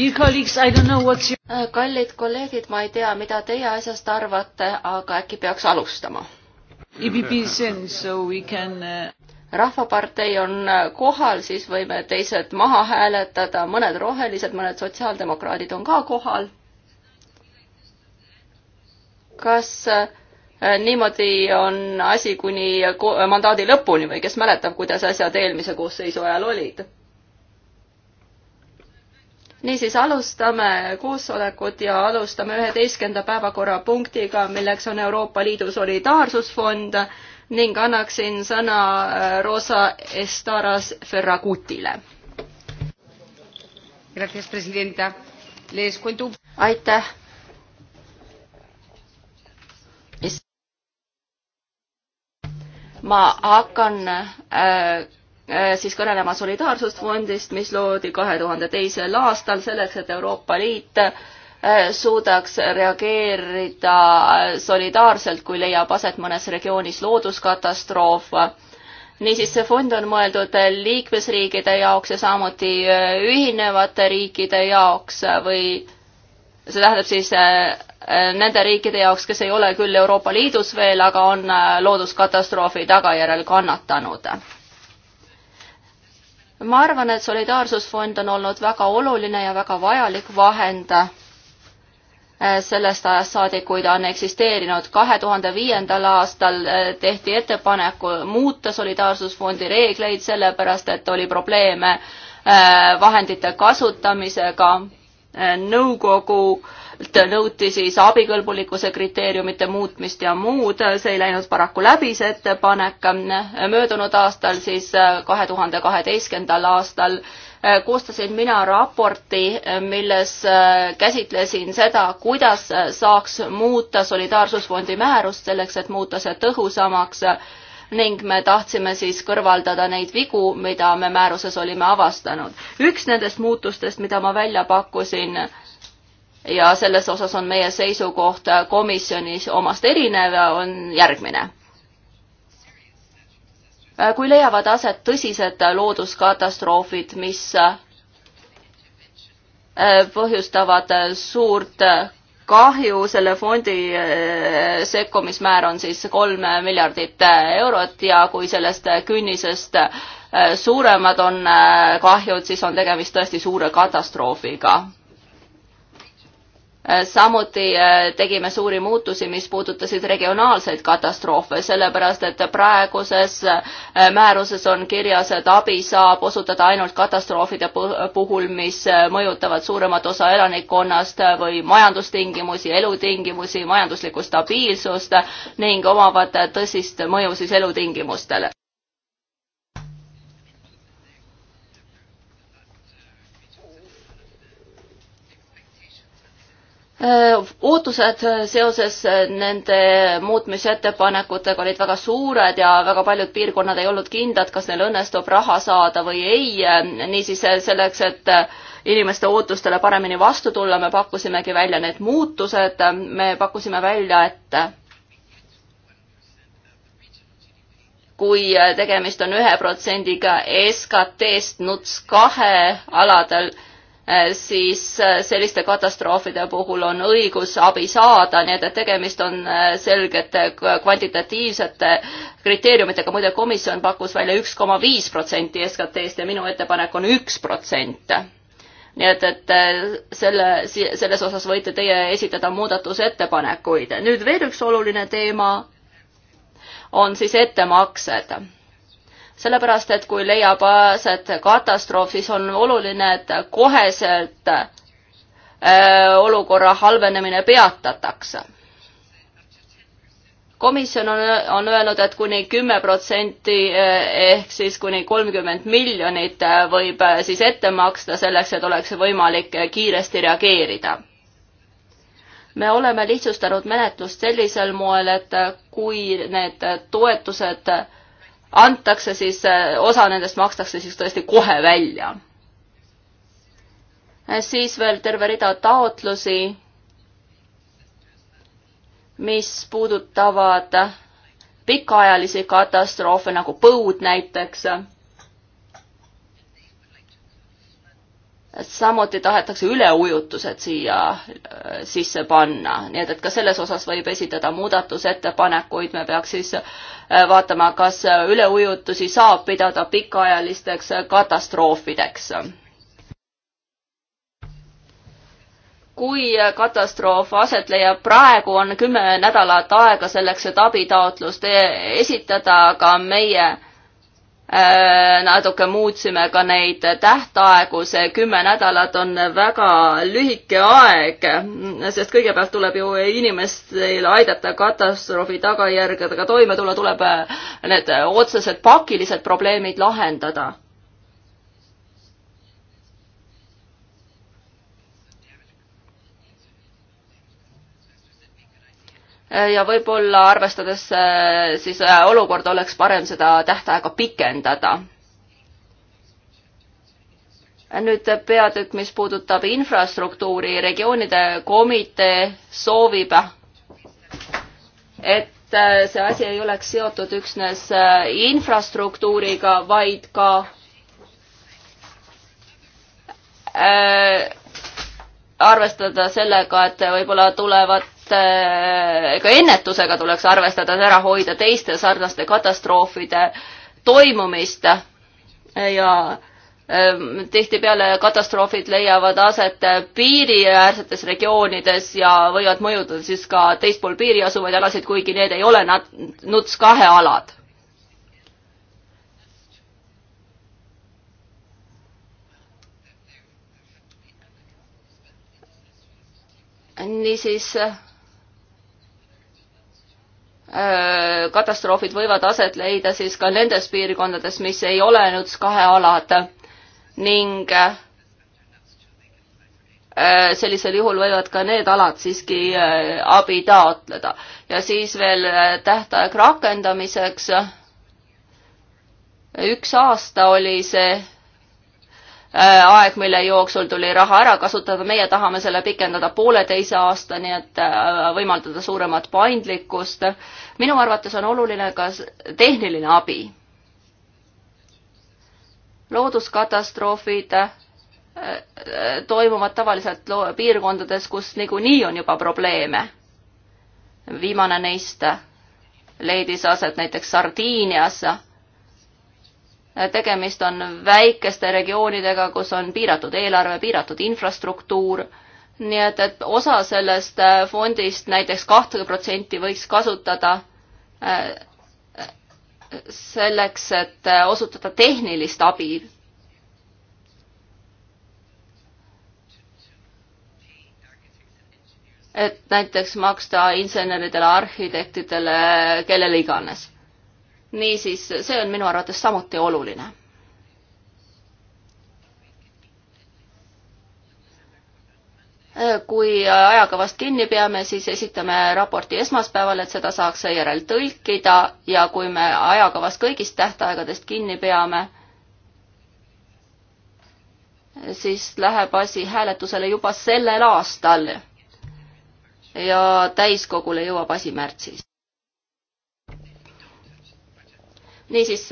Äh, kallid kolleegid, ma ei tea, mida teie asjast arvate, aga äkki peaks alustama? E äh, rahvapartei on äh, kohal, siis võime teised maha hääletada, mõned rohelised, mõned sotsiaaldemokraadid on ka kohal. kas niimoodi on asi kuni mandaadi lõpuni või kes mäletab, kuidas asjad eelmise koosseisu ajal olid? niisiis, alustame koosolekut ja alustame üheteistkümnenda päevakorrapunktiga, milleks on Euroopa Liidu solidaarsusfond ning annaksin sõna äh, Rosa Estaras Ferragutile. aitäh. ma hakkan äh, Äh, siis kõnelema solidaarsusfondist, mis loodi kahe tuhande teisel aastal selleks, et Euroopa Liit äh, suudaks reageerida äh, solidaarselt, kui leiab aset mõnes regioonis looduskatastroof. niisiis, see fond on mõeldud liikmesriikide jaoks ja samuti ühinevate riikide jaoks või see tähendab siis nende riikide jaoks, kes ei ole küll Euroopa Liidus veel, aga on looduskatastroofi tagajärjel kannatanud ma arvan, et Solidaarsusfond on olnud väga oluline ja väga vajalik vahend äh, sellest ajast saadik, kui ta on eksisteerinud. kahe tuhande viiendal aastal äh, tehti ettepanek muuta Solidaarsusfondi reegleid, sellepärast et oli probleeme äh, vahendite kasutamisega. nõukogu äh, nõuti siis abikõlbulikkuse kriteeriumite muutmist ja muud, see ei läinud paraku läbi, see ettepanek. möödunud aastal siis, äh, kahe tuhande kaheteistkümnendal aastal äh, koostasin mina raporti, äh, milles käsitlesin seda, kuidas saaks muuta Solidaarsusfondi määrust selleks, et muuta see tõhusamaks ning me tahtsime siis kõrvaldada neid vigu, mida me määruses olime avastanud. üks nendest muutustest, mida ma välja pakkusin, ja selles osas on meie seisukoht komisjonis omast erinev ja on järgmine. kui leiavad aset tõsised looduskatastroofid, mis äh, põhjustavad suurt kahju, selle fondi äh, sekkumismäär on siis kolm miljardit äh, eurot ja kui sellest künnisest suuremad on kahjud, siis on tegemist tõesti suure katastroofiga Äh, samuti äh, tegime suuri muutusi, mis puudutasid regionaalseid katastroofe, sellepärast et praeguses äh, määruses on kirjas, et abi saab osutada ainult katastroofide puhul, mis mõjutavad suuremat osa elanikkonnast või majandustingimusi, elutingimusi, majanduslikku stabiilsust ning omavad tõsist mõju siis elutingimustele Äh, ootused äh, seoses äh, nende muutmisettepanekutega olid väga suured ja väga paljud piirkonnad ei olnud kindlad, kas neil õnnestub raha saada või ei. niisiis selleks, et inimeste ootustele paremini vastu tulla, me pakkusimegi välja need muutused, me pakkusime välja, et kui tegemist on ühe protsendiga SKT-st NUTS kahe aladel Äh, siis äh, selliste katastroofide puhul on õigus abi saada, nii et, et tegemist on äh, selgete kvantitatiivsete kriteeriumitega, muide komisjon pakkus välja üks koma viis protsenti SKT-st ja minu ettepanek on üks protsent nii et, et selle, selles osas võite teie esitada muudatusettepanekuid. nüüd veel üks oluline teema on siis ettemaksed sellepärast et kui leiab aset katastroof, siis on oluline, et koheselt äh, olukorra halvenemine peatatakse. komisjon on, on öelnud, et kuni kümme protsenti äh, ehk siis kuni kolmkümmend miljonit äh, võib siis ette maksta selleks, et oleks võimalik kiiresti reageerida me oleme lihtsustanud menetlust sellisel moel, et kui need toetused äh, antakse siis, eh, osa nendest makstakse siis tõesti kohe välja. Eh, siis veel terve rida taotlusi, mis puudutavad pikaajalisi katastroofe nagu põud näiteks samuti tahetakse üleujutused siia äh, sisse panna, nii et, et ka selles osas võib esitada muudatusettepanekuid, me peaks siis äh, vaatama, kas üleujutusi saab pidada pikaajalisteks katastroofideks. kui katastroof aset leiab, praegu on kümme nädalat aega selleks, et abitaotlust e-, esitada, aga meie Äh, natuke muutsime ka neid tähtaegu, see kümme nädalat on väga lühike aeg, sest kõigepealt tuleb ju inimestel aidata katastroofi tagajärgedega toime tulla, tuleb need otsesed pakilised probleemid lahendada Äh, ja võib-olla arvestades äh, siis äh, olukorda oleks parem seda tähtaega pikendada. nüüd peatükk, mis puudutab infrastruktuuri, regioonide komitee soovib, et see asi ei oleks seotud üksnes infrastruktuuriga, vaid ka äh, arvestada sellega, et võib-olla tulevad et eh, ka ennetusega tuleks arvestada, et ära hoida teiste sarnaste katastroofide toimumist ja eh, tihtipeale katastroofid leiavad aset piiriäärsetes regioonides ja võivad mõjutada siis ka teispool piiri asuvaid alasid, kuigi need ei ole nad, NUTS kahe alad. niisiis Äh, katastroofid võivad aset leida siis ka nendes piirkondades, mis ei ole nüüd kahe alad ning äh, sellisel juhul võivad ka need alad siiski äh, abi taotleda. ja siis veel tähtaeg rakendamiseks. üks aasta oli see Äh, aeg, mille jooksul tuli raha ära kasutada, meie tahame selle pikendada pooleteise aastani, et äh, võimaldada suuremat paindlikkust. minu arvates on oluline ka tehniline abi. looduskatastroofid äh, toimuvad tavaliselt piirkondades, kus niikuinii on juba probleeme. viimane neist leidis aset näiteks Sardiinias tegemist on väikeste regioonidega, kus on piiratud eelarve, piiratud infrastruktuur, nii et, et osa sellest äh, fondist näiteks kahte protsenti võiks kasutada äh, selleks, et äh, osutada tehnilist abi et näiteks maksta inseneridele, arhitektidele, kellele iganes niisiis, see on minu arvates samuti oluline. kui ajakavast kinni peame, siis esitame raporti esmaspäeval, et seda saaks seejärel tõlkida ja kui me ajakavast kõigist tähtaegadest kinni peame, siis läheb asi hääletusele juba sellel aastal ja täiskogule jõuab asi märtsis. niisiis,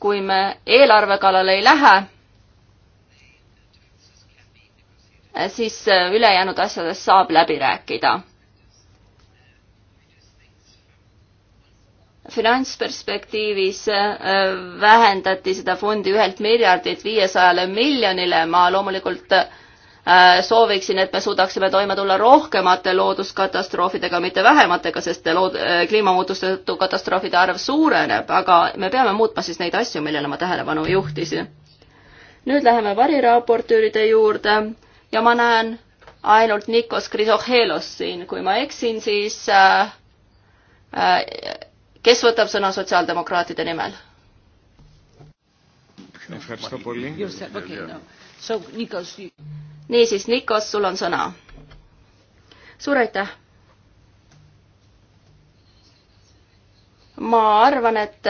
kui me eelarve kallale ei lähe, siis ülejäänud asjadest saab läbi rääkida. finantsperspektiivis äh, vähendati seda fondi ühelt miljardilt viiesajale miljonile, ma loomulikult äh, Äh, sooviksin, et me suudaksime toime tulla rohkemate looduskatastroofidega, mitte vähematega, sest lood-, äh, kliimamuutuste tõttu katastroofide arv suureneb, aga me peame muutma siis neid asju, millele ma tähelepanu juhtisin. nüüd läheme variraportööride juurde ja ma näen ainult Nikos Krisohelos siin, kui ma eksin, siis äh, äh, kes võtab sõna sotsiaaldemokraatide nimel? Ευχαριστώ πολύ. Okay, no. so, Nikos, you niisiis, Nikos, sul on sõna. suur aitäh! ma arvan, et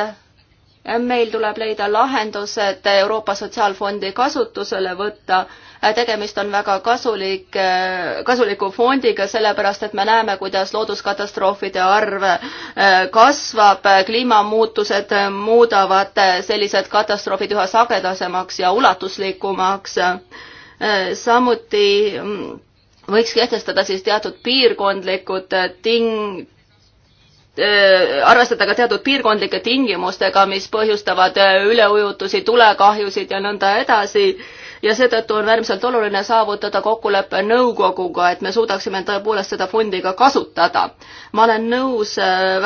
meil tuleb leida lahendused Euroopa Sotsiaalfondi kasutusele võtta. tegemist on väga kasulik, kasuliku fondiga, sellepärast et me näeme, kuidas looduskatastroofide arv kasvab, kliimamuutused muudavad sellised katastroofid üha sagedasemaks ja ulatuslikumaks Äh, samuti mm, võiks kehtestada siis teatud piirkondlikud äh, ting-, äh, arvestada ka teatud piirkondlike tingimustega, mis põhjustavad üleujutusi, tulekahjusid ja nõnda edasi. ja seetõttu on äärmiselt oluline saavutada kokkulepe nõukoguga, et me suudaksime tõepoolest seda fondi ka kasutada. ma olen nõus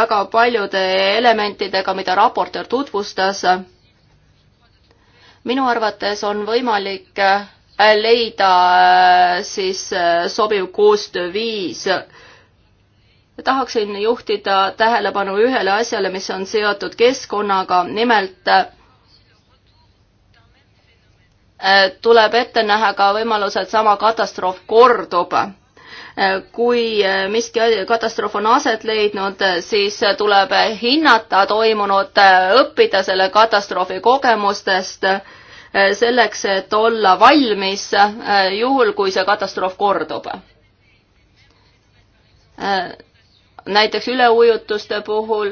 väga paljude elementidega, mida raportöör tutvustas. minu arvates on võimalik leida äh, siis äh, sobiv koostööviis. tahaksin juhtida tähelepanu ühele asjale, mis on seotud keskkonnaga, nimelt äh, tuleb ette näha ka võimalus, et sama katastroof kordub. kui miski katastroof on aset leidnud, siis tuleb hinnata toimunut, õppida selle katastroofi kogemustest Eh, selleks, et olla valmis eh, juhul, kui see katastroof kordub. Eh, näiteks üleujutuste puhul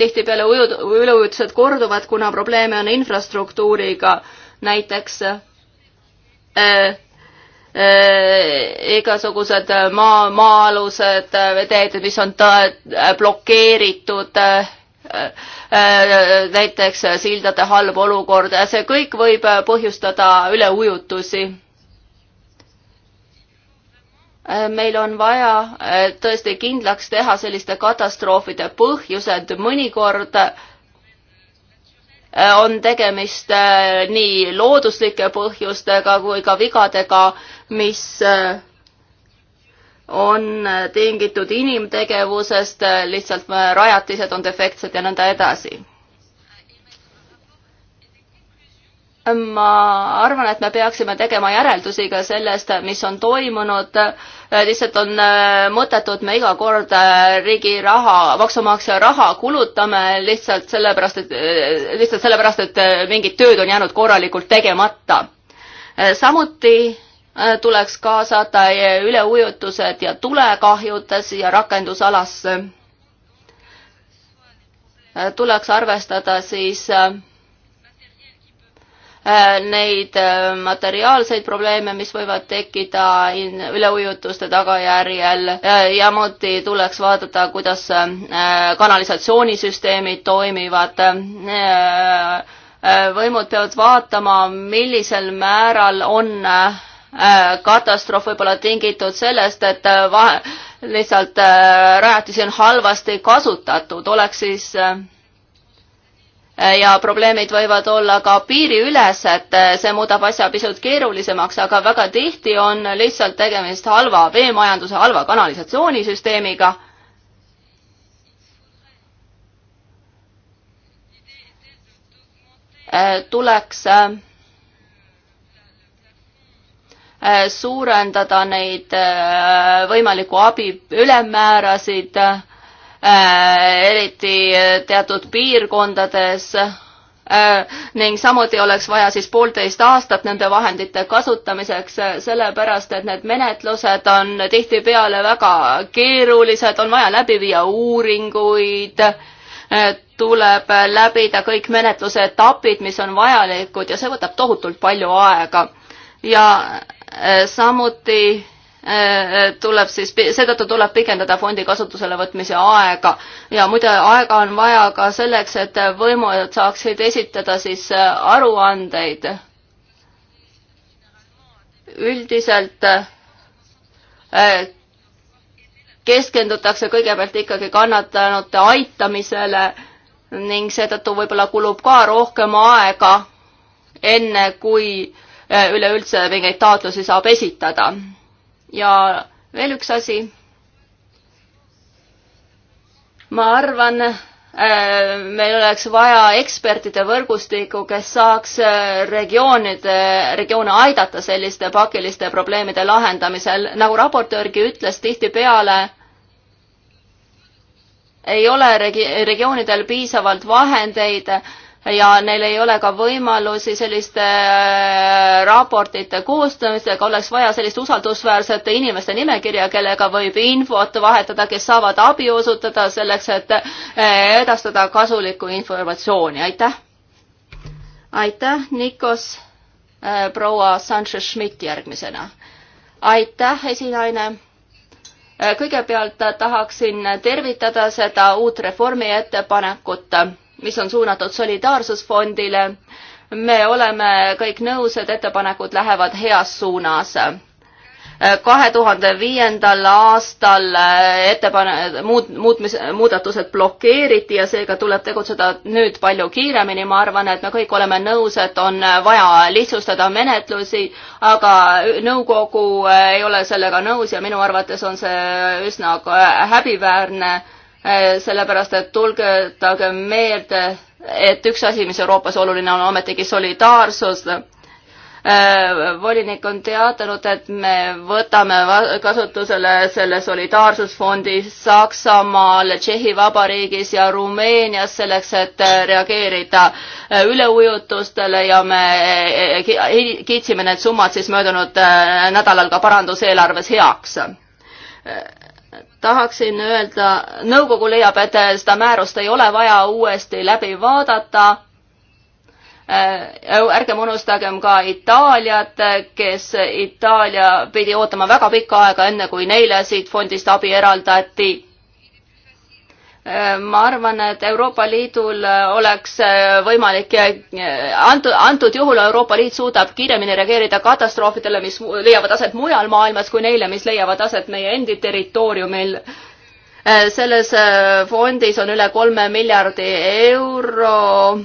tihtipeale uju-, üleujutused korduvad, kuna probleeme on infrastruktuuriga, näiteks igasugused maa, maa-alused teed, mis on ta-, blokeeritud Äh, äh, näiteks sildade halb olukord, see kõik võib põhjustada üleujutusi. Äh, meil on vaja tõesti kindlaks teha selliste katastroofide põhjused, mõnikord on tegemist nii looduslike põhjustega kui ka vigadega, mis on tingitud inimtegevusest, lihtsalt rajatised on defektsed ja nõnda edasi. ma arvan, et me peaksime tegema järeldusi ka sellest, mis on toimunud. lihtsalt on mõttetu, et me iga kord riigi raha, maksumaksja raha kulutame lihtsalt sellepärast, et, lihtsalt sellepärast, et mingid tööd on jäänud korralikult tegemata. samuti tuleks kaasata üleujutused ja tulekahjud siia rakendusalasse. tuleks arvestada siis äh, neid äh, materiaalseid probleeme, mis võivad tekkida üleujutuste tagajärjel äh, ja muidugi tuleks vaadata, kuidas kanalisatsioonisüsteemid toimivad võimud peavad vaatama, millisel määral on äh, Äh, katastroof võib-olla tingitud sellest, et äh, vahe, lihtsalt äh, rajatisi on halvasti kasutatud, oleks siis ja probleemid võivad olla ka piiriülesed, see muudab asja pisut keerulisemaks, aga väga tihti on lihtsalt tegemist halva veemajanduse, halva kanalisatsioonisüsteemiga tuleks Äh, suurendada neid äh, võimaliku abi ülemmäärasid, äh, eriti teatud piirkondades ning samuti oleks vaja siis poolteist aastat nende vahendite kasutamiseks, sellepärast et need menetlused on tihtipeale väga keerulised, on vaja läbi viia uuringuid, tuleb läbida kõik menetluse etapid, mis on vajalikud ja see võtab tohutult palju aega ja äh, samuti äh, tuleb siis, seetõttu tuleb pikendada fondi kasutusele võtmise aega ja muide, aega on vaja ka selleks, et võimujad saaksid esitada siis äh, aruandeid. üldiselt keskendutakse kõigepealt ikkagi kannatanute aitamisele ning seetõttu võib-olla kulub ka rohkem aega, enne kui äh, Äh, üleüldse mingeid taotlusi saab esitada. ja veel üks asi. ma arvan, äh, meil oleks vaja ekspertide võrgustikku, kes saaks äh, regioonide, regioone aidata selliste pakiliste probleemide lahendamisel. nagu raportöörgi ütles, tihtipeale ei ole regi-, regioonidel piisavalt vahendeid ja neil ei ole ka võimalusi selliste äh, raportite koostamisega, oleks vaja sellist usaldusväärsete inimeste nimekirja, kellega võib infot vahetada, kes saavad abi osutada selleks, et äh, edastada kasulikku informatsiooni, aitäh. aitäh, Nikos, äh, proua Sanchez-Schmidt järgmisena. aitäh, esinaine kõigepealt tahaksin tervitada seda uut reformi ettepanekut mis on suunatud solidaarsusfondile. me oleme kõik nõus, et ettepanekud lähevad heas suunas kahe tuhande viiendal aastal ettepane-, muut-, muutmis-, muudatused blokeeriti ja seega tuleb tegutseda nüüd palju kiiremini, ma arvan, et me kõik oleme nõus, et on vaja lihtsustada menetlusi, aga nõukogu ei ole sellega nõus ja minu arvates on see üsna häbiväärne Äh, sellepärast et tulgetage meelde, et üks asi, mis Euroopas oluline on, on ometigi solidaarsus. Äh, volinik on teatanud, et me võtame kasutusele selle solidaarsusfondi Saksamaal, Tšehhi Vabariigis ja Rumeenias selleks, et äh, reageerida üleujutustele ja me kiitsime need summad siis möödunud nädalal ka paranduseelarves heaks tahaksin öelda, nõukogu leiab, et seda määrust ei ole vaja uuesti läbi vaadata. Äh, ärgem unustagem ka Itaaliat, kes Itaalia pidi ootama väga pikka aega, enne kui neile siit fondist abi eraldati ma arvan, et Euroopa Liidul äh, oleks äh, võimalik, äh, antud, antud juhul Euroopa Liit suudab kiiremini reageerida katastroofidele, mis leiavad aset mujal maailmas kui neile, mis leiavad aset meie endi territooriumil. selles fondis on üle kolme miljardi euro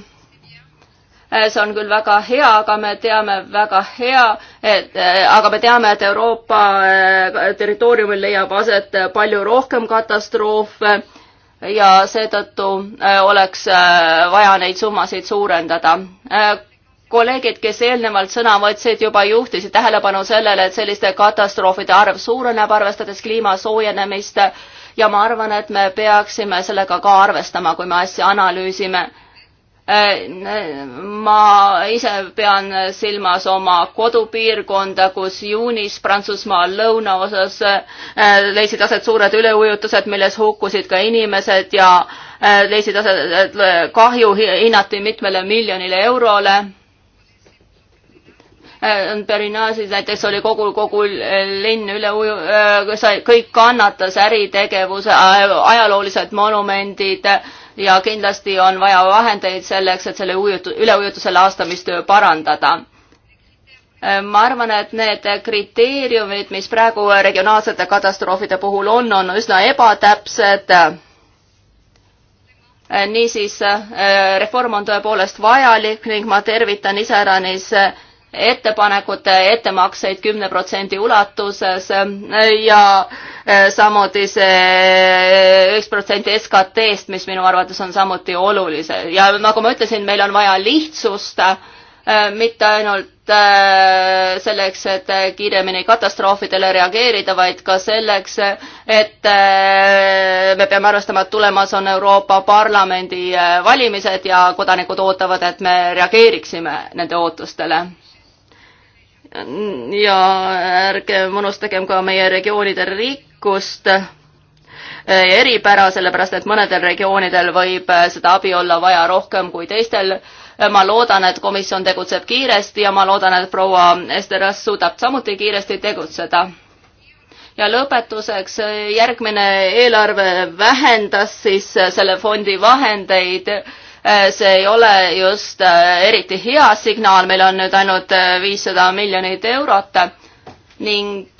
see on küll väga hea, aga me teame väga hea, et aga me teame, et Euroopa territooriumil leiab aset palju rohkem katastroofe ja seetõttu äh, oleks äh, vaja neid summasid suurendada. Äh, kolleegid, kes eelnevalt sõna võtsid, juba juhtisid tähelepanu sellele, et selliste katastroofide arv suureneb, arvestades kliima soojenemist ja ma arvan, et me peaksime sellega ka arvestama, kui me asja analüüsime ma ise pean silmas oma kodupiirkonda, kus juunis Prantsusmaal lõunaosas äh, leidsid aset suured üleujutused, milles hukkusid ka inimesed ja äh, leidsid aset, äh, kahju hinnati mitmele miljonile eurole. Perinaasis näiteks oli kogu, kogu linn üle uju-, sai, kõik kannatas, äritegevus, ajaloolised monumendid ja kindlasti on vaja vahendeid selleks, et selle ujutu-, üleujutuse laastamistöö parandada ma arvan, et need kriteeriumid, mis praegu regionaalsete katastroofide puhul on, on üsna ebatäpsed. niisiis, reform on tõepoolest vajalik ning ma tervitan iseäranis ettepanekute ettemakseid kümne protsendi ulatuses ja e, samuti see üks protsent SKT-st, mis minu arvates on samuti olulise ja nagu ma ütlesin, meil on vaja lihtsust, e, mitte ainult e, selleks, et kiiremini katastroofidele reageerida, vaid ka selleks, et me peame arvestama, et tulemas on Euroopa Parlamendi valimised ja kodanikud ootavad, et me reageeriksime nende ootustele ja ärgem unustagem ka meie regioonide rikkust eripära, sellepärast et mõnedel regioonidel võib seda abi olla vaja rohkem kui teistel. ma loodan, et komisjon tegutseb kiiresti ja ma loodan, et proua Esteras suudab samuti kiiresti tegutseda. ja lõpetuseks, järgmine eelarve vähendas siis selle fondi vahendeid Eh, see ei ole just eh, eriti hea signaal, meil on nüüd ainult eh, viissada miljonit eurot ning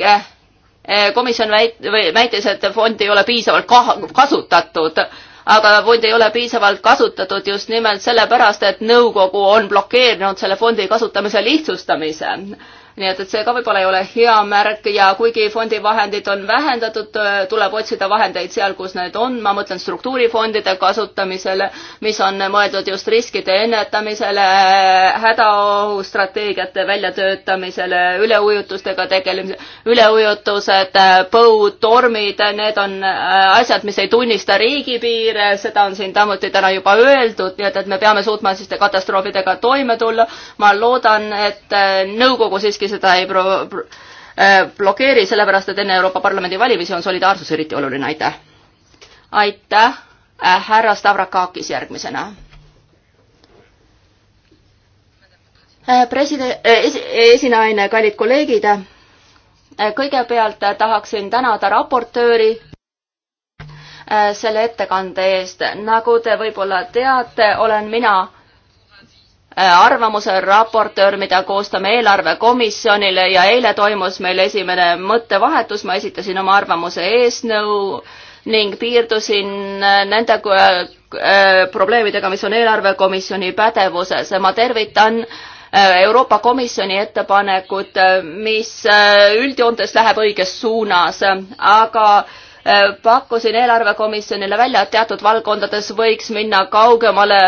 komisjon väit-, või väitis, et fond ei ole piisavalt ka-, kasutatud, aga fond ei ole piisavalt kasutatud just nimelt sellepärast, et nõukogu on blokeerinud selle fondi kasutamise lihtsustamise nii et, et see ka võib-olla ei ole hea märk ja kuigi fondi vahendid on vähendatud, äh, tuleb otsida vahendeid seal, kus need on, ma mõtlen struktuurifondide kasutamisele, mis on mõeldud just riskide ennetamisele, äh, hädaohustrateegiate väljatöötamisele, üleujutustega tegelemisele, üleujutused, äh, põud, tormid, need on asjad, mis ei tunnista riigipiire, seda on siin samuti täna juba öeldud, nii et, et me peame suutma siis katastroofidega toime tulla. ma loodan, et nõukogu siiski ükski seda ei pro-, pro, äh, blokeeri, sellepärast et enne Euroopa Parlamendi valimisi on solidaarsus eriti oluline, aitäh. aitäh, äh, härra Stavrakakis järgmisena äh, preside-, esinaine, kallid kolleegid, kõigepealt tahaksin tänada raportööri selle ettekande eest. nagu te võib-olla teate, olen mina Äh, arvamuse raportöör, mida koostame eelarvekomisjonile ja eile toimus meil esimene mõttevahetus, ma esitasin oma arvamuse eesnõu ning piirdusin äh, nende äh, probleemidega, mis on eelarvekomisjoni pädevuses. ma tervitan Euroopa Komisjoni ettepanekut, mis üldjoontes läheb õiges suunas, aga pakkusin eelarvekomisjonile välja, et teatud valdkondades võiks minna kaugemale,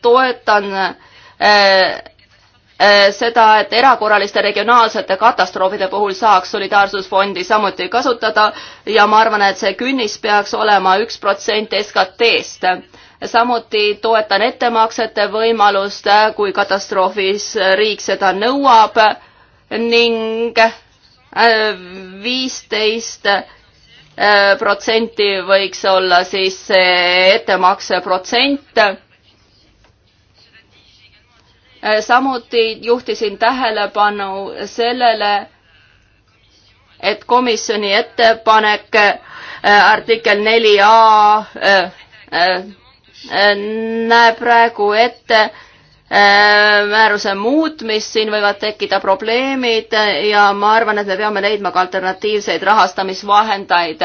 toetan äh, Äh, äh, seda, et erakorraliste regionaalsete katastroofide puhul saaks solidaarsusfondi samuti kasutada ja ma arvan, et see künnis peaks olema üks protsent SKT-st. samuti toetan ettemaksete võimalust, kui katastroofis riik seda nõuab ning äh, viisteist protsenti võiks olla siis see ettemakse protsent Äh, samuti juhtisin tähelepanu sellele, et komisjoni ettepanek äh, artikkel neli A äh, näeb praegu ette määruse muutmist, siin võivad tekkida probleemid ja ma arvan, et me peame leidma ka alternatiivseid rahastamisvahendeid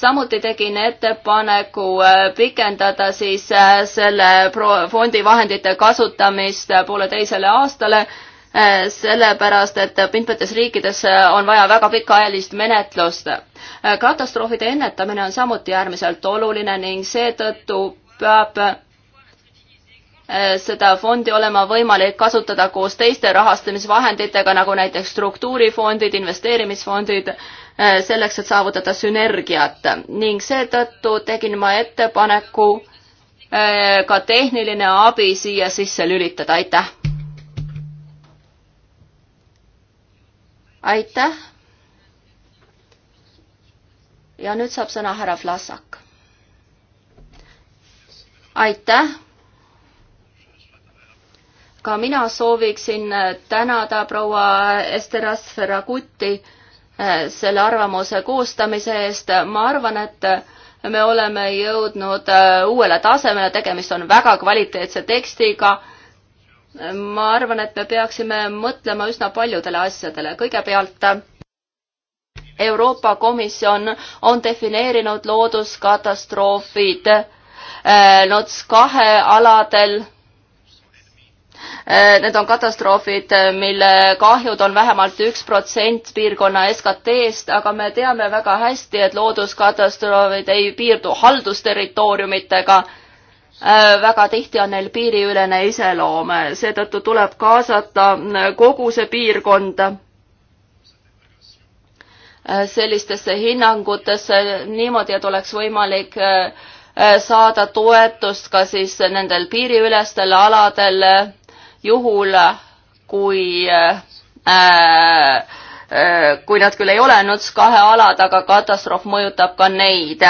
samuti tegin ettepaneku äh, pikendada siis äh, selle fondi vahendite kasutamist äh, pooleteisele aastale, sellepärast et mitmetes riikides on vaja väga pikaajalist menetlust. katastroofide ennetamine on samuti äärmiselt oluline ning seetõttu peab seda fondi olema võimalik kasutada koos teiste rahastamisvahenditega, nagu näiteks struktuurifondid, investeerimisfondid Äh, selleks, et saavutada sünergiat ning seetõttu tegin ma ettepaneku äh, ka tehniline abi siia sisse lülitada, aitäh. aitäh. ja nüüd saab sõna härra Vlasak. aitäh. ka mina sooviksin tänada proua Ester Asferaguti Äh, selle arvamuse koostamise eest. ma arvan, et me oleme jõudnud äh, uuele tasemele, tegemist on väga kvaliteetse tekstiga. ma arvan, et me peaksime mõtlema üsna paljudele asjadele. kõigepealt Euroopa Komisjon on defineerinud looduskatastroofid äh, NOTS kahe aladel Äh, need on katastroofid, äh, mille kahjud on vähemalt üks protsent piirkonna SKT-st, aga me teame väga hästi, et looduskatastroofid ei piirdu haldusterritooriumitega. Äh, väga tihti on neil piiriülene iseloom, seetõttu tuleb kaasata kogu see piirkond sellistesse hinnangutesse niimoodi, et oleks võimalik saada toetust ka siis nendel piiriülestel aladel juhul kui äh, äh, kui nad küll ei ole NUTS kahe alad, aga katastroof mõjutab ka neid.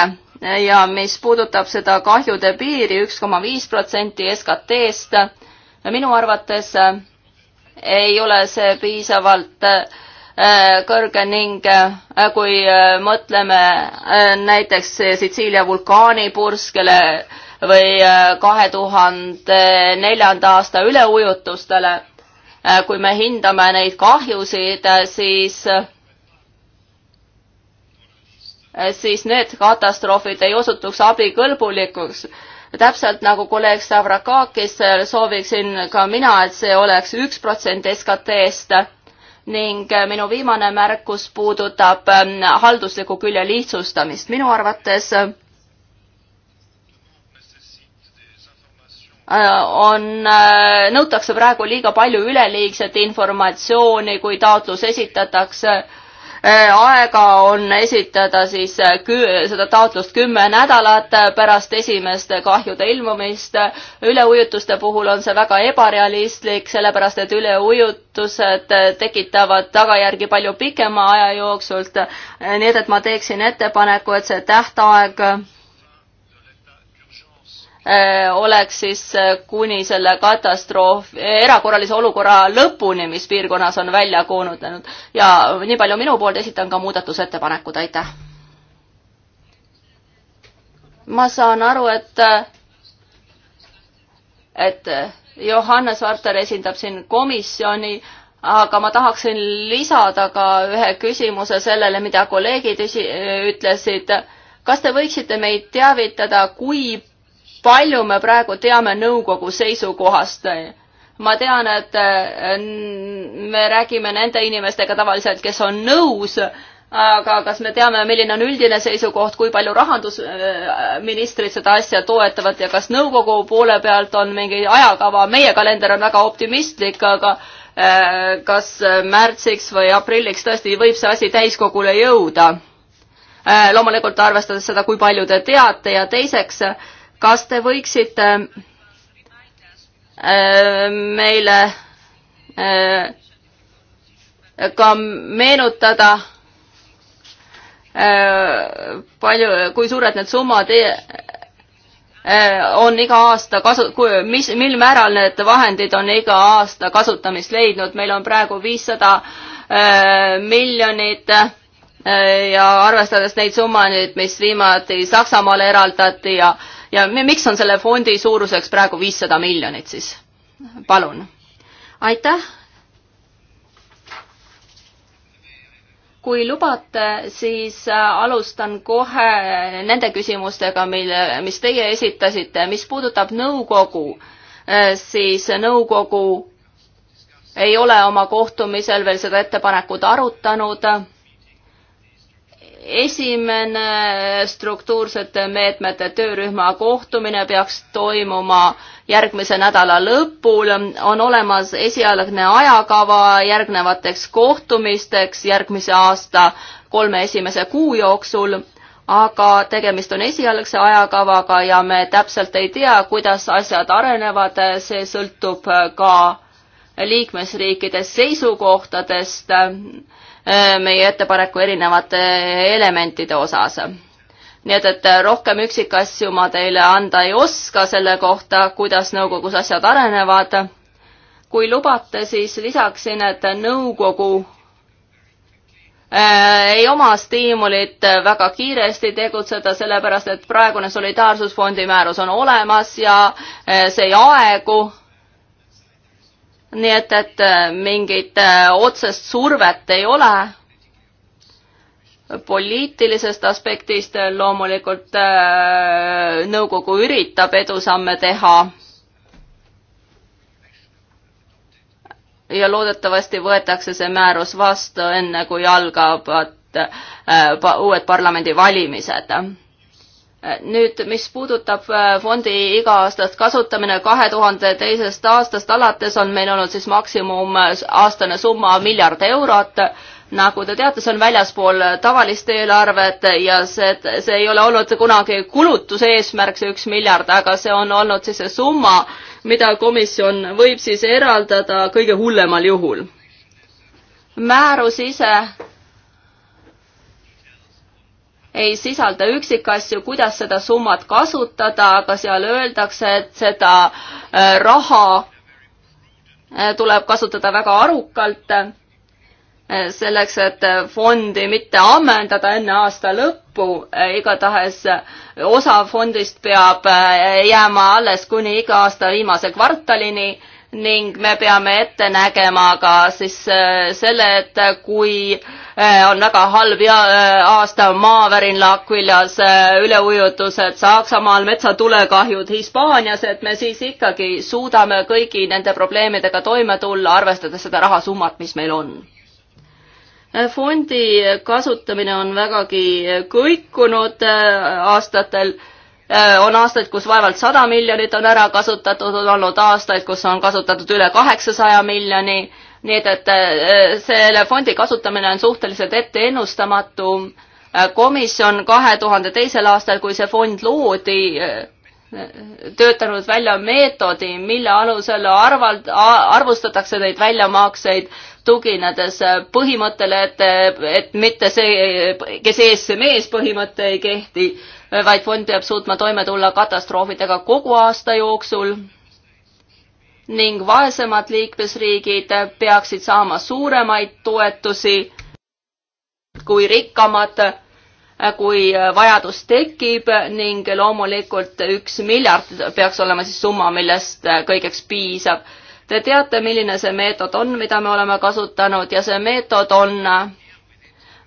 ja mis puudutab seda kahjude piiri, üks koma viis protsenti SKT-st, minu arvates äh, ei ole see piisavalt äh, kõrge ning äh, kui äh, mõtleme näiteks Sitsiilia vulkaanipurskele, või äh, kahe tuhande neljanda aasta üleujutustele. Äh, kui me hindame neid kahjusid, äh, siis siis need katastroofid ei osutuks abikõlbulikuks. täpselt nagu kolleeg Stavrakakis sooviksin ka mina, et see oleks üks protsent SKT-st ning minu viimane märkus puudutab ähm, haldusliku külje lihtsustamist. minu arvates Äh, on, äh, nõutakse praegu liiga palju üleliigset informatsiooni, kui taotlus esitatakse. Äh, aega on esitada siis seda taotlust kümme nädalat pärast esimest kahjude ilmumist. üleujutuste puhul on see väga ebarealistlik, sellepärast et üleujutused tekitavad tagajärgi palju pikema aja jooksul. nii et, et ma teeksin ettepaneku, et see tähtaeg Äh, oleks siis äh, kuni selle katastroof, erakorralise olukorra lõpuni, mis piirkonnas on välja kuulutanud. ja nii palju minu poolt, esitan ka muudatusettepanekud, aitäh. ma saan aru, et, äh, et Johannes Varter esindab siin komisjoni, aga ma tahaksin lisada ka ühe küsimuse sellele, mida kolleegid ütlesid kas te võiksite meid teavitada, kui palju me praegu teame nõukogu seisukohast? ma tean, et äh, me räägime nende inimestega tavaliselt, kes on nõus, aga kas me teame, milline on üldine seisukoht, kui palju rahandusministrid seda asja toetavad ja kas nõukogu poole pealt on mingi ajakava, meie kalender on väga optimistlik, aga äh, kas märtsiks või aprilliks tõesti võib see asi täiskogule jõuda? Äh, loomulikult arvestades seda, kui palju te teate ja teiseks äh, kas te võiksite äh, meile äh, ka meenutada, äh, palju, kui suured need summad on iga aasta kasu-, mis, mil määral need vahendid on iga aasta kasutamist leidnud, meil on praegu viissada miljonit ja arvestades neid summasid, mis viimati Saksamaale eraldati ja äh, ja miks on selle fondi suuruseks praegu viissada miljonit siis? palun. aitäh. kui lubate, siis äh, alustan kohe nende küsimustega, mille, mis teie esitasite, mis puudutab nõukogu, äh, siis nõukogu ei ole oma kohtumisel veel seda ettepanekut arutanud esimene struktuursete meetmete töörühma kohtumine peaks toimuma järgmise nädala lõpul. on olemas esialgne ajakava järgnevateks kohtumisteks järgmise aasta kolme esimese kuu jooksul, aga tegemist on esialgse ajakavaga ja me täpselt ei tea, kuidas asjad arenevad, see sõltub ka liikmesriikide seisukohtadest Äh, meie ettepaneku erinevate elementide osas. nii et, et äh, rohkem üksikasju ma teile anda ei oska selle kohta, kuidas nõukogus asjad arenevad. kui lubate, siis lisaksin, et nõukogu äh, ei oma stiimulit väga kiiresti tegutseda, sellepärast et praegune solidaarsusfondi määrus on olemas ja see ei aegu nii et, et äh, mingit äh, otsest survet ei ole. poliitilisest aspektist äh, loomulikult nõukogu üritab edusamme teha ja loodetavasti võetakse see määrus vastu enne, kui algavad uued parlamendivalimised nüüd, mis puudutab äh, fondi iga-aastast kasutamine kahe tuhande teisest aastast alates on meil olnud siis maksimum äh, aastane summa miljard eurot. nagu te teate, see on väljaspool tavalist eelarvet ja see, see ei ole olnud kunagi kulutuse eesmärk, see üks miljard, aga see on olnud siis see summa, mida komisjon võib siis eraldada kõige hullemal juhul. määrus ise ei sisalda üksikasju, kuidas seda summat kasutada, aga seal öeldakse, et seda äh, raha äh, tuleb kasutada väga arukalt, äh, selleks, et fondi mitte ammendada enne aasta lõppu, igatahes osa fondist peab jääma alles kuni iga aasta viimase kvartalini ning me peame ette nägema ka siis äh, selle, et kui äh, on väga halb äh, aasta maavärin L'Aquilas, üleujutused Saksamaal, metsatulekahjud Hispaanias, et me siis ikkagi suudame kõigi nende probleemidega toime tulla, arvestades seda rahasummat, mis meil on fondi kasutamine on vägagi kõikunud aastatel Äh, on aastaid, kus vaevalt sada miljonit on ära kasutatud, on olnud aastaid, kus on kasutatud üle kaheksasaja miljoni, nii et, et äh, selle fondi kasutamine on suhteliselt ette ennustamatu. Äh, komisjon kahe tuhande teisel aastal, kui see fond loodi, töötanud välja meetodi, mille alusel arvalt, arvustatakse neid väljamakseid tuginedes põhimõttele, et, et mitte see, kes ees, see mees põhimõte ei kehti vaid fond peab suutma toime tulla katastroofidega kogu aasta jooksul ning vaesemad liikmesriigid peaksid saama suuremaid toetusi kui rikkamad, kui vajadus tekib ning loomulikult üks miljard peaks olema siis summa, millest kõigeks piisab. Te teate, milline see meetod on, mida me oleme kasutanud ja see meetod on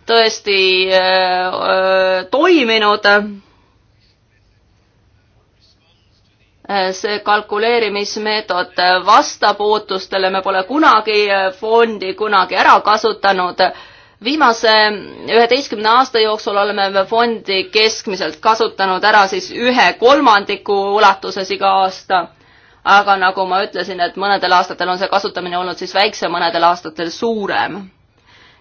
tõesti öö, äh, äh, toiminud Eh, see kalkuleerimismeetod eh, vastab ootustele, me pole kunagi eh, fondi kunagi ära kasutanud. viimase üheteistkümne aasta jooksul oleme me fondi keskmiselt kasutanud ära siis ühe kolmandiku ulatuses iga aasta. aga nagu ma ütlesin, et mõnedel aastatel on see kasutamine olnud siis väiksem, mõnedel aastatel suurem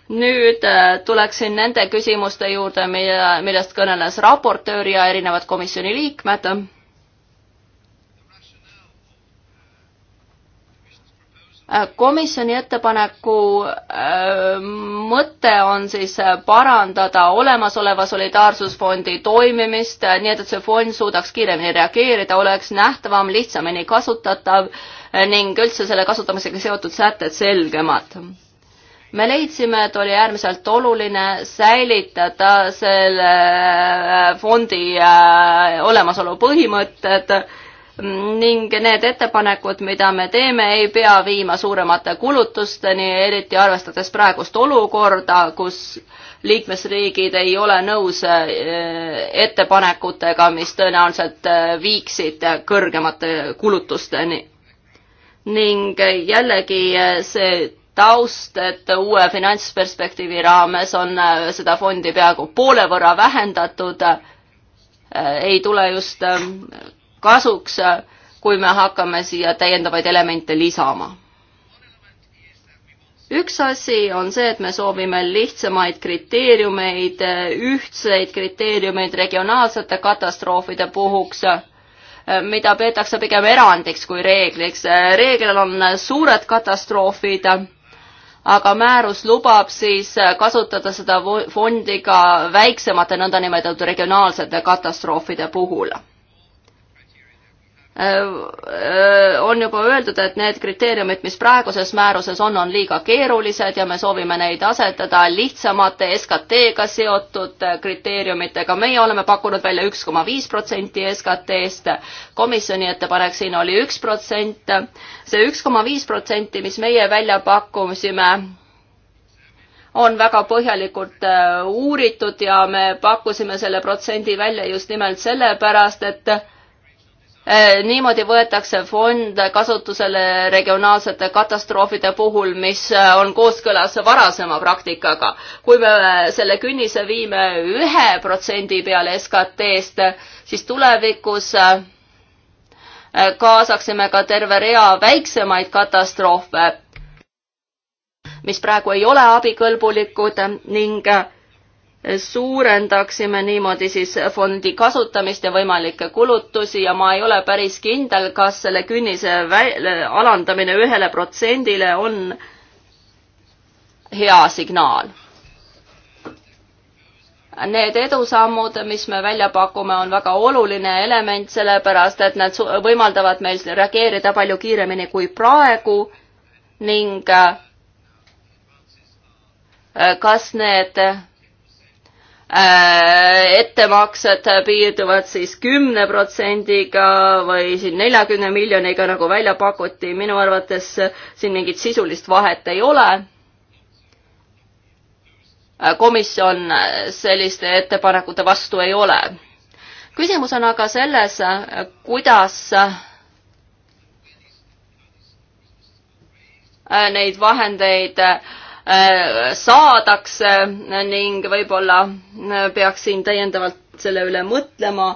nüüd tuleksin nende küsimuste juurde, mille, millest kõneles raportöör ja erinevad komisjoni liikmed komisjoni ettepaneku äh, mõte on siis parandada olemasoleva solidaarsusfondi toimimist, äh, nii et, et see fond suudaks kiiremini reageerida, oleks nähtavam, lihtsamini kasutatav äh, ning üldse selle kasutamisega seotud sätted selgemad me leidsime, et oli äärmiselt oluline säilitada selle fondi olemasolu põhimõtted äh, ning need ettepanekud, mida me teeme, ei pea viima suuremate kulutusteni, eriti arvestades praegust olukorda, kus liikmesriigid ei ole nõus eh, ettepanekutega, mis tõenäoliselt eh, viiksid kõrgemate kulutusteni. ning jällegi eh, see taust, et uue finantsperspektiivi raames on seda fondi peaaegu poole võrra vähendatud, ei tule just kasuks, äh, kui me hakkame siia täiendavaid elemente lisama. üks asi on see, et me soovime lihtsamaid kriteeriumeid, ühtseid kriteeriumeid regionaalsete katastroofide puhuks äh, mida peetakse pigem erandiks kui reegliks. reeglil on suured katastroofid, aga määrus lubab siis kasutada seda fondi ka väiksemate nõndanimetatud regionaalsete katastroofide puhul. Äh, äh, on juba öeldud, et need kriteeriumid, mis praeguses määruses on, on liiga keerulised ja me soovime neid asetada lihtsamate SKT-ga seotud kriteeriumitega. meie oleme pakkunud välja üks koma viis protsenti SKT-st, komisjoni ettepanek siin oli üks protsent. see üks koma viis protsenti, mis meie välja pakkusime, on väga põhjalikult äh, uuritud ja me pakkusime selle protsendi välja just nimelt sellepärast, et Äh, niimoodi võetakse fond kasutusele regionaalsete katastroofide puhul, mis äh, on kooskõlas varasema praktikaga. kui me äh, selle künnise viime ühe protsendi peale SKT-st, siis tulevikus kaasaksime ka terve rea väiksemaid katastroofe, mis praegu ei ole abikõlbulikud ning suurendaksime niimoodi siis fondi kasutamist ja võimalikke kulutusi ja ma ei ole päris kindel, kas selle künnise alandamine ühele protsendile on hea signaal. Need edusammud, mis me välja pakume, on väga oluline element, sellepärast et nad võimaldavad meil reageerida palju kiiremini kui praegu ning äh, kas need Äh, ettemaksed piirduvad siis kümne protsendiga või siin neljakümne miljoniga, nagu välja pakuti, minu arvates siin mingit sisulist vahet ei ole. Äh, komisjon selliste ettepanekute vastu ei ole. küsimus on aga selles, kuidas äh, neid vahendeid äh, Äh, saadakse ning võib-olla äh, peaks siin täiendavalt selle üle mõtlema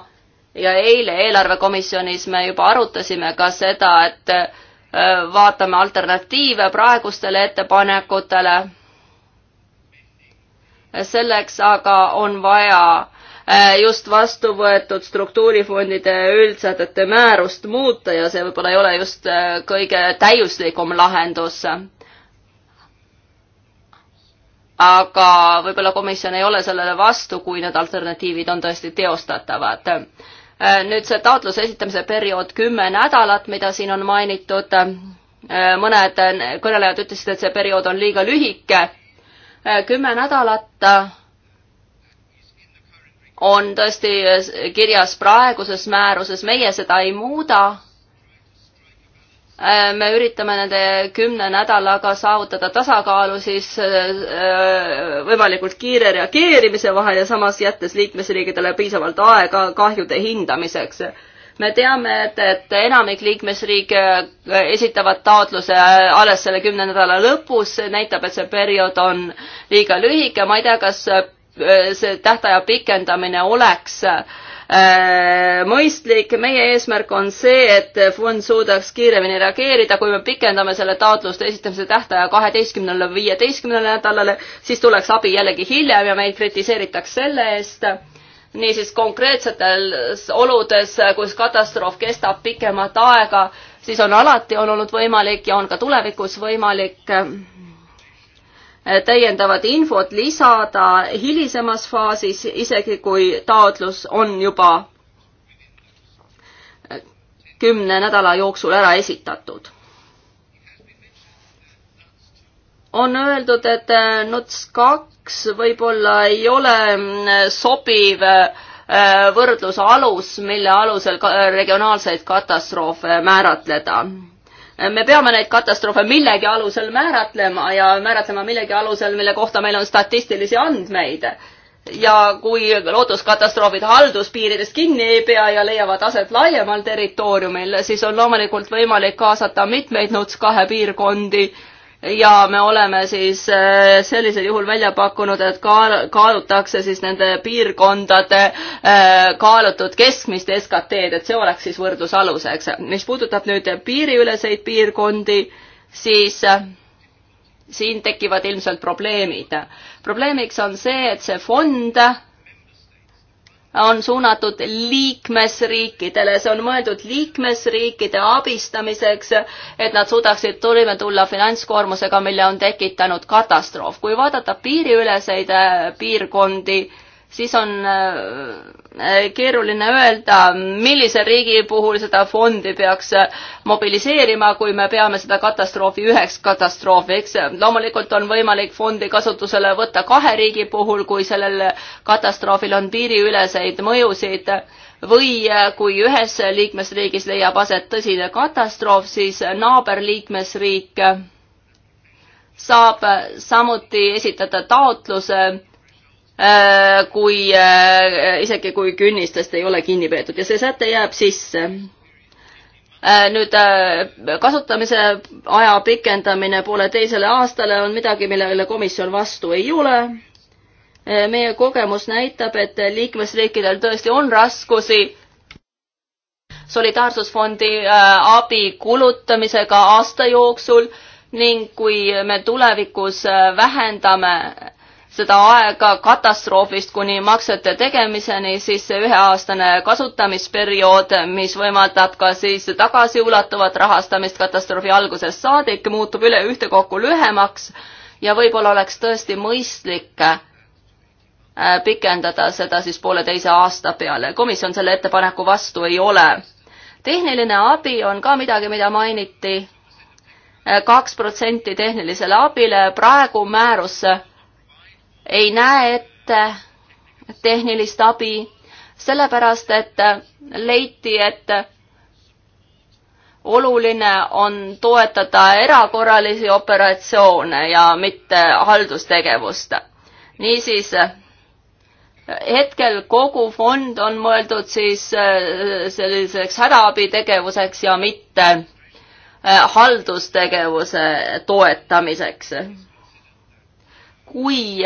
ja eile eelarvekomisjonis me juba arutasime ka seda, et äh, vaatame alternatiive praegustele ettepanekutele. selleks aga on vaja just vastu võetud struktuurifondide üldsätete määrust muuta ja see võib-olla ei ole just kõige täiuslikum lahendus aga võib-olla komisjon ei ole sellele vastu, kui need alternatiivid on tõesti teostatavad. Äh, nüüd see taotluse esitamise periood kümme nädalat, mida siin on mainitud, äh, mõned kõnelejad ütlesid, et see periood on liiga lühike, äh, kümme nädalat on tõesti kirjas praeguses määruses, meie seda ei muuda Äh, me üritame nende kümne nädalaga saavutada tasakaalu siis äh, äh, võimalikult kiire reageerimise vahel ja samas jättes liikmesriigidele piisavalt aega kahjude hindamiseks. me teame, et, et enamik liikmesriike esitavad taotluse alles selle kümne nädala lõpus, see näitab, et see periood on liiga lühike, ma ei tea, kas see tähtaja pikendamine oleks äh, Äh, mõistlik, meie eesmärk on see, et fond suudaks kiiremini reageerida, kui me pikendame selle taotluste esitamise tähtaja kaheteistkümnele, viieteistkümnele nädalale, siis tuleks abi jällegi hiljem ja meid kritiseeritakse selle eest niisiis konkreetsetes oludes, kus katastroof kestab pikemat aega, siis on alati on olnud võimalik ja on ka tulevikus võimalik täiendavat infot lisada hilisemas faasis, isegi kui taotlus on juba kümne nädala jooksul ära esitatud. on öeldud, et NUTS kaks võib-olla ei ole sobiv äh, võrdluse alus, mille alusel regionaalseid katastroofe määratleda me peame neid katastroofe millegi alusel määratlema ja määratlema millegi alusel, mille kohta meil on statistilisi andmeid. ja kui looduskatastroofid halduspiiridest kinni ei pea ja leiavad aset laiemal territooriumil, siis on loomulikult võimalik kaasata mitmeid NUTS kahe piirkondi ja me oleme siis eh, sellisel juhul välja pakkunud, et kaal-, kaalutakse siis nende piirkondade eh, kaalutud keskmist SKT-d, et see oleks siis võrdlusaluseks. mis puudutab nüüd piiriüleseid piirkondi, siis eh, siin tekivad ilmselt probleemid. probleemiks on see, et see fond on suunatud liikmesriikidele, see on mõeldud liikmesriikide abistamiseks, et nad suudaksid toime tulla finantskoormusega, mille on tekitanud katastroof. kui vaadata piiriüleseid äh, piirkondi, siis on äh, äh, keeruline öelda, millise riigi puhul seda fondi peaks äh, mobiliseerima, kui me peame seda katastroofi üheks katastroofiks. loomulikult on võimalik fondi kasutusele võtta kahe riigi puhul, kui sellel katastroofil on piiriüleseid mõjusid või kui ühes liikmesriigis leiab aset tõsine katastroof, siis naaberliikmesriik saab samuti esitada taotluse Äh, kui, äh, isegi kui künnistest ei ole kinni peetud ja see säte jääb sisse. Äh, nüüd kasutamise aja pikendamine pooleteisele aastale on midagi, millele komisjon vastu ei ole. meie kogemus näitab, et liikmesriikidel tõesti on raskusi solidaarsusfondi abi kulutamisega aasta jooksul ning kui me tulevikus vähendame seda aega katastroofist kuni maksete tegemiseni, siis see üheaastane kasutamisperiood, mis võimaldab ka siis tagasiulatuvat rahastamist katastroofi algusest saadik, muutub üle ühtekokku lühemaks ja võib-olla oleks tõesti mõistlik äh, pikendada seda siis pooleteise aasta peale. komisjon selle ettepaneku vastu ei ole. tehniline abi on ka midagi, mida mainiti. Äh, kaks protsenti tehnilisele abile, praegu määrus ei näe ette tehnilist abi, sellepärast et leiti, et oluline on toetada erakorralisi operatsioone ja mitte haldustegevust. niisiis hetkel kogu fond on mõeldud siis äh, selliseks hädaabitegevuseks ja mitte äh, haldustegevuse toetamiseks. kui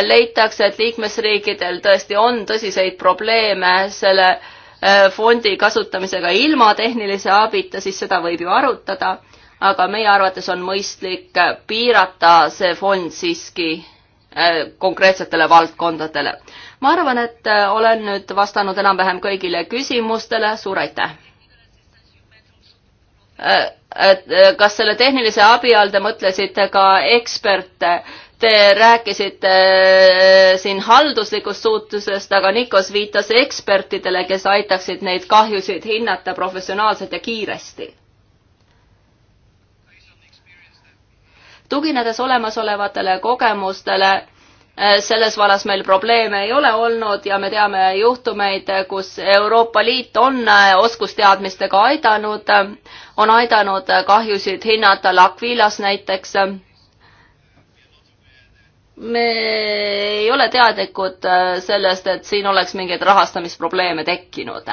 leitakse, et liikmesriikidel tõesti on tõsiseid probleeme selle äh, fondi kasutamisega ilma tehnilise abita, siis seda võib ju arutada, aga meie arvates on mõistlik äh, piirata see fond siiski äh, konkreetsetele valdkondadele. ma arvan, et olen nüüd vastanud enam-vähem kõigile küsimustele, suur aitäh! et kas selle tehnilise abi all te mõtlesite ka eksperte, Te rääkisite äh, siin halduslikust suutlusest, aga Nikos viitas ekspertidele, kes aitaksid neid kahjusid hinnata professionaalselt ja kiiresti. tuginedes olemasolevatele kogemustele, äh, selles vallas meil probleeme ei ole olnud ja me teame juhtumeid, kus Euroopa Liit on äh, oskusteadmistega aidanud, on aidanud kahjusid hinnata L'Aquilas näiteks me ei ole teadlikud äh, sellest, et siin oleks mingeid rahastamisprobleeme tekkinud.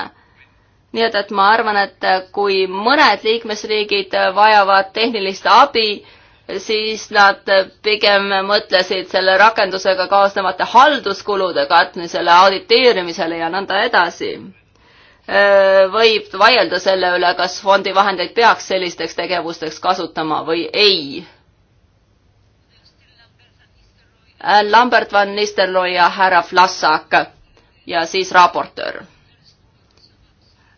nii et, et ma arvan, et äh, kui mõned liikmesriigid äh, vajavad tehnilist abi, siis nad pigem mõtlesid selle rakendusega kaasnevate halduskulude katmisele, auditeerimisele ja nõnda edasi. võib vaielda selle üle, kas fondi vahendeid peaks sellisteks tegevusteks kasutama või ei Äh, Lambert van Nistelrooy ja härra Vlasak ja siis raportöör.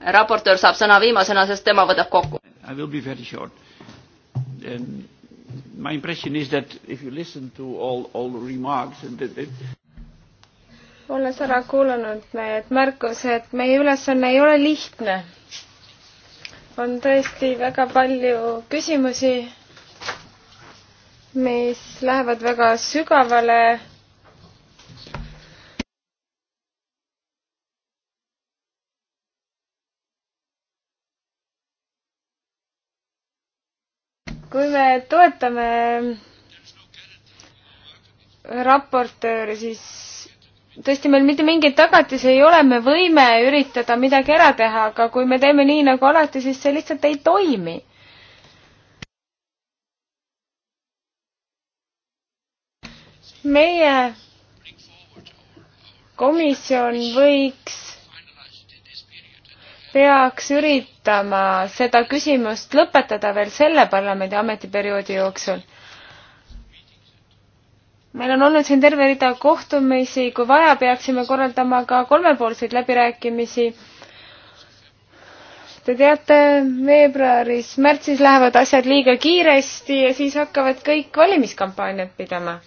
raportöör saab sõna viimasena, sest tema võtab kokku. I will be very short um,. My impression is that if you listen to all, all remarks and that, that olles ära kuulanud need märkused, meie ülesanne ei ole lihtne. on tõesti väga palju küsimusi mis lähevad väga sügavale kui me toetame raportööri, siis tõesti, meil mitte mingeid tagatisi ei ole, me võime üritada midagi ära teha, aga kui me teeme nii nagu alati, siis see lihtsalt ei toimi. meie komisjon võiks, peaks üritama seda küsimust lõpetada veel selle parlamendi ametiperioodi jooksul. meil on olnud siin terve rida kohtumisi, kui vaja, peaksime korraldama ka kolmepoolseid läbirääkimisi. Te teate, veebruaris, märtsis lähevad asjad liiga kiiresti ja siis hakkavad kõik valimiskampaaniat pidama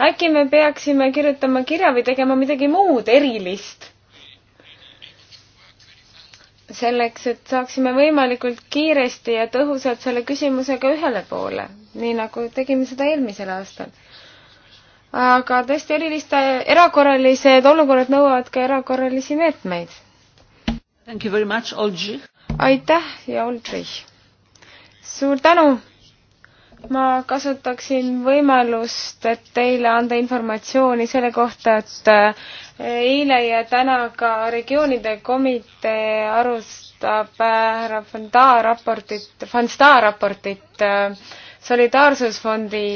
äkki me peaksime kirjutama kirja või tegema midagi muud erilist? selleks, et saaksime võimalikult kiiresti ja tõhusalt selle küsimusega ühele poole, nii nagu tegime seda eelmisel aastal. aga tõesti, eriliste, erakorralised olukorrad nõuavad ka erakorralisi meetmeid. aitäh ja Oldrich! suur tänu! ma kasutaksin võimalust, et teile anda informatsiooni selle kohta, et äh, eile ja täna ka regioonide komitee arustab äh, härra Fanda raportit, Fanda raportit äh, solidaarsusfondi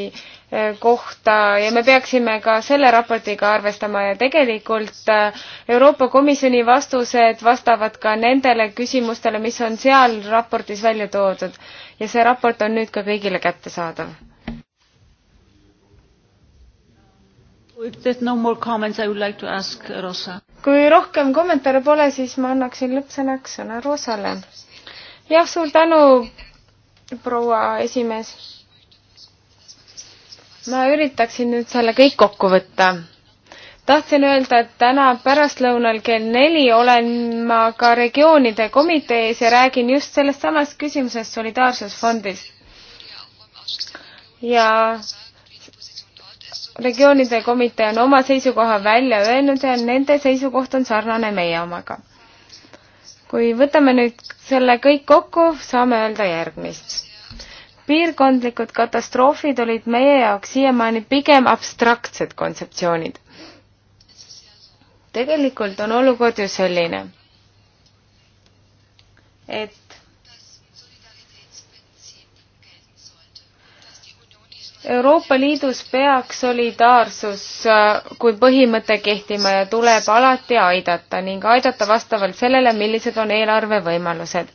Eh, kohta ja me peaksime ka selle raportiga arvestama ja tegelikult eh, Euroopa Komisjoni vastused vastavad ka nendele küsimustele, mis on seal raportis välja toodud ja see raport on nüüd ka kõigile kättesaadav. No like kui rohkem kommentaare pole, siis ma annaksin lõppsõnaks sõna Rosale. jah, suur tänu, proua esimees ma üritaksin nüüd selle kõik kokku võtta. tahtsin öelda, et täna pärastlõunal kell neli olen ma ka regioonide komitees ja räägin just sellest samast küsimusest Solidaarsusfondist. ja regioonide komitee on oma seisukoha välja öelnud ja nende seisukoht on sarnane meie omaga. kui võtame nüüd selle kõik kokku, saame öelda järgmist piirkondlikud katastroofid olid meie jaoks siiamaani pigem abstraktsed kontseptsioonid. tegelikult on olukord ju selline, et Euroopa Liidus peaks solidaarsus äh, kui põhimõte kehtima ja tuleb alati aidata ning aidata vastavalt sellele, millised on eelarve võimalused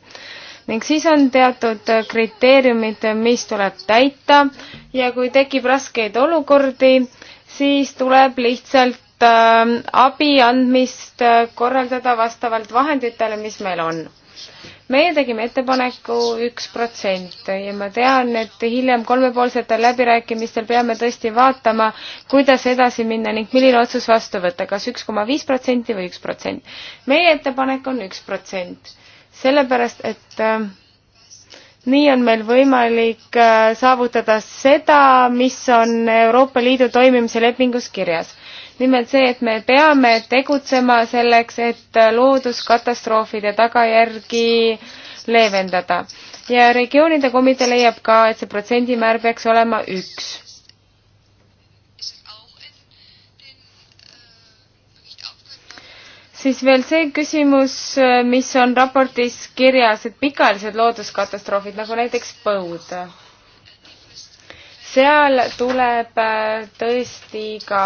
ning siis on teatud kriteeriumid, mis tuleb täita ja kui tekib raskeid olukordi, siis tuleb lihtsalt ähm, abi andmist äh, korraldada vastavalt vahenditele, mis meil on. meie tegime ettepaneku üks protsent ja ma tean, et hiljem kolmepoolsetel läbirääkimistel peame tõesti vaatama, kuidas edasi minna ning milline otsus vastu võtta kas, kas üks koma viis protsenti või üks protsent. meie ettepanek on üks protsent sellepärast et äh, nii on meil võimalik äh, saavutada seda, mis on Euroopa Liidu toimimise lepingus kirjas. nimelt see, et me peame tegutsema selleks, et äh, looduskatastroofide tagajärgi leevendada. ja regioonide komitee leiab ka, et see protsendimäär peaks olema üks siis veel see küsimus, äh, mis on raportis kirjas, et pikaajalised looduskatastroofid nagu näiteks põud. seal tuleb äh, tõesti ka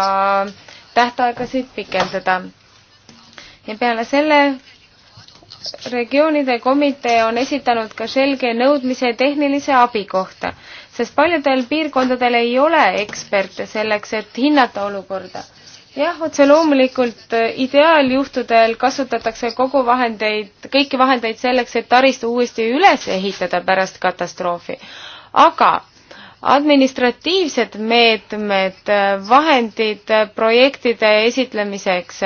tähtaegasid pikendada. ja peale selle regioonide komitee on esitanud ka selge nõudmise tehnilise abi kohta, sest paljudel piirkondadel ei ole eksperte selleks, et hinnata olukorda jah, otse loomulikult äh, ideaaljuhtudel kasutatakse kogu vahendeid, kõiki vahendeid selleks, et taristu uuesti üles ehitada pärast katastroofi. aga administratiivsed meetmed, äh, vahendid äh, projektide esitlemiseks,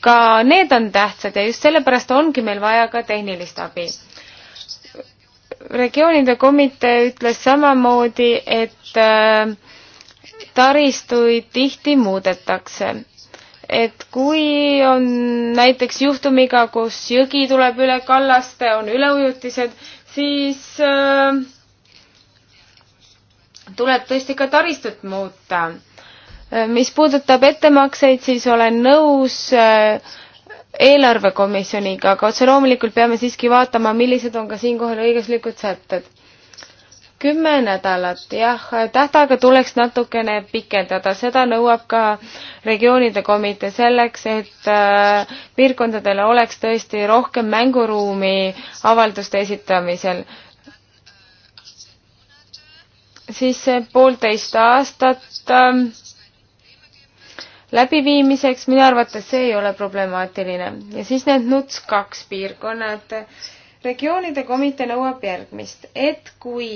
ka need on tähtsad ja just sellepärast ongi meil vaja ka tehnilist abi regioonide komitee ütles samamoodi, et taristuid tihti muudetakse. et kui on näiteks juhtumiga, kus jõgi tuleb üle kallaste, on üleujutised, siis äh, tuleb tõesti ka taristut muuta. Äh, mis puudutab ettemakseid, siis olen nõus äh, eelarvekomisjoniga, aga otse loomulikult peame siiski vaatama, millised on ka siinkohal õiguslikud sätted kümme nädalat, jah, tähtaega tuleks natukene pikendada, seda nõuab ka regioonide komitee selleks, et äh, piirkondadele oleks tõesti rohkem mänguruumi avalduste esitamisel. siis see poolteist aastat äh, läbiviimiseks, minu arvates see ei ole problemaatiline. ja siis need NUTS kaks piirkonnad, regioonide komitee nõuab järgmist, et kui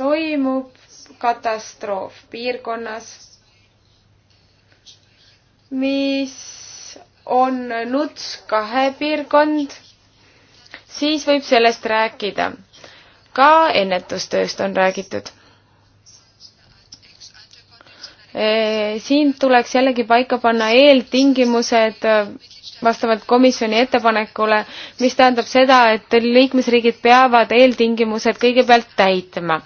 toimub katastroof piirkonnas, mis on NUTS kahe piirkond, siis võib sellest rääkida. ka ennetustööst on räägitud. Eh, siin tuleks jällegi paika panna eeltingimused vastavalt komisjoni ettepanekule, mis tähendab seda, et liikmesriigid peavad eeltingimused kõigepealt täitma.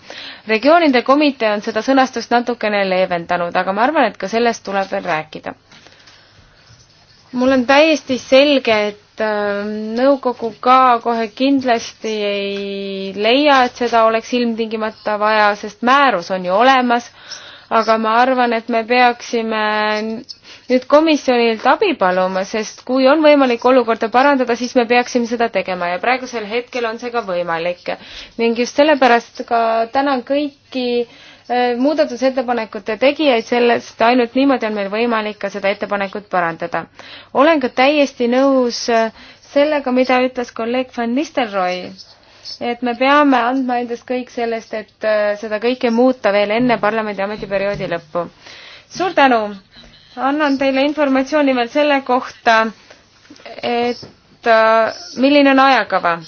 regioonide komitee on seda sõnastust natukene leevendanud, aga ma arvan, et ka sellest tuleb veel rääkida. mul on täiesti selge, et ähm, nõukogu ka kohe kindlasti ei leia, et seda oleks ilmtingimata vaja, sest määrus on ju olemas, aga ma arvan, et me peaksime nüüd komisjonilt abi paluma, sest kui on võimalik olukorda parandada, siis me peaksime seda tegema ja praegusel hetkel on see ka võimalik. ning just sellepärast ka tänan kõiki äh, muudatusettepanekute tegijaid, sellest ainult niimoodi on meil võimalik ka seda ettepanekut parandada. olen ka täiesti nõus äh, sellega, mida ütles kolleeg Van Nistelrooy, et me peame andma endast kõik sellest, et äh, seda kõike muuta veel enne parlamendi ametiperioodi lõppu. suur tänu! annan teile informatsiooni veel selle kohta, et äh, milline on ajakava.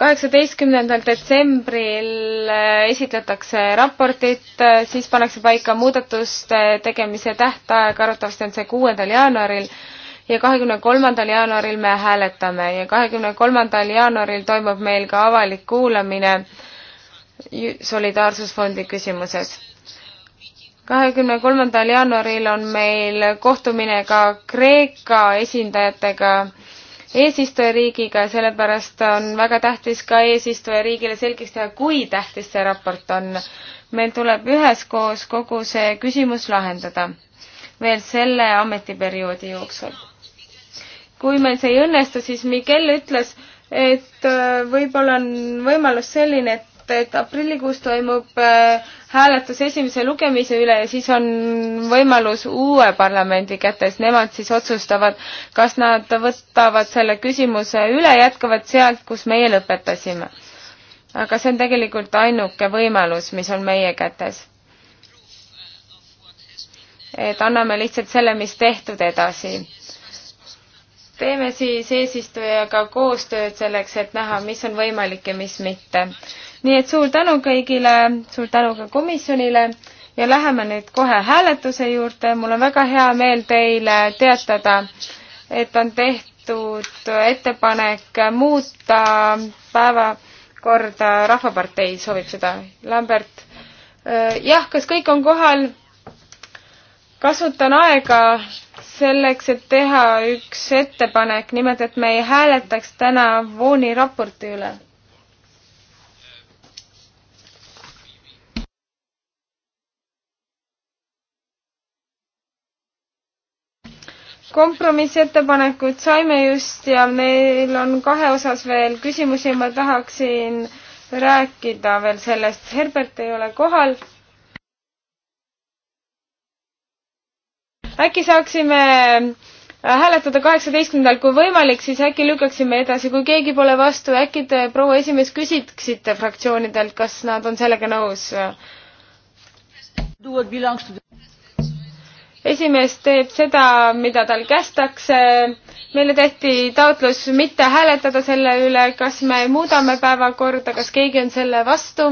kaheksateistkümnendal detsembril äh, esitletakse raportit, äh, siis pannakse paika muudatuste tegemise tähtaeg, arvatavasti on see kuuendal jaanuaril ja kahekümne kolmandal jaanuaril me hääletame ja kahekümne kolmandal jaanuaril toimub meil ka avalik kuulamine solidaarsusfondi küsimuses kahekümne kolmandal jaanuaril on meil kohtumine ka Kreeka esindajatega, eesistujariigiga, sellepärast on väga tähtis ka eesistujariigile selgeks teha, kui tähtis see raport on. meil tuleb üheskoos kogu see küsimus lahendada veel selle ametiperioodi jooksul. kui meil see ei õnnestu, siis Miguel ütles, et äh, võib-olla on võimalus selline, et, et aprillikuus toimub äh, hääletus esimese lugemise üle ja siis on võimalus uue parlamendi kätes, nemad siis otsustavad, kas nad võtavad selle küsimuse üle, jätkavad sealt, kus meie lõpetasime. aga see on tegelikult ainuke võimalus, mis on meie kätes. et anname lihtsalt selle, mis tehtud, edasi teeme siis eesistujaga koostööd selleks, et näha, mis on võimalik ja mis mitte nii et suur tänu kõigile, suur tänu ka komisjonile ja läheme nüüd kohe hääletuse juurde. mul on väga hea meel teile teatada, et on tehtud ettepanek muuta päevakorda, Rahvapartei soovib seda. Lambert, äh, jah, kas kõik on kohal? kasutan aega selleks, et teha üks ettepanek, nimelt et me ei hääletaks täna Vooni raporti üle kompromissettepanekud saime just ja meil on kahe osas veel küsimusi, ma tahaksin rääkida veel sellest, Herbert ei ole kohal. äkki saaksime hääletada kaheksateistkümnendal, kui võimalik, siis äkki lükkaksime edasi, kui keegi pole vastu, äkki te, proua esimees, küsiksite fraktsioonidelt, kas nad on sellega nõus? esimees teeb seda, mida tal kästakse. meile tehti taotlus mitte hääletada selle üle, kas me muudame päevakorda, kas keegi on selle vastu.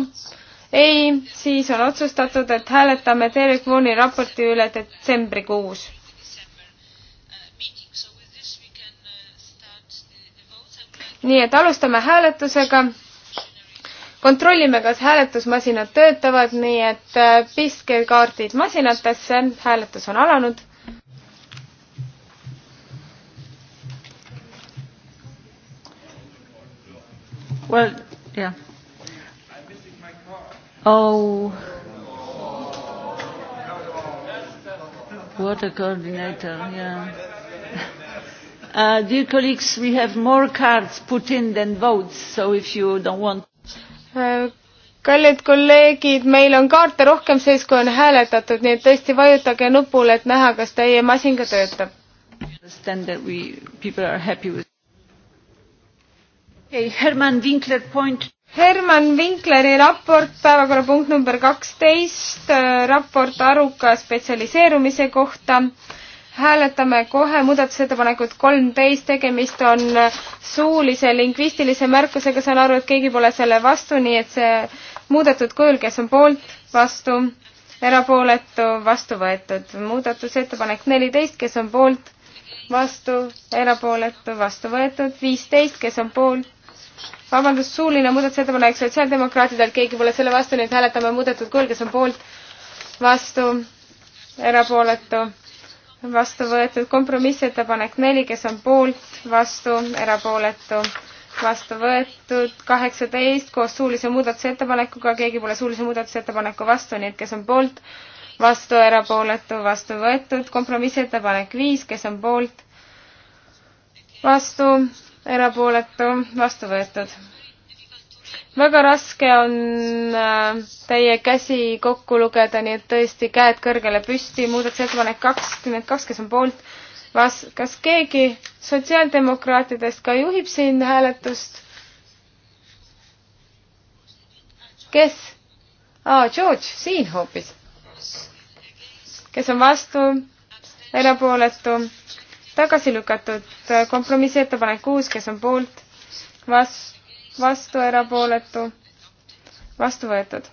ei, siis on otsustatud, et hääletame Derek Vooni raporti üle detsembrikuus nii et alustame hääletusega kontrollime, kas hääletusmasinad töötavad, nii et äh, pistke kaardid masinatesse, hääletus on alanud. Well, yeah. Oh. What a coordinator, yeah. Uh, dear colleagues, we have more cards put in than votes, so if you don't want kallid kolleegid, meil on kaarte rohkem sees, kui on hääletatud, nii et tõesti vajutage nupule, et näha, kas teie masin ka töötab. Okay, Herman Winkler point. Herman Winkleri raport, päevakorrapunkt number kaksteist, äh, raport aruka spetsialiseerumise kohta hääletame kohe muudatusettepanekut kolmteist, tegemist on suulise lingvistilise märkusega, saan aru, et keegi pole selle vastu, nii et see muudetud kujul, kes on poolt, vastu, erapooletu, vastu võetud. muudatusettepanek neliteist, kes on poolt, vastu, erapooletu, vastu võetud. viisteist, kes on poolt, vabandust, suuline muudatusettepanek sotsiaaldemokraatidelt, keegi pole selle vastu, nüüd hääletame muudetud kujul, kes on poolt, vastu, erapooletu vastu võetud kompromissettepanek neli, kes on poolt, vastu, erapooletu, vastu võetud kaheksateist koos suulise muudatusettepanekuga, keegi pole suulise muudatusettepaneku vastu, nii et kes on poolt, vastu, erapooletu, vastu võetud, kompromissettepanek viis, kes on poolt, vastu, erapooletu, vastu võetud väga raske on äh, teie käsi kokku lugeda, nii et tõesti käed kõrgele püsti, muudatusettepanek kakskümmend kaks, kes on poolt, vas-, kas keegi sotsiaaldemokraatidest ka juhib siin hääletust? kes? aa, George, siin hoopis. kes on vastu, erapooletu, tagasi lükatud, kompromissettepanek kuus, kes on poolt, vastu, vastu, erapooletu, vastu võetud.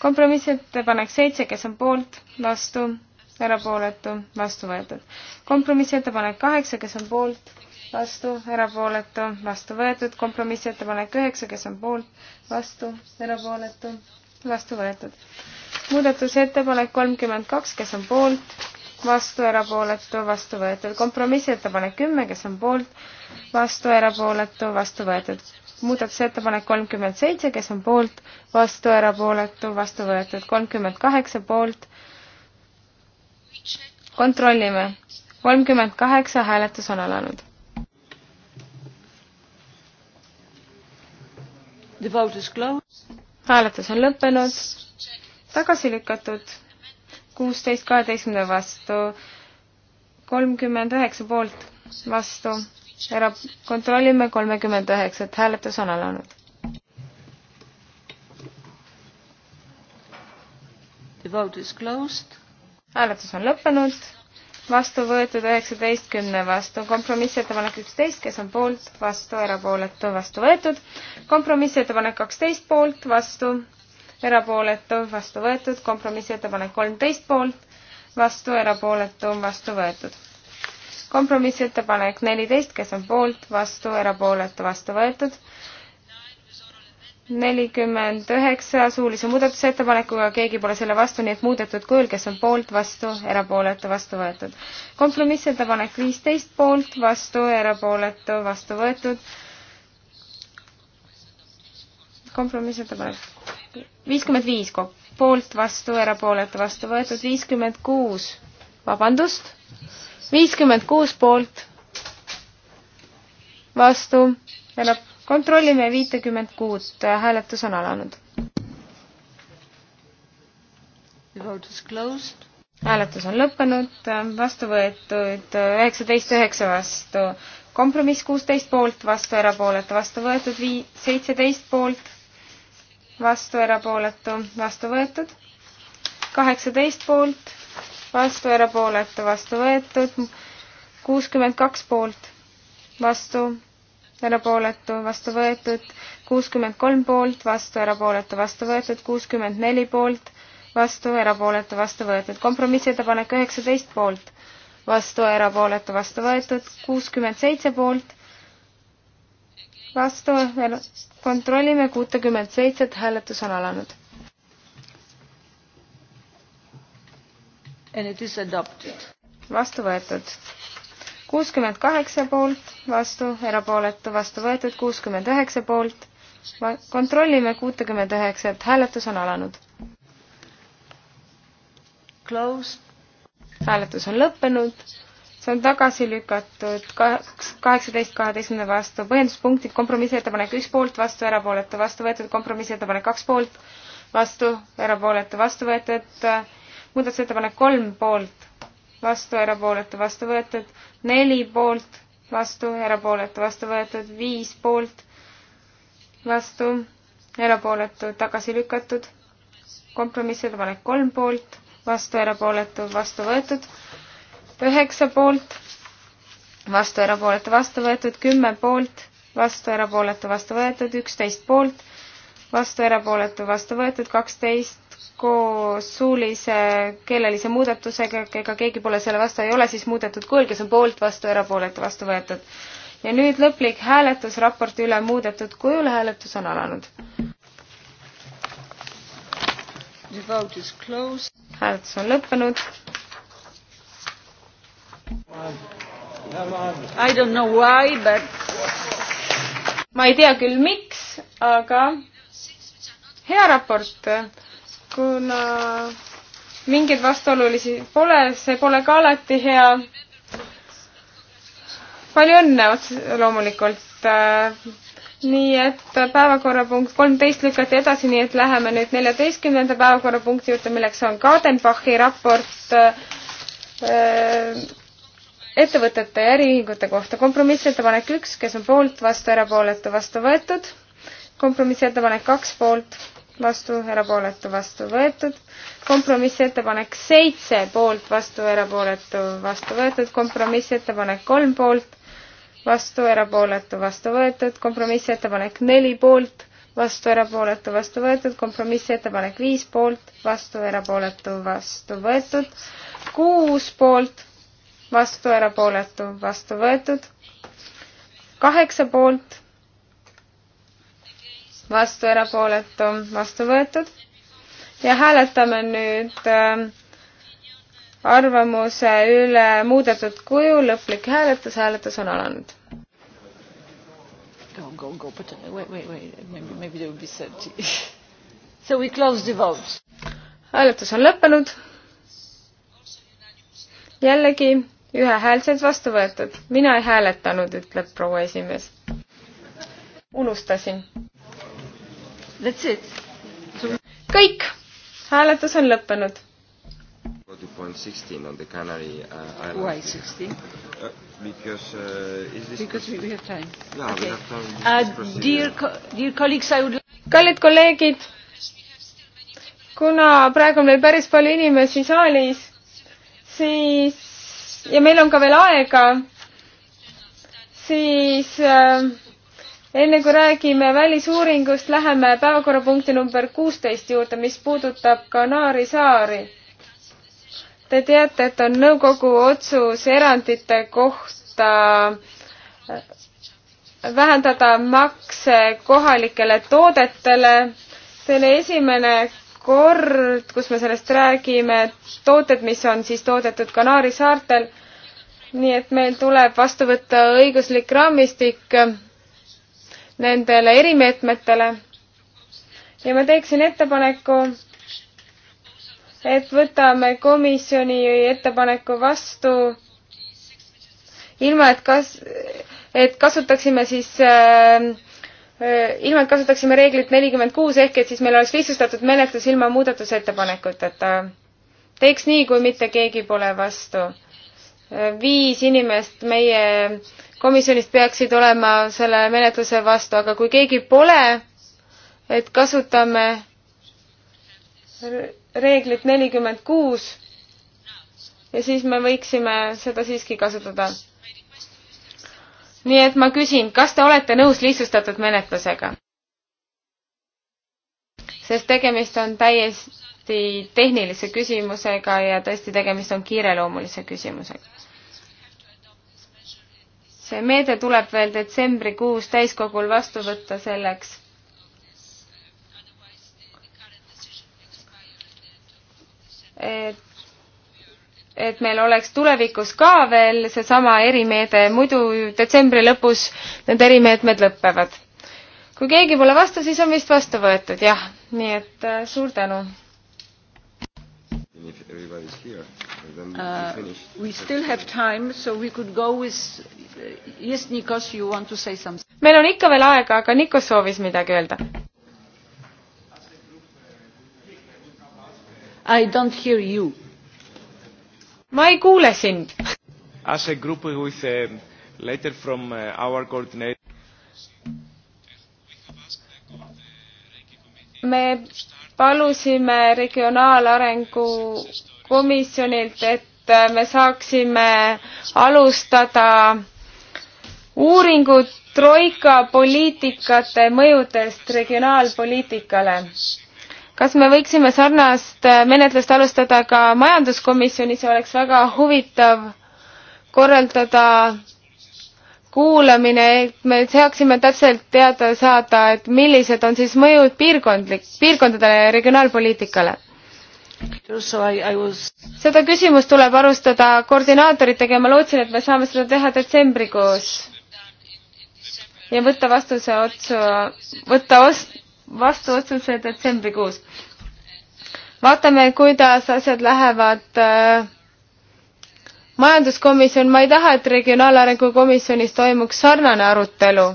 kompromissettepanek seitse, kes on poolt, vastu, erapooletu, vastu võetud. kompromissettepanek kaheksa, kes on poolt, vastu, erapooletu, vastu võetud. kompromissettepanek üheksa, kes on poolt, vastu, erapooletu, vastu võetud. muudatusettepanek kolmkümmend kaks, kes on poolt, vastu, erapooletu, vastu võetud. kompromissettepanek kümme, kes on poolt, vastu, erapooletu, vastu võetud. muudatusettepanek kolmkümmend seitse, kes on poolt, vastu, erapooletu, vastu võetud. kolmkümmend kaheksa poolt. kontrollime. kolmkümmend kaheksa, hääletus on alanud. hääletus on lõppenud, tagasi lükatud kuusteist kaheteistkümne vastu, kolmkümmend üheksa poolt vastu, era-, kontrollime kolmekümmend üheksat, hääletus on alanud. The vote is closed. hääletus on lõppenud, vastu võetud üheksateistkümne vastu, kompromissettepanek üksteist, kes on poolt, vastu, erapooletu, vastu võetud, kompromissettepanek kaksteist poolt, vastu, erapooletu, vastu võetud, kompromissettepanek kolmteist poolt, vastu, erapooletu, vastu võetud. kompromissettepanek neliteist, kes on poolt, vastu, erapooletu, vastu võetud. nelikümmend üheksa suulise muudatusettepanekuga, keegi pole selle vastu, nii et muudetud kujul, kes on poolt, vastu, erapooletu, vastu võetud. kompromissettepanek viisteist poolt, vastu, erapooletu, vastu võetud kompromissettepanek viiskümmend viis poolt, vastu, erapooletu, vastu võetud, viiskümmend kuus, vabandust, viiskümmend kuus poolt, vastu, elab, kontrollime viitekümmet kuut, hääletus on alanud. hääletus on lõppenud, vastu võetud üheksateist üheksa vastu, kompromiss kuusteist poolt, vastu erapooletu, vastu võetud vii-, seitseteist poolt vastu erapooletu, vastu võetud. kaheksateist poolt, vastu erapooletu, vastu võetud. kuuskümmend kaks poolt, vastu erapooletu, vastu võetud. kuuskümmend kolm poolt, vastu erapooletu, vastu võetud. kuuskümmend neli poolt, vastu erapooletu, vastu võetud. kompromissettepanek üheksateist poolt, vastu erapooletu, vastu võetud. kuuskümmend seitse poolt vastu, kontrollime kuutekümmet seitset, hääletus on alanud. And it is adopted. vastu võetud. kuuskümmend kaheksa poolt, vastu, erapooletu, vastu võetud, kuuskümmend üheksa poolt. kontrollime kuutekümmet üheksat, hääletus on alanud. Closed. hääletus on lõppenud see on tagasi lükatud kaks, kaheksateist kaheteistkümne vastu, põhjenduspunktid, kompromissettepanek üks poolt, vastu, erapooletu, vastu võetud, kompromissettepanek kaks poolt, vastu, erapooletu, vastu võetud, muudatusettepanek kolm poolt, vastu, erapooletu, vastu võetud, neli poolt, vastu, erapooletu, vastu võetud, viis poolt, vastu, erapooletu, tagasi lükatud, kompromissettepanek kolm poolt, vastu, erapooletu, vastu võetud üheksa poolt, vastu erapooletu vastu võetud, kümme poolt, vastu erapooletu vastu võetud, üksteist poolt, vastu erapooletu vastu võetud, kaksteist koos suulise keelelise muudatusega, ega keegi pole selle vastu, ei ole siis muudetud kujul, kes on poolt, vastu, erapooletu, vastu võetud. ja nüüd lõplik hääletus raporti üle muudetud kujul, hääletus on alanud. hääletus on lõppenud I don't know why, but. ma ei tea küll, miks, aga hea raport, kuna mingeid vastuolulisi pole, see pole ka alati hea. palju õnne otse loomulikult nii et päevakorrapunkt kolmteist lükati edasi, nii et läheme nüüd neljateistkümnenda päevakorrapunkti juurde, milleks on Kadenbachi raport äh, ettevõtete ja äriühingute kohta. kompromissettepanek üks, kes on poolt, vastu, erapooletu, vastu võetud. kompromissettepanek kaks, poolt, vastu, erapooletu, vastu võetud. kompromissettepanek seitse, poolt, vastu, erapooletu, vastu võetud. kompromissettepanek kolm, poolt, vastu, erapooletu, vastu võetud. kompromissettepanek neli, poolt, vastu, erapooletu, vastu võetud. kompromissettepanek viis, poolt, vastu, erapooletu, vastu võetud. kuus poolt vastu, erapooletu, vastu võetud. kaheksa poolt, vastu, erapooletu, vastu võetud. ja hääletame nüüd ähm, arvamuse üle muudetud kuju, lõplik hääletus, hääletus on alanud. Go, go, go, but wait, wait, wait, maybe, maybe there will be thirty So we close the votes. hääletus on lõppenud. jällegi ühehäälselt vastu võetud. mina ei hääletanud, ütleb proua esimees. unustasin. kõik, hääletus on lõppenud. Point sixteen on the Canary uh, Islands. Why sixteen? Uh, because uh, is this because we, we have time. Yeah, okay. we have time. Uh, dear, co dear colleagues, I would. kallid kolleegid, kuna praegu on meil päris palju inimesi saalis, siis ja meil on ka veel aega, siis äh, enne kui räägime välisuuringust, läheme päevakorrapunkti number kuusteist juurde, mis puudutab Kanaari saari. Te teate, et on nõukogu otsus erandite kohta äh, vähendada makse kohalikele toodetele. selle esimene kord, kus me sellest räägime, tooted, mis on siis toodetud Kanaari saartel. nii et meil tuleb vastu võtta õiguslik raamistik nendele erimeetmetele. ja ma teeksin ettepaneku, et võtame komisjoni ettepaneku vastu ilma, et kas, et kasutaksime siis äh, Äh, ilma, et kasutaksime reeglit nelikümmend kuus ehk et siis meil oleks lihtsustatud menetlus ilma muudatusettepanekuteta. teeks nii, kui mitte keegi pole vastu. Äh, viis inimest meie komisjonist peaksid olema selle menetluse vastu, aga kui keegi pole, et kasutame reeglit nelikümmend kuus ja siis me võiksime seda siiski kasutada nii et ma küsin, kas te olete nõus lihtsustatud menetlusega? sest tegemist on täiesti tehnilise küsimusega ja tõesti tegemist on kiireloomulise küsimusega. see meede tuleb veel detsembrikuus täiskogul vastu võtta selleks, et et meil oleks tulevikus ka veel seesama erimeede, muidu detsembri lõpus need erimeetmed lõpevad. kui keegi pole vastu, siis on vist vastu võetud, jah. nii et äh, suur tänu. Uh, we still have time, so we could go with uh, yes, Nikos, you want to say something? meil on ikka veel aega, aga Nikos soovis midagi öelda. I don't hear you ma ei kuule sind. As a group with a uh, letter from uh, our coordinator. me palusime regionaalarengu komisjonilt, et uh, me saaksime alustada uuringut troika poliitikate mõjudest regionaalpoliitikale kas me võiksime sarnast äh, menetlust alustada ka majanduskomisjonis ja oleks väga huvitav korraldada kuulamine, et me saaksime täpselt teada saada, et millised on siis mõjud piirkondlik, piirkondadele ja regionaalpoliitikale seda küsimust tuleb arutada koordinaatoritega ja ma lootsin, et me saame seda teha detsembrikuus ja võtta vastuse otsa, võtta ost-, vastuotsuse detsembrikuus. vaatame, kuidas asjad lähevad äh, majanduskomisjon, ma ei taha, et Regionaalarengu komisjonis toimuks sarnane arutelu.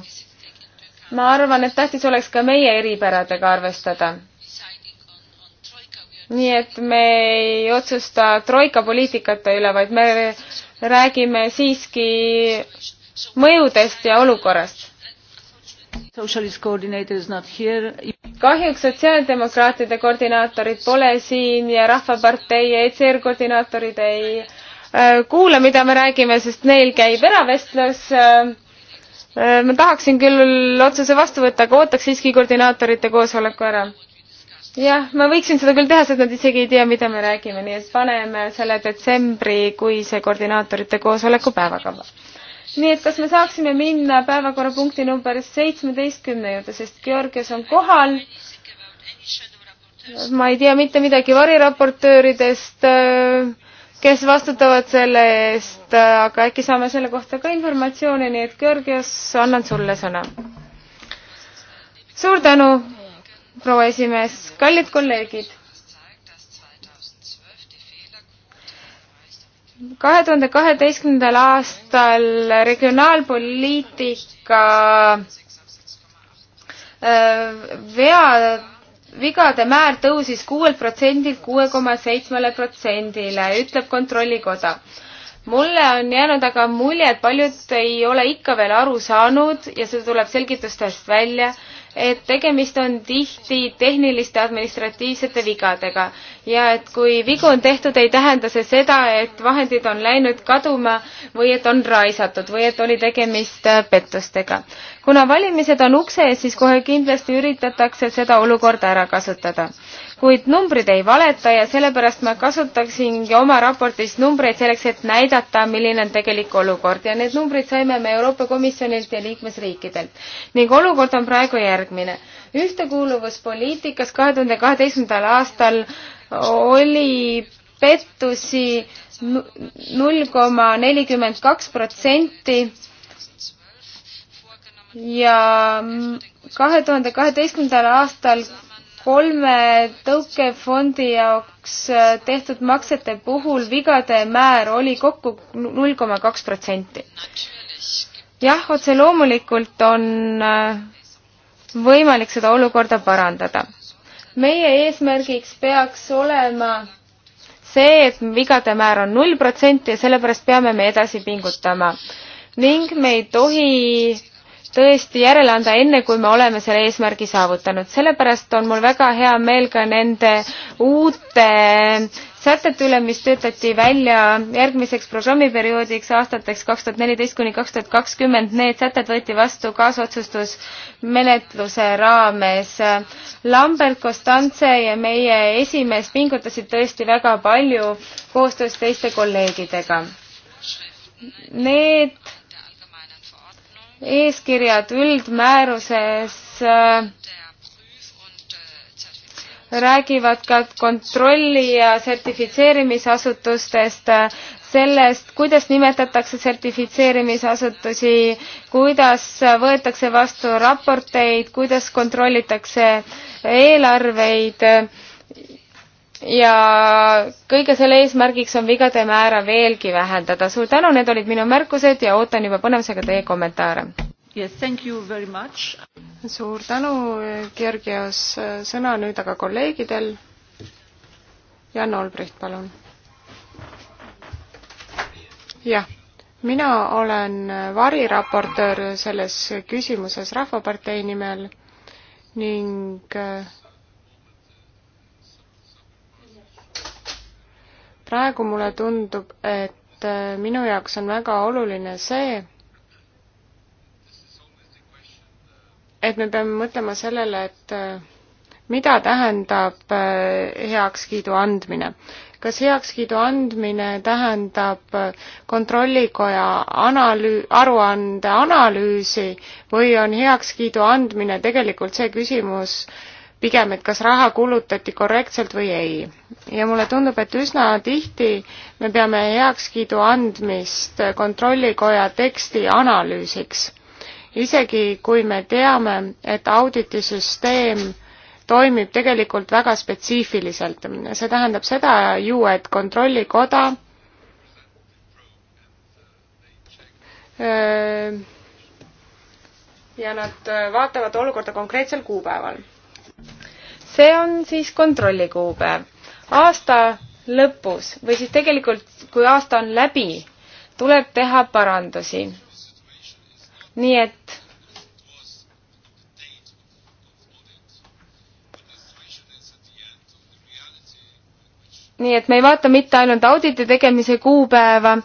ma arvan, et tähtis oleks ka meie eripäradega arvestada. nii et me ei otsusta troika poliitikate üle, vaid me räägime siiski mõjudest ja olukorrast kahjuks sotsiaaldemokraatide koordinaatorid pole siin ja Rahvapartei ja ECR koordinaatorid ei äh, kuule, mida me räägime, sest neil käib eravestlus. Äh, ma tahaksin küll otsuse vastu võtta, aga ootaks siiski koordinaatorite koosoleku ära. jah, ma võiksin seda küll teha, sest nad isegi ei tea, mida me räägime, nii et paneme selle detsembrikuise koordinaatorite koosoleku päevakava nii et kas me saaksime minna päevakorrapunkti number seitsmeteistkümne juurde, sest Georgias on kohal. ma ei tea mitte midagi variraportööridest, äh, kes vastutavad selle eest, äh, aga äkki saame selle kohta ka informatsiooni, nii et Georgias annan sulle sõna. suur tänu, proua esimees, kallid kolleegid kahe tuhande kaheteistkümnendal aastal regionaalpoliitika äh, vea, vigade määr tõusis kuuelt protsendilt kuue koma seitsmele protsendile, ütleb Kontrollikoda. mulle on jäänud aga mulje, et paljud ei ole ikka veel aru saanud ja see tuleb selgitustest välja, et tegemist on tihti tehniliste administratiivsete vigadega ja et kui vigu on tehtud, ei tähenda see seda, et vahendid on läinud kaduma või et on raisatud või et oli tegemist äh, pettustega. kuna valimised on ukse ees, siis kohe kindlasti üritatakse seda olukorda ära kasutada kuid numbrid ei valeta ja sellepärast ma kasutaksingi oma raportis numbreid selleks, et näidata, milline on tegelik olukord ja need numbrid saime me Euroopa Komisjonilt ja liikmesriikidelt. ning olukord on praegu järgmine. ühtekuuluvuspoliitikas kahe tuhande kaheteistkümnendal aastal oli pettusi null koma nelikümmend kaks protsenti ja kahe tuhande kaheteistkümnendal aastal kolme tõukefondi jaoks äh, tehtud maksete puhul vigade määr oli kokku null koma kaks protsenti. jah, otse loomulikult on äh, võimalik seda olukorda parandada. meie eesmärgiks peaks olema see, et vigade määr on null protsenti ja sellepärast peame me edasi pingutama ning me ei tohi tõesti järele anda, enne kui me oleme selle eesmärgi saavutanud. sellepärast on mul väga hea meel ka nende uute sätete üle, mis töötati välja järgmiseks programmiperioodiks aastateks kaks tuhat neliteist kuni kaks tuhat kakskümmend. Need sätted võeti vastu kaasotsustusmenetluse raames. Lambert, Constance ja meie esimees pingutasid tõesti väga palju koostöös teiste kolleegidega. Need eeskirjad üldmääruses äh, räägivad ka kontrolli ja sertifitseerimisasutustest, sellest, kuidas nimetatakse sertifitseerimisasutusi, kuidas võetakse vastu raporteid, kuidas kontrollitakse eelarveid ja kõige selle eesmärgiks on vigade määra veelgi vähendada. suur tänu, need olid minu märkused ja ootan juba põnevusega teie kommentaare. Yes, thank you very much. suur tänu, Georgios, sõna nüüd aga kolleegidel. Jan Olbricht, palun. jah, mina olen variraportöör selles küsimuses Rahvapartei nimel ning äh, praegu mulle tundub, et äh, minu jaoks on väga oluline see, et me peame mõtlema sellele, et äh, mida tähendab äh, heakskiidu andmine. kas heakskiidu andmine tähendab Kontrollikoja analüü-, aruande analüüsi või on heakskiidu andmine tegelikult see küsimus, pigem, et kas raha kulutati korrektselt või ei. ja mulle tundub, et üsna tihti me peame heakskiidu andmist Kontrollikoja teksti analüüsiks. isegi kui me teame, et auditisüsteem toimib tegelikult väga spetsiifiliselt. see tähendab seda ju, et Kontrollikoda öö, ja nad vaatavad olukorda konkreetsel kuupäeval see on siis kontrolli kuupäev. aasta lõpus või siis tegelikult, kui aasta on läbi, tuleb teha parandusi. nii et nii et me ei vaata mitte ainult auditi tegemise kuupäeva,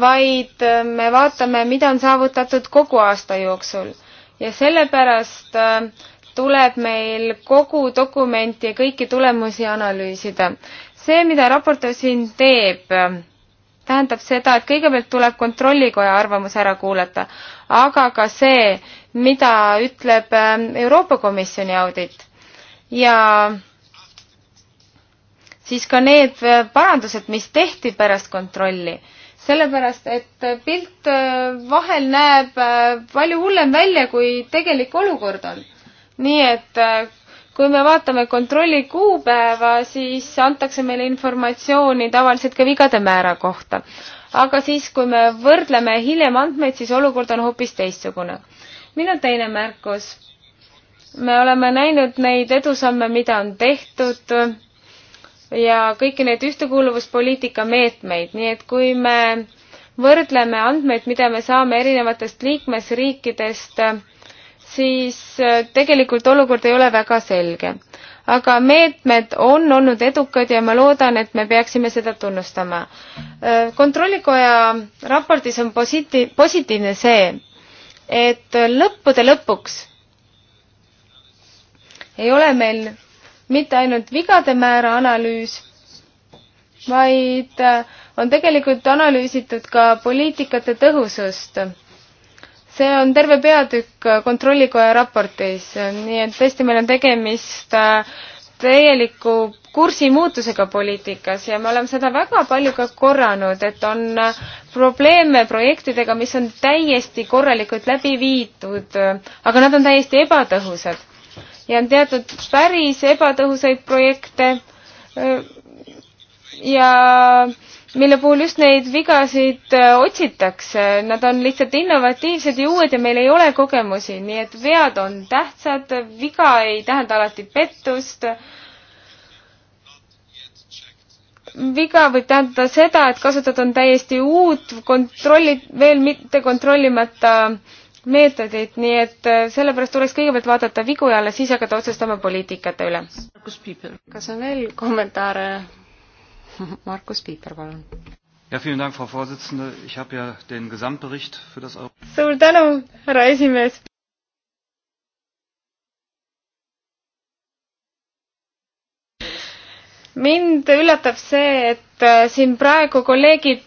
vaid äh, me vaatame, mida on saavutatud kogu aasta jooksul. ja sellepärast äh, tuleb meil kogu dokumenti ja kõiki tulemusi analüüsida. see, mida raportöör siin teeb, tähendab seda, et kõigepealt tuleb Kontrollikoja arvamus ära kuulata, aga ka see, mida ütleb ähm, Euroopa Komisjoni audit ja siis ka need äh, parandused, mis tehti pärast kontrolli sellepärast, et äh, pilt äh, vahel näeb palju hullem välja, kui tegelik olukord on nii et äh, kui me vaatame kontrolli kuupäeva, siis antakse meile informatsiooni tavaliselt ka vigade määra kohta. aga siis, kui me võrdleme hiljem andmeid, siis olukord on hoopis teistsugune. minu teine märkus. me oleme näinud neid edusamme, mida on tehtud ja kõiki neid ühtekuuluvuspoliitika meetmeid, nii et kui me võrdleme andmeid, mida me saame erinevatest liikmesriikidest, siis äh, tegelikult olukord ei ole väga selge. aga meetmed on olnud edukad ja ma loodan, et me peaksime seda tunnustama. Äh, kontrollikoja raportis on positi-, positiivne see, et lõppude lõpuks ei ole meil mitte ainult vigade määra analüüs, vaid äh, on tegelikult analüüsitud ka poliitikate tõhusust see on terve peatükk Kontrollikoja raportis, nii et tõesti, meil on tegemist äh, täieliku kursi muutusega poliitikas ja me oleme seda väga palju ka korranud, et on äh, probleeme projektidega, mis on täiesti korralikult läbi viidud, äh, aga nad on täiesti ebatõhusad. ja on teatud päris ebatõhusaid projekte ja mille puhul just neid vigasid äh, otsitakse, nad on lihtsalt innovatiivsed ja uued ja meil ei ole kogemusi, nii et vead on tähtsad, viga ei tähenda alati pettust. viga võib tähendada seda, et kasutatud on täiesti uut kontrolli, veel mitte kontrollimata meetodit, nii et äh, sellepärast tuleks kõigepealt vaadata vigu ja alles siis hakata otsustama poliitikate üle. kas on veel kommentaare Markus Piiper, palun. Ja, vielen Dank, Frau Vorsitzende. Ich habe ja den Gesamtbericht für das Euro Suur tänu, härra esimees. mind üllatab see, et äh, siin praegu kolleegid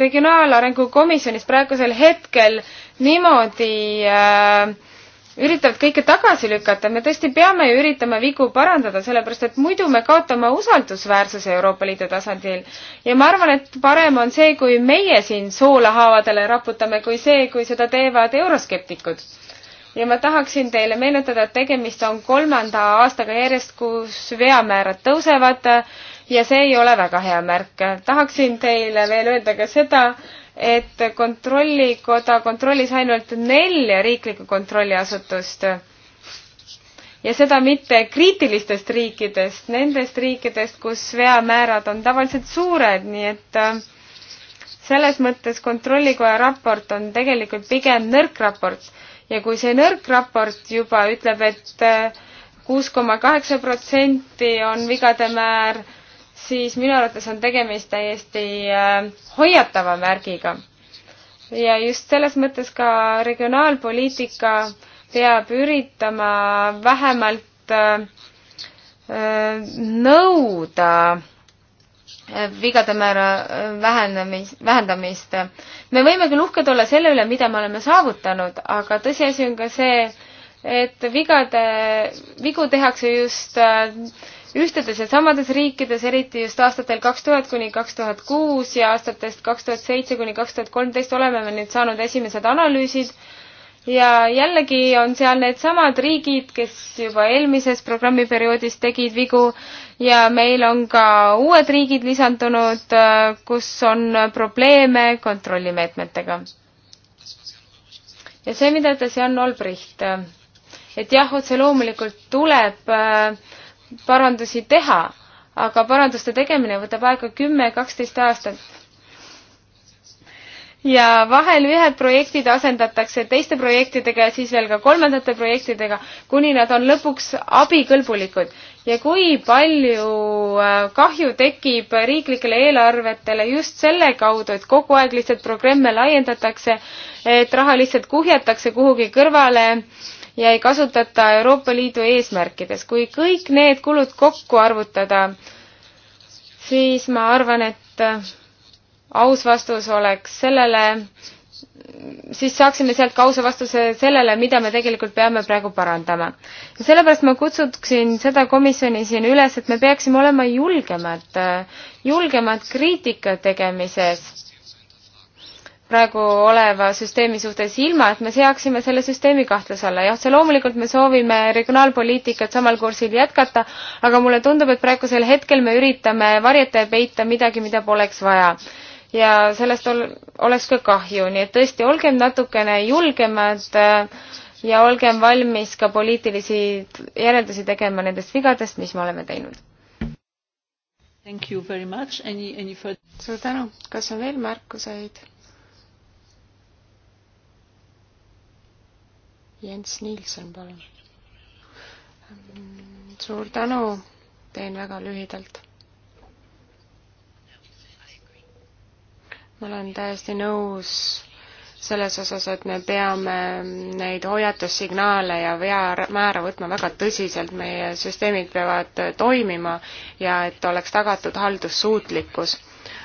Regionaalarengu komisjonis praegusel hetkel niimoodi äh, üritavad kõike tagasi lükata, me tõesti peame ju üritama vigu parandada, sellepärast et muidu me kaotame usaldusväärsuse Euroopa Liidu tasandil. ja ma arvan, et parem on see, kui meie siin soolahaavadele raputame, kui see, kui seda teevad euroskeptikud. ja ma tahaksin teile meenutada, et tegemist on kolmanda aastaga järjest, kus veamäärad tõusevad ja see ei ole väga hea märk. tahaksin teile veel öelda ka seda, et kontrollikoda kontrollis ainult nelja riiklikku kontrolliasutust ja seda mitte kriitilistest riikidest, nendest riikidest, kus veamäärad on tavaliselt suured, nii et äh, selles mõttes Kontrollikoja raport on tegelikult pigem nõrk raport ja kui see nõrk raport juba ütleb et, et äh, kuus koma kaheksa protsenti on vigade määr, siis minu arvates on tegemist täiesti äh, hoiatava märgiga. ja just selles mõttes ka regionaalpoliitika peab üritama vähemalt äh, äh, nõuda vigade määra vähenemis, vähendamist. me võime küll uhked olla selle üle, mida me oleme saavutanud, aga tõsiasi on ka see, et vigade, vigu tehakse just äh, ühtedes ja samades riikides, eriti just aastatel kaks tuhat kuni kaks tuhat kuus ja aastatest kaks tuhat seitse kuni kaks tuhat kolmteist oleme me nüüd saanud esimesed analüüsid ja jällegi on seal needsamad riigid, kes juba eelmises programmiperioodis tegid vigu ja meil on ka uued riigid lisandunud, kus on probleeme kontrollimeetmetega. ja see, mida ütles Jan Olbricht, et jah, otse loomulikult tuleb äh, parandusi teha, aga paranduste tegemine võtab aega kümme, kaksteist aastat. ja vahel ühed projektid asendatakse teiste projektidega ja siis veel ka kolmandate projektidega, kuni nad on lõpuks abikõlbulikud. ja kui palju äh, kahju tekib riiklikele eelarvetele just selle kaudu, et kogu aeg lihtsalt programme laiendatakse, et raha lihtsalt kuhjatakse kuhugi kõrvale ja ei kasutata Euroopa Liidu eesmärkides. kui kõik need kulud kokku arvutada, siis ma arvan, et äh, aus vastus oleks sellele, siis saaksime sealt ka ausa vastuse sellele, mida me tegelikult peame praegu parandama. ja sellepärast ma kutsuksin seda komisjoni siin üles, et me peaksime olema julgemad, äh, julgemad kriitika tegemises praegu oleva süsteemi suhtes, ilma et me seaksime selle süsteemi kahtluse alla. jah, see loomulikult me soovime regionaalpoliitikat samal kursil jätkata, aga mulle tundub, et praegusel hetkel me üritame varjata ja peita midagi, mida poleks vaja. ja sellest ol, oleks ka kahju, nii et tõesti, olgem natukene julgemad äh, ja olgem valmis ka poliitilisi järeldusi tegema nendest vigadest, mis me oleme teinud. Any, any further... suur tänu, kas on veel märkuseid? Jens Nilsson, palun. suur tänu, teen väga lühidalt. ma olen täiesti nõus selles osas, et me peame neid hoiatussignaale ja veamäära võtma väga tõsiselt, meie süsteemid peavad toimima ja et oleks tagatud haldussuutlikkus.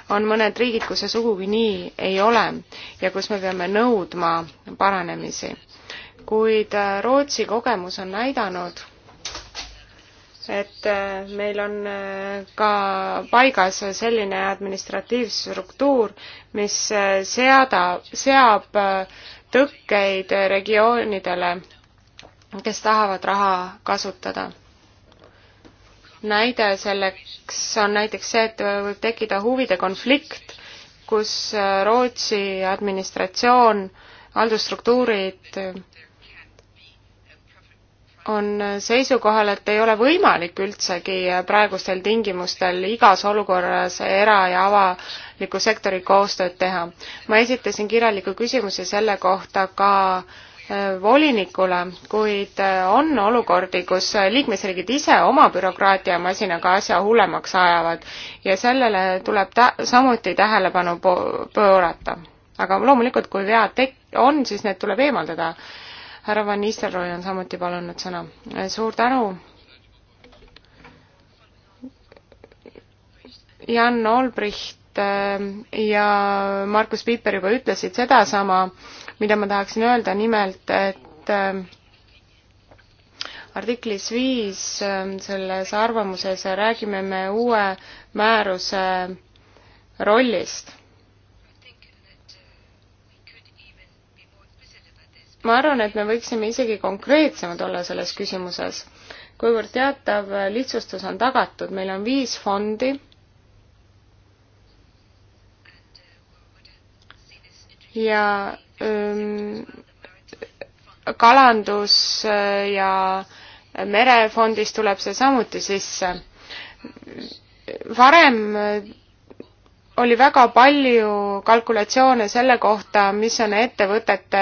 on mõned riigid, kus see sugugi nii ei ole ja kus me peame nõudma paranemisi kuid äh, Rootsi kogemus on näidanud, et äh, meil on äh, ka paigas selline administratiivstruktuur, mis seada, seab tõkkeid regioonidele, kes tahavad raha kasutada. näide selleks on näiteks see, et võib tekkida huvide konflikt, kus Rootsi administratsioon, haldusstruktuurid on seisukohal, et ei ole võimalik üldsegi praegustel tingimustel igas olukorras era- ja avaliku sektori koostööd teha. ma esitasin kirjaliku küsimuse selle kohta ka äh, volinikule, kuid äh, on olukordi, kus liikmesriigid ise oma bürokraatiamasinaga asja hullemaks ajavad ja sellele tuleb tä-, samuti tähelepanu pöörata. aga loomulikult, kui vead tek-, on, siis need tuleb eemaldada härra Van Nistelrooy on samuti palunud sõna. suur tänu. Jan Olbricht äh, ja Markus Piiper juba ütlesid sedasama, mida ma tahaksin öelda, nimelt et äh, artiklis viis äh, selles arvamuses räägime me uue määruse rollist ma arvan, et me võiksime isegi konkreetsemad olla selles küsimuses, kuivõrd teatav lihtsustus on tagatud, meil on viis fondi, ja öö, ähm, kalandus äh, ja merefondis tuleb see samuti sisse. varem oli väga palju kalkulatsioone selle kohta, mis on ettevõtete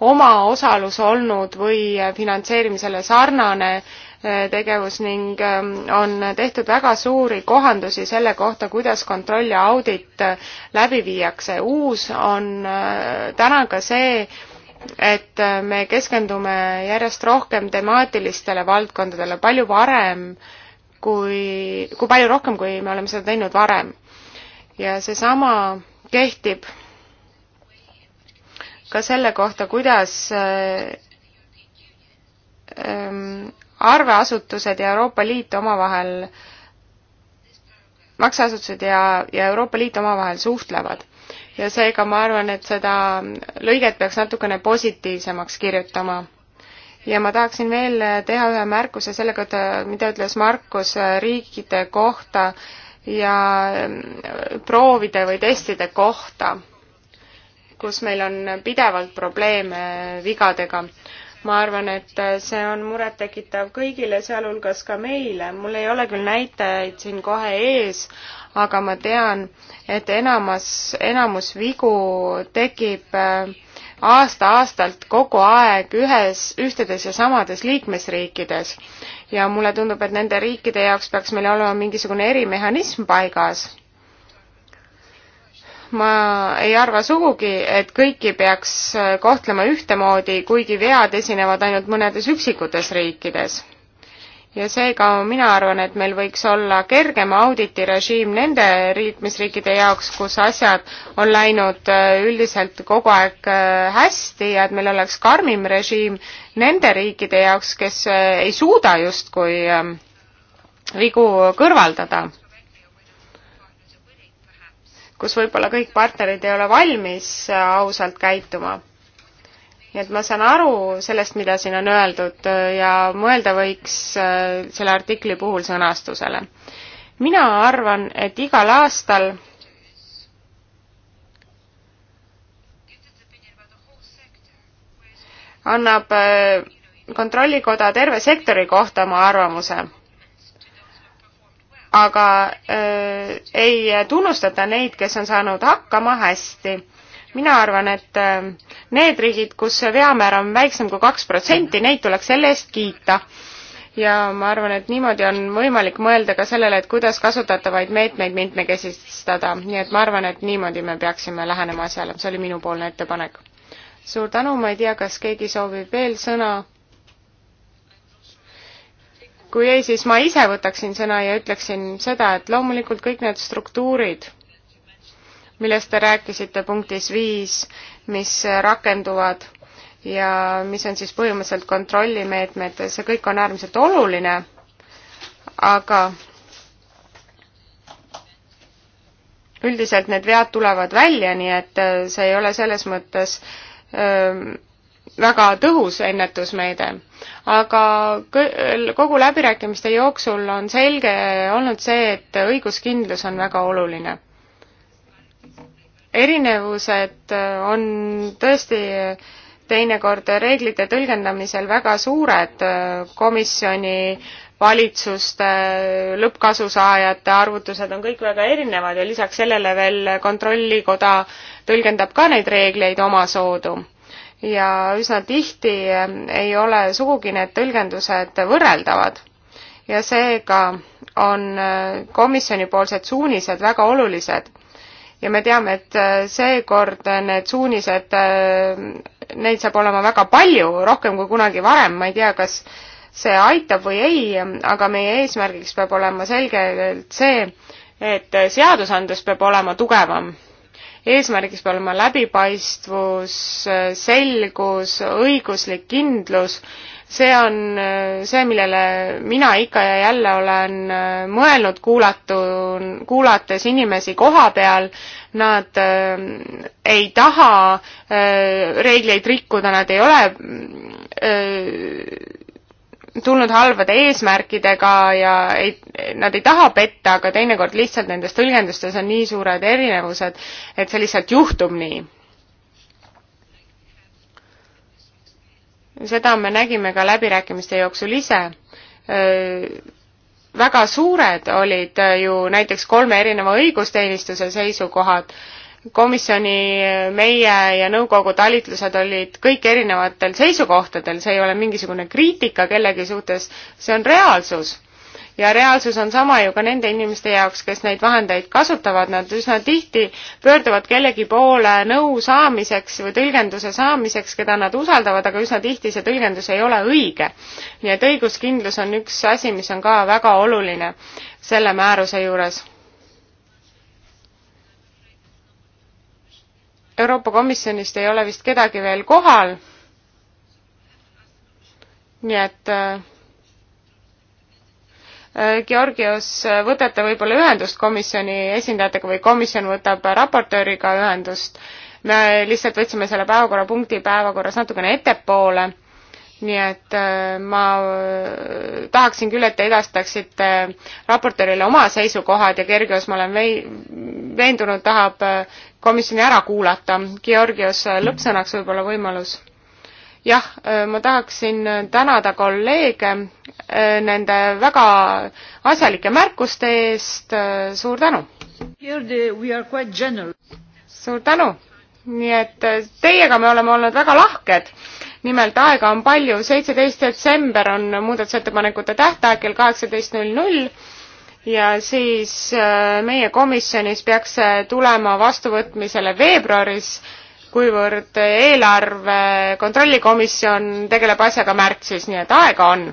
omaosalus olnud või finantseerimisele sarnane eh, tegevus ning ehm, on tehtud väga suuri kohandusi selle kohta, kuidas kontroll ja audit eh, läbi viiakse. uus on eh, täna ka see, et me keskendume järjest rohkem temaatilistele valdkondadele, palju varem kui, kui palju rohkem, kui me oleme seda teinud varem ja seesama kehtib ka selle kohta, kuidas äh, ähm, arveasutused ja Euroopa Liit omavahel, makseasutused ja, ja Euroopa Liit omavahel suhtlevad. ja seega ma arvan, et seda lõiget peaks natukene positiivsemaks kirjutama. ja ma tahaksin veel teha ühe märkuse sellega, mida ütles Markus äh, riikide kohta, ja ähm, proovide või testide kohta, kus meil on pidevalt probleeme vigadega. ma arvan, et see on murettekitav kõigile, sealhulgas ka meile. mul ei ole küll näitajaid siin kohe ees, aga ma tean, et enamas, enamus vigu tekib äh, aasta-aastalt kogu aeg ühes, ühtedes ja samades liikmesriikides. ja mulle tundub, et nende riikide jaoks peaks meil olema mingisugune erimehhanism paigas. ma ei arva sugugi, et kõiki peaks kohtlema ühtemoodi, kuigi vead esinevad ainult mõnedes üksikutes riikides ja seega mina arvan, et meil võiks olla kergem auditirežiim nende liikmesriikide jaoks, kus asjad on läinud äh, üldiselt kogu aeg äh, hästi ja et meil oleks karmim režiim nende riikide jaoks, kes äh, ei suuda justkui ähm, vigu kõrvaldada, kus võib-olla kõik partnerid ei ole valmis ausalt käituma nii et ma saan aru sellest, mida siin on öeldud äh, ja mõelda võiks äh, selle artikli puhul sõnastusele. mina arvan, et igal aastal annab äh, kontrollikoda terve sektori kohta oma arvamuse. aga äh, ei tunnustata neid, kes on saanud hakkama hästi mina arvan, et äh, need riigid, kus see veamäär on väiksem kui kaks protsenti, neid tuleks selle eest kiita. ja ma arvan, et niimoodi on võimalik mõelda ka sellele, et kuidas kasutatavaid meetmeid mitmekesistada, nii et ma arvan, et niimoodi me peaksime lähenema asjale, see oli minupoolne ettepanek. suur tänu, ma ei tea, kas keegi soovib veel sõna? kui ei, siis ma ise võtaksin sõna ja ütleksin seda, et loomulikult kõik need struktuurid millest te rääkisite punktis viis, mis rakenduvad ja mis on siis põhimõtteliselt kontrollimeetmed, see kõik on äärmiselt oluline, aga üldiselt need vead tulevad välja, nii et äh, see ei ole selles mõttes öö, ähm, väga tõhus ennetusmeede. aga kogu läbirääkimiste jooksul on selge olnud see, et õiguskindlus on väga oluline erinevused äh, on tõesti teinekord reeglite tõlgendamisel väga suured äh, komisjoni, valitsuste, lõppkasusaajate arvutused on kõik väga erinevad ja lisaks sellele veel Kontrollikoda tõlgendab ka neid reegleid omasoodu. ja üsna tihti äh, ei ole sugugi need tõlgendused võrreldavad ja seega on komisjonipoolsed suunised väga olulised ja me teame, et äh, seekord äh, need suunised, äh, neid saab olema väga palju, rohkem kui kunagi varem, ma ei tea, kas see aitab või ei, aga meie eesmärgiks peab olema selgelt see, et seadusandlus peab olema tugevam. eesmärgiks peab olema läbipaistvus, selgus, õiguslik kindlus see on see, millele mina ikka ja jälle olen äh, mõelnud, kuulatu, kuulates inimesi koha peal, nad äh, ei taha äh, reegleid rikkuda, nad ei ole äh, tulnud halbade eesmärkidega ja ei, nad ei taha petta, aga teinekord lihtsalt nendes tõlgendustes on nii suured erinevused, et see lihtsalt juhtub nii seda me nägime ka läbirääkimiste jooksul ise, väga suured olid äh, ju näiteks kolme erineva õigusteenistuse seisukohad, komisjoni, äh, meie ja nõukogu talitlused olid kõik erinevatel seisukohtadel, see ei ole mingisugune kriitika kellegi suhtes, see on reaalsus ja reaalsus on sama ju ka nende inimeste jaoks, kes neid vahendeid kasutavad, nad üsna tihti pöörduvad kellegi poole nõu saamiseks või tõlgenduse saamiseks, keda nad usaldavad, aga üsna tihti see tõlgendus ei ole õige. nii et õiguskindlus on üks asi, mis on ka väga oluline selle määruse juures Euroopa Komisjonist ei ole vist kedagi veel kohal. nii et äh, Äh, Georgios, äh, võtate võib-olla ühendust komisjoni esindajatega või komisjon võtab äh, raportööriga ühendust. me lihtsalt võtsime selle päevakorrapunkti päevakorras natukene ettepoole, nii et ma tahaksin küll, et te edastaksite raportöörile oma seisukohad ja Georgios, ma olen vei-, veendunud, tahab komisjoni ära kuulata. Georgios, lõppsõnaks võib-olla võimalus jah, äh, ma tahaksin tänada kolleege äh, nende väga asjalike märkuste eest, äh, suur tänu! suur tänu! nii et teiega me oleme olnud väga lahked nimelt aega on palju, seitseteist detsember on muudatusettepanekute tähtaeg kell kaheksateist null null ja siis meie komisjonis peaks see tulema vastuvõtmisele veebruaris kuivõrd eelarve kontrollikomisjon tegeleb asjaga märtsis, nii et aega on.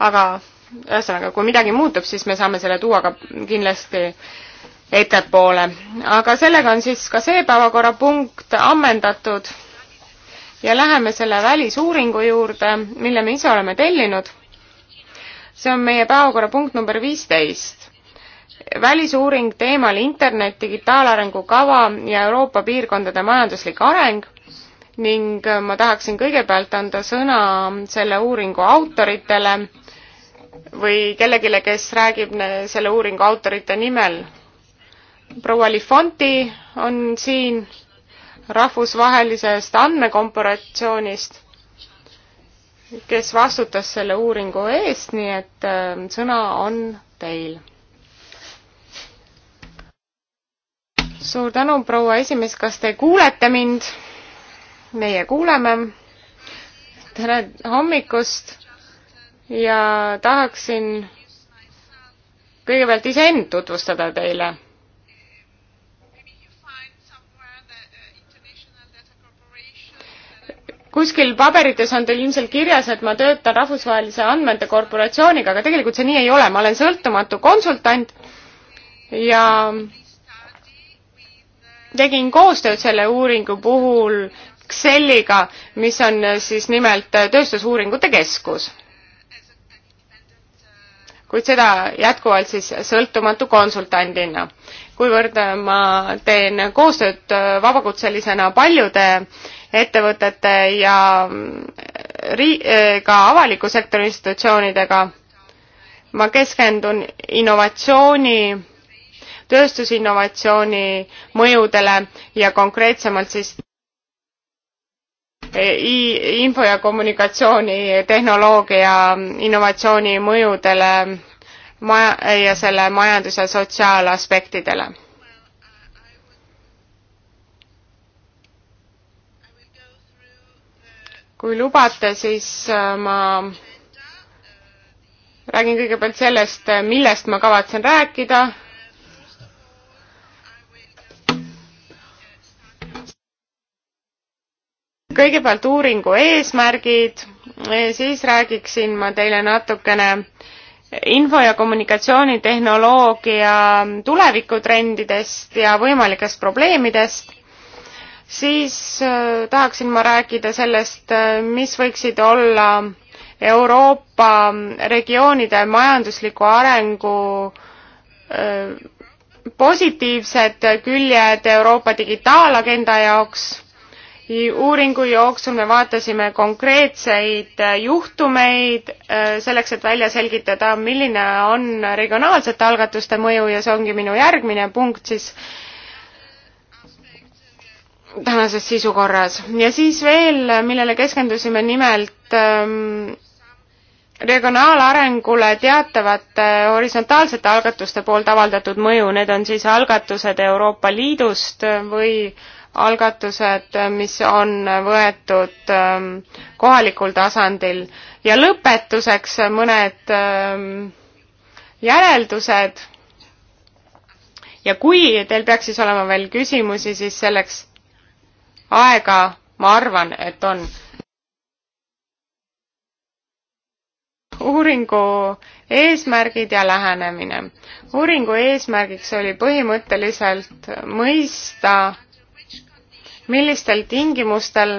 aga ühesõnaga, kui midagi muutub, siis me saame selle tuua ka kindlasti ettepoole. aga sellega on siis ka see päevakorrapunkt ammendatud ja läheme selle välisuuringu juurde, mille me ise oleme tellinud. see on meie päevakorrapunkt number viisteist välisuuring teemal internet, digitaalarengu kava ja Euroopa piirkondade majanduslik areng ning äh, ma tahaksin kõigepealt anda sõna selle uuringu autoritele või kellelegi, kes räägib selle uuringu autorite nimel. proua Lifonti on siin rahvusvahelisest andmekomporatsioonist, kes vastutas selle uuringu eest, nii et äh, sõna on teil suur tänu, proua esimees, kas te kuulete mind? meie kuuleme. tere hommikust ja tahaksin kõigepealt iseend tutvustada teile. kuskil paberites on teil ilmselt kirjas, et ma töötan Rahvusvahelise Andmete Korporatsiooniga, aga tegelikult see nii ei ole, ma olen sõltumatu konsultant ja tegin koostööd selle uuringu puhul Xcelliga, mis on siis nimelt Tööstusuuringute Keskus. kuid seda jätkuvalt siis sõltumatu konsultandina. kuivõrd ma teen koostööd vabakutselisena paljude ettevõtete ja ri-, ka avaliku sektori institutsioonidega, ma keskendun innovatsiooni tööstusinnovatsiooni mõjudele ja konkreetsemalt siis info ja kommunikatsiooni tehnoloogia innovatsiooni mõjudele maja ja selle majandus ja sotsiaalaspektidele. kui lubate, siis äh, ma räägin kõigepealt sellest, millest ma kavatsen rääkida kõigepealt uuringu eesmärgid, siis räägiksin ma teile natukene info- ja kommunikatsioonitehnoloogia tulevikutrendidest ja võimalikest probleemidest, siis äh, tahaksin ma rääkida sellest, äh, mis võiksid olla Euroopa regioonide majandusliku arengu äh, positiivsed küljed Euroopa digitaalagenda jaoks uuringu jooksul me vaatasime konkreetseid äh, juhtumeid äh, selleks, et välja selgitada, milline on regionaalsete algatuste mõju ja see ongi minu järgmine punkt siis tänases sisukorras. ja siis veel, millele keskendusime nimelt ähm, regionaalarengule teatavate horisontaalsete algatuste poolt avaldatud mõju, need on siis algatused Euroopa Liidust või äh, algatused, mis on võetud ähm, kohalikul tasandil. ja lõpetuseks mõned ähm, järeldused. ja kui teil peaks siis olema veel küsimusi, siis selleks aega ma arvan, et on. uuringu eesmärgid ja lähenemine. uuringu eesmärgiks oli põhimõtteliselt mõista millistel tingimustel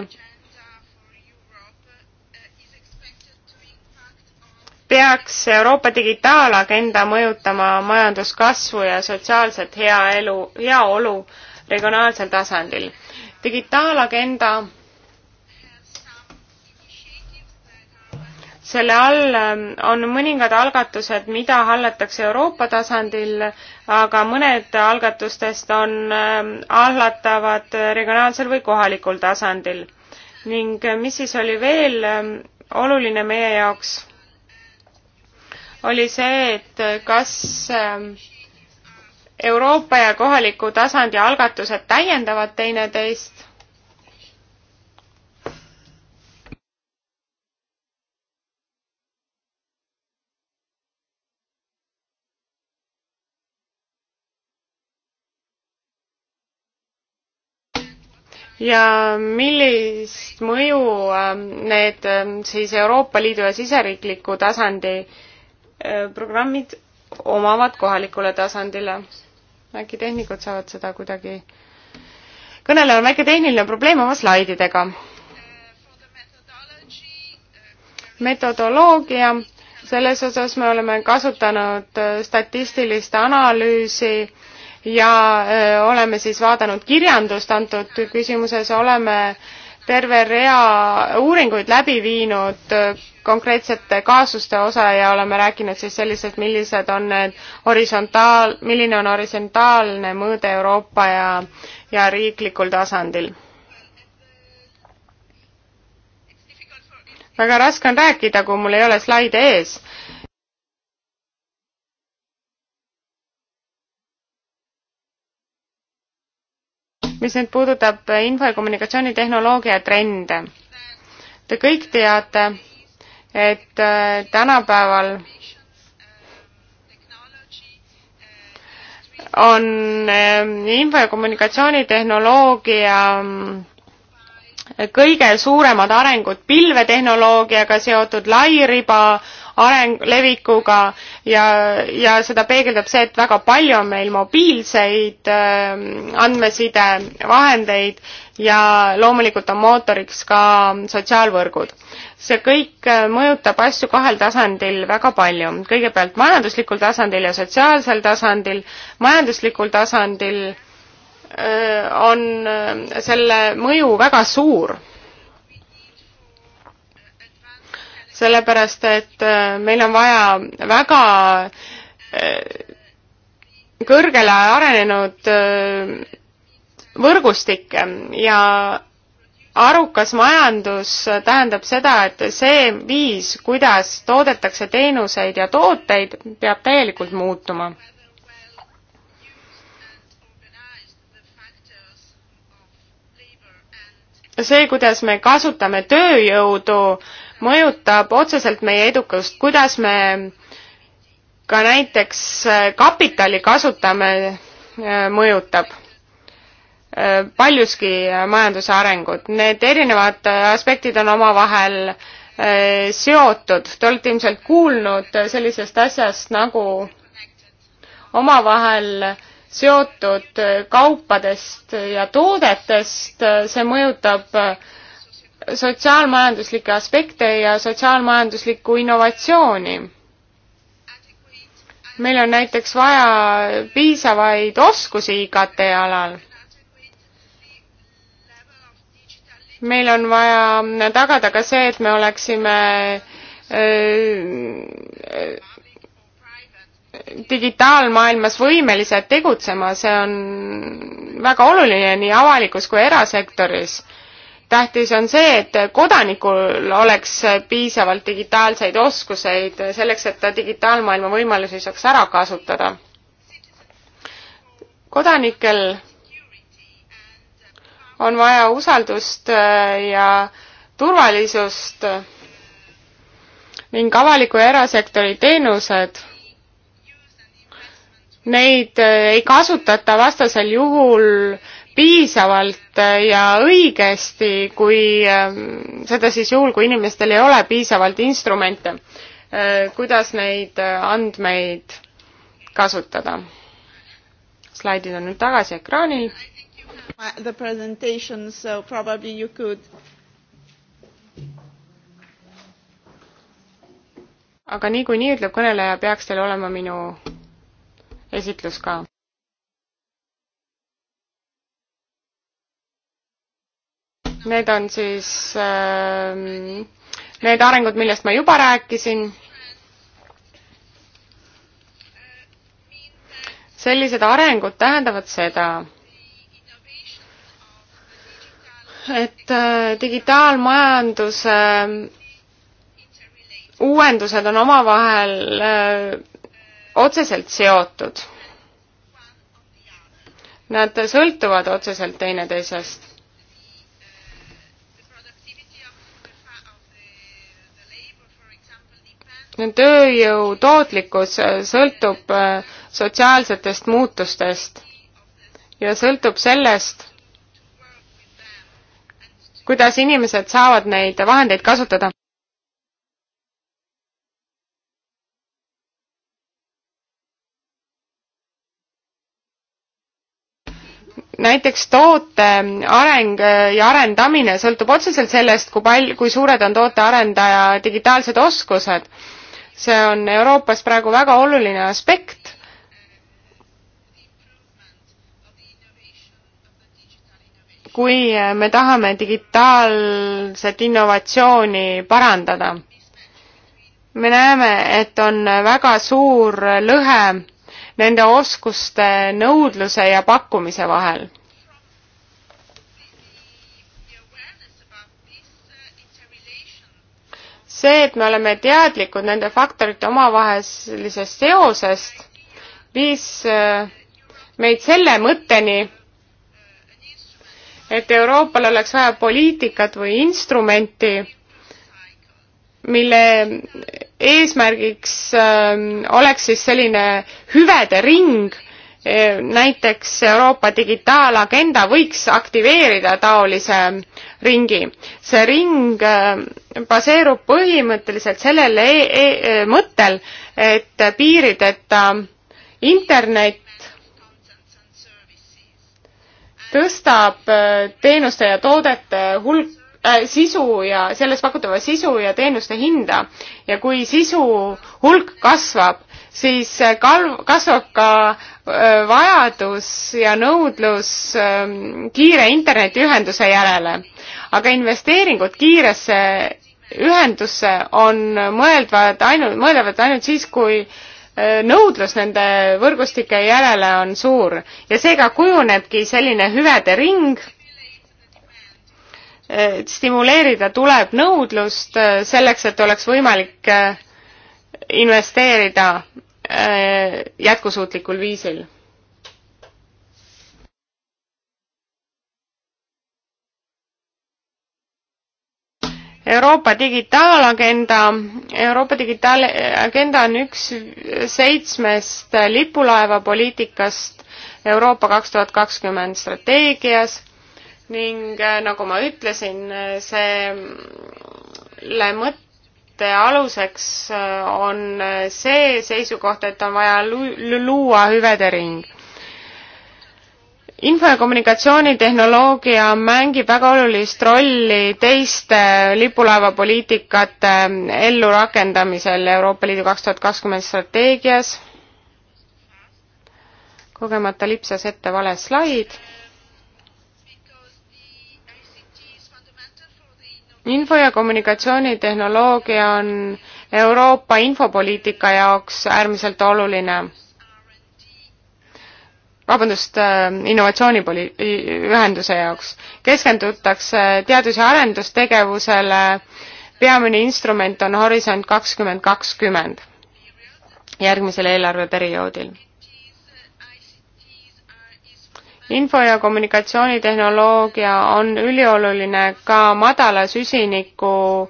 peaks Euroopa digitaalagenda mõjutama majanduskasvu ja sotsiaalset heaelu, heaolu regionaalsel tasandil. digitaalagenda selle all ähm, on mõningad algatused, mida hallatakse Euroopa tasandil, aga mõned algatustest on ähm, hallatavad regionaalsel või kohalikul tasandil. ning äh, mis siis oli veel ähm, oluline meie jaoks, oli see, et äh, kas Euroopa ja kohaliku tasandi algatused täiendavad teineteist ja millist mõju ähm, need ähm, siis Euroopa Liidu ja siseriikliku tasandi äh, programmid omavad kohalikule tasandile? äkki tehnikud saavad seda kuidagi kõnelejal on väike tehniline probleem oma slaididega. metodoloogia, selles osas me oleme kasutanud äh, statistilist analüüsi äh, ja oleme siis vaadanud kirjandust antud küsimuses, oleme terve rea uuringuid läbi viinud konkreetsete kaasuste osa ja oleme rääkinud siis selliselt, millised on need horisontaal, milline on horisontaalne mõõde Euroopa ja, ja riiklikul tasandil. väga raske on rääkida, kui mul ei ole slaide ees mis nüüd puudutab info- ja kommunikatsioonitehnoloogia trende. Te kõik teate, et äh, tänapäeval on äh, info- ja kommunikatsioonitehnoloogia mm, kõige suuremad arengud pilvetehnoloogiaga seotud, lairiba areng, levikuga ja, ja seda peegeldab see, et väga palju on meil mobiilseid äh, andmesidevahendeid ja loomulikult on mootoriks ka sotsiaalvõrgud. see kõik äh, mõjutab asju kahel tasandil väga palju. kõigepealt majanduslikul tasandil ja sotsiaalsel tasandil. majanduslikul tasandil äh, Äh, on äh, selle mõju väga suur. sellepärast, et äh, meil on vaja väga kõrgele arenenud võrgustikke ja arukas majandus tähendab seda, et see viis, kuidas toodetakse teenuseid ja tooteid, peab täielikult muutuma see, kuidas me kasutame tööjõudu, mõjutab otseselt meie edukust, kuidas me ka näiteks äh, kapitali kasutame, äh, mõjutab äh, paljuski majanduse arengut. Need erinevad aspektid on omavahel seotud. Te olete ilmselt kuulnud sellisest asjast nagu omavahel äh, seotud kaupadest ja toodetest, see mõjutab sotsiaalmajanduslikke aspekte ja sotsiaalmajanduslikku innovatsiooni. meil on näiteks vaja piisavaid oskusi IKT alal. meil on vaja tagada ka see, et me oleksime äh, digitaalmaailmas võimelised tegutsema, see on väga oluline nii avalikus kui erasektoris. tähtis on see, et kodanikul oleks piisavalt digitaalseid oskuseid selleks, et ta digitaalmaailma võimalusi saaks ära kasutada. kodanikel on vaja usaldust ja turvalisust ning avaliku ja erasektori teenused neid äh, ei kasutata vastasel juhul piisavalt äh, ja õigesti, kui ähm, seda siis juhul, kui inimestel ei ole piisavalt instrumente, äh, kuidas neid andmeid kasutada. slaidid on nüüd tagasi ekraanil. The presentation, so probably you could aga niikuinii, ütleb kõneleja, peaks teil olema minu esitlus ka. Need on siis äh, need arengud, millest ma juba rääkisin. sellised arengud tähendavad seda, et äh, digitaalmajanduse äh, uuendused on omavahel äh, otseselt seotud. Nad sõltuvad otseselt teineteisest. tööjõu tootlikkus sõltub äh, sotsiaalsetest muutustest ja sõltub sellest, kuidas inimesed saavad neid vahendeid kasutada. näiteks toote areng ja arendamine sõltub otseselt sellest, kui palju, kui suured on toote arendaja digitaalsed oskused. see on Euroopas praegu väga oluline aspekt. kui me tahame digitaalset innovatsiooni parandada, me näeme, et on väga suur lõhe nende oskuste nõudluse ja pakkumise vahel. see, et me oleme teadlikud nende faktorite omavahelisest seosest, viis äh, meid selle mõtteni, et Euroopal oleks vaja poliitikat või instrumenti, mille eesmärgiks ähm, oleks siis selline hüvede ring, e, näiteks Euroopa digitaalagenda võiks aktiveerida taolise ringi. see ring ähm, baseerub põhimõtteliselt sellel e, e e mõttel, et piirideta internet tõstab äh, teenuste ja toodete hulka äh, sisu ja selles pakutava sisu ja teenuste hinda ja kui sisu hulk kasvab, siis äh, kalv-, kasvab ka äh, vajadus ja nõudlus äh, kiire internetiühenduse järele. aga investeeringud kiiresse ühendusse on mõeldavad ainult, mõeldavad ainult siis, kui äh, nõudlus nende võrgustike järele on suur ja seega kujunebki selline hüvede ring stimuleerida tuleb nõudlust äh, selleks, et oleks võimalik äh, investeerida äh, jätkusuutlikul viisil. Euroopa digitaalagenda, Euroopa digitaalagenda on üks seitsmest lipulaevapoliitikast Euroopa kaks tuhat kakskümmend strateegias ning äh, nagu ma ütlesin, selle mõtte aluseks äh, on äh, see seisukoht, et on vaja luua hüvede ring info- ja kommunikatsioonitehnoloogia mängib väga olulist rolli teiste lipulaevapoliitikate ellurakendamisel Euroopa Liidu kaks tuhat kakskümmend strateegias. kogemata lipsas ette vale slaid info- ja kommunikatsioonitehnoloogia on Euroopa infopoliitika jaoks äärmiselt oluline, vabandust, äh, innovatsioonipoli-, ühenduse jaoks. keskendutakse teadus- ja arendustegevusele, peamine instrument on Horisont kakskümmend kakskümmend järgmisel eelarveperioodil info- ja kommunikatsioonitehnoloogia on ülioluline ka madala süsiniku äh,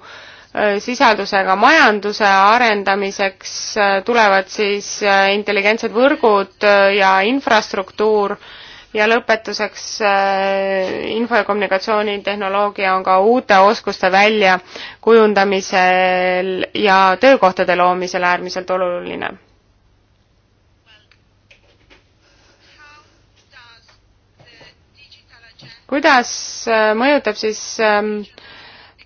sisaldusega majanduse arendamiseks äh, tulevad siis äh, intelligentsed võrgud ja infrastruktuur ja lõpetuseks info- ja kommunikatsioonitehnoloogia on ka uute oskuste väljakujundamisel ja töökohtade loomisel äärmiselt oluline kuidas äh, mõjutab siis ähm,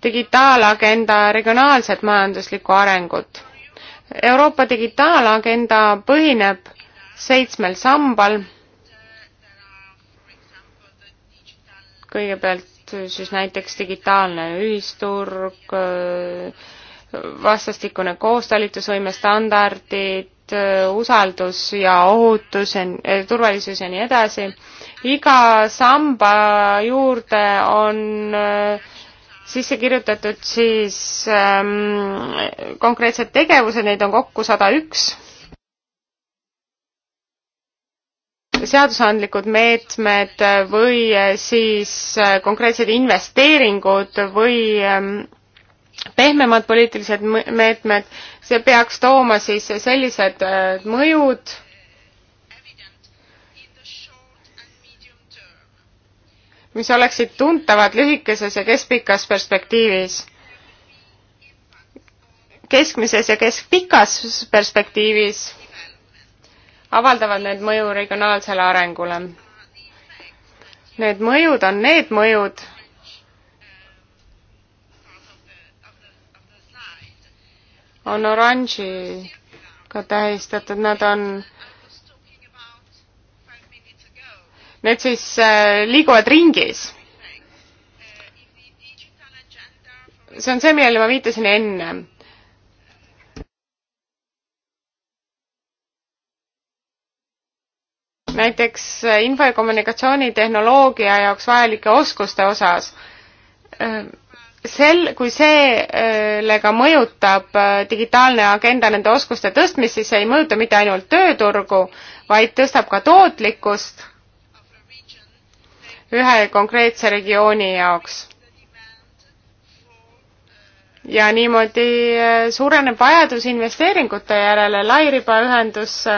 digitaalagenda regionaalset majanduslikku arengut? Euroopa digitaalagenda põhineb seitsmel sambal. kõigepealt siis näiteks digitaalne ühisturg, äh, vastastikune koostalitusvõime standardid, äh, usaldus ja ohutus, turvalisus ja nii edasi iga samba juurde on äh, sisse kirjutatud siis ähm, konkreetsed tegevused, neid on kokku sada üks. seadusandlikud meetmed või äh, siis äh, konkreetsed investeeringud või ähm, pehmemad poliitilised meetmed, see peaks tooma siis sellised mõjud mis oleksid tuntavad lühikeses ja keskpikas perspektiivis. keskmises ja keskpikas perspektiivis avaldavad need mõju regionaalsele arengule. Need mõjud on need mõjud, on oranžiga tähistatud, nad on need siis äh, liiguvad ringis. see on see, millele ma viitasin enne. näiteks äh, info- ja kommunikatsioonitehnoloogia jaoks vajalike oskuste osas äh, sel, kui sellega mõjutab digitaalne agenda nende oskuste tõstmist, siis see ei mõjuta mitte ainult tööturgu, vaid tõstab ka tootlikkust ühe konkreetse regiooni jaoks. ja niimoodi eh, suureneb vajadus investeeringute järele lairibaühendusse,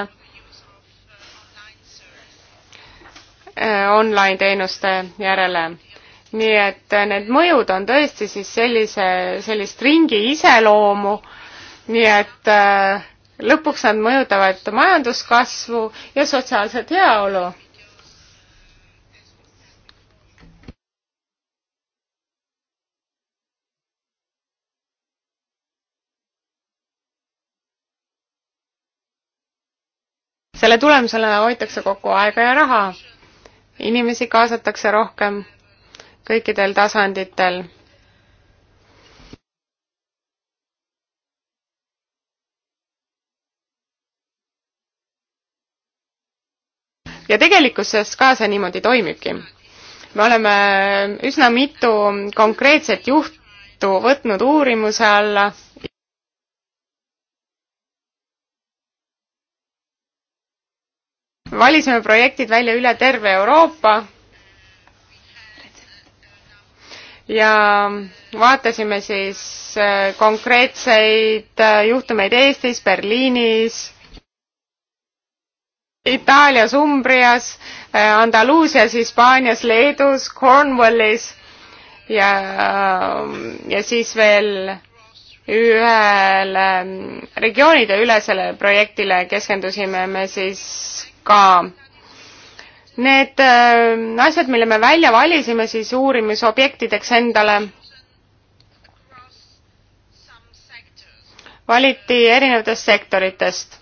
eh, online teenuste järele nii et eh, need mõjud on tõesti siis sellise, sellist ringi iseloomu, nii et lõpuks nad mõjutavad majanduskasvu ja sotsiaalset heaolu. selle tulemusena hoitakse kokku aega ja raha, inimesi kaasatakse rohkem kõikidel tasanditel ja tegelikkuses ka see niimoodi toimibki. me oleme üsna mitu konkreetset juhtu võtnud uurimuse alla valisime projektid välja üle terve Euroopa ja vaatasime siis äh, konkreetseid äh, juhtumeid Eestis, Berliinis, Itaalias, Umbrias, äh, Andaluusias, Hispaanias, Leedus, Cornwallis ja, ja siis veel ühele regioonide ülesele projektile keskendusime me siis ka need äh, asjad, mille me välja valisime siis uurimisobjektideks endale, valiti erinevatest sektoritest.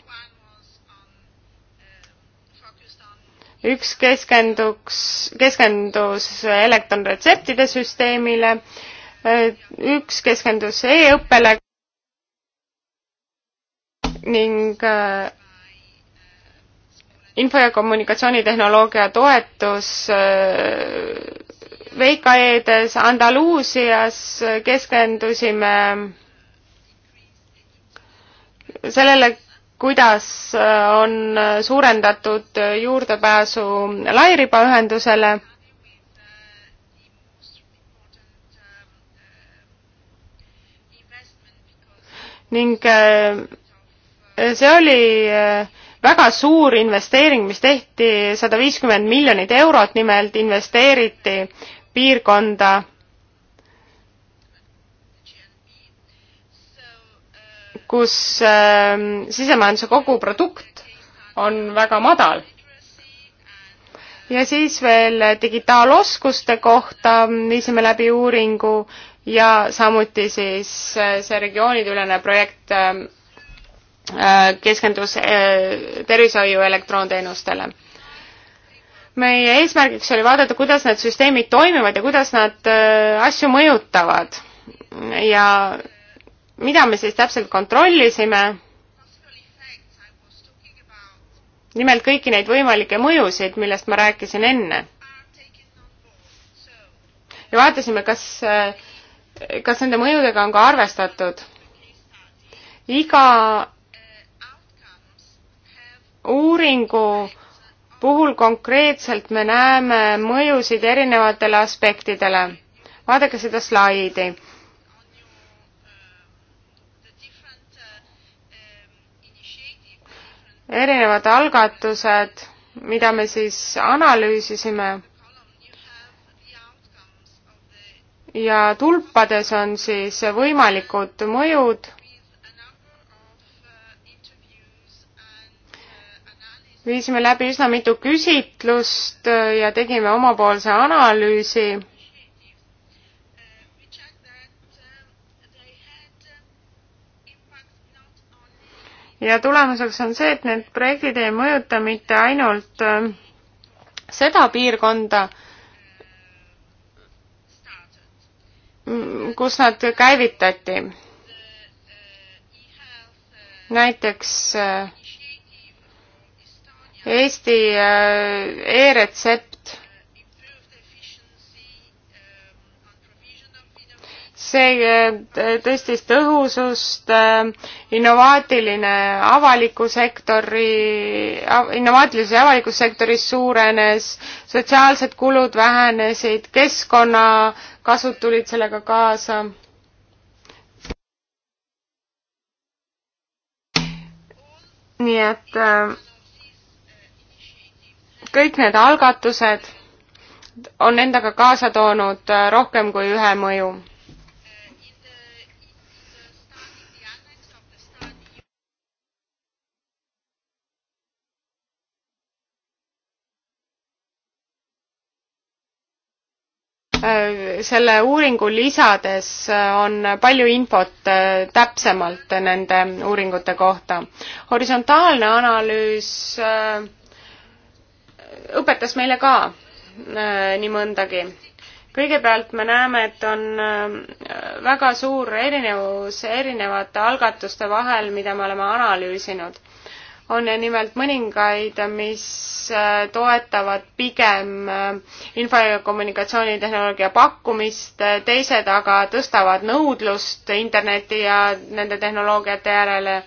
üks keskenduks, keskendus elektronretseptide süsteemile, äh, üks keskendus e-õppele ning äh, info- ja kommunikatsioonitehnoloogia toetus äh, VKE-des, Andaluusias keskendusime sellele, kuidas äh, on suurendatud juurdepääsu lairibaühendusele ning äh, see oli väga suur investeering, mis tehti, sada viiskümmend miljonit eurot nimelt investeeriti piirkonda. kus äh, sisemajanduse koguprodukt on väga madal. ja siis veel digitaaloskuste kohta viisime läbi uuringu ja samuti siis äh, see regioonideülene projekt ähm, Äh, keskendus äh, tervishoiu elektroonteenustele. meie eesmärgiks oli vaadata, kuidas need süsteemid toimivad ja kuidas nad äh, asju mõjutavad ja mida me siis täpselt kontrollisime nimelt kõiki neid võimalikke mõjusid, millest ma rääkisin enne. ja vaatasime, kas, kas nende mõjudega on ka arvestatud. iga uuringu puhul konkreetselt me näeme mõjusid erinevatele aspektidele. vaadake seda slaidi. erinevad algatused, mida me siis analüüsisime. ja tulpades on siis võimalikud mõjud viisime läbi üsna mitu küsitlust äh, ja tegime omapoolse analüüsi ja tulemuseks on see, et need projektid ei mõjuta mitte ainult äh, seda piirkonda, mm, kus nad käivitati. näiteks äh, Eesti äh, e-retsept. see äh, tõstis tõhusust, äh, innovaatiline avaliku sektori, innovaatilisus avalikus sektoris suurenes, sotsiaalsed kulud vähenesid, keskkonnakasud tulid sellega kaasa nii et äh, kõik need algatused on endaga kaasa toonud äh, rohkem kui ühe mõju. Äh, selle uuringu lisades äh, on palju infot täpsemalt nende uuringute kohta. horisontaalne analüüs äh, õpetas meile ka äh, nii mõndagi. kõigepealt me näeme, et on äh, väga suur erinevus erinevate algatuste vahel, mida me oleme analüüsinud. on nimelt mõningaid, mis äh, toetavad pigem info- ja kommunikatsioonitehnoloogia pakkumist, teised aga tõstavad nõudlust interneti ja nende tehnoloogiate järele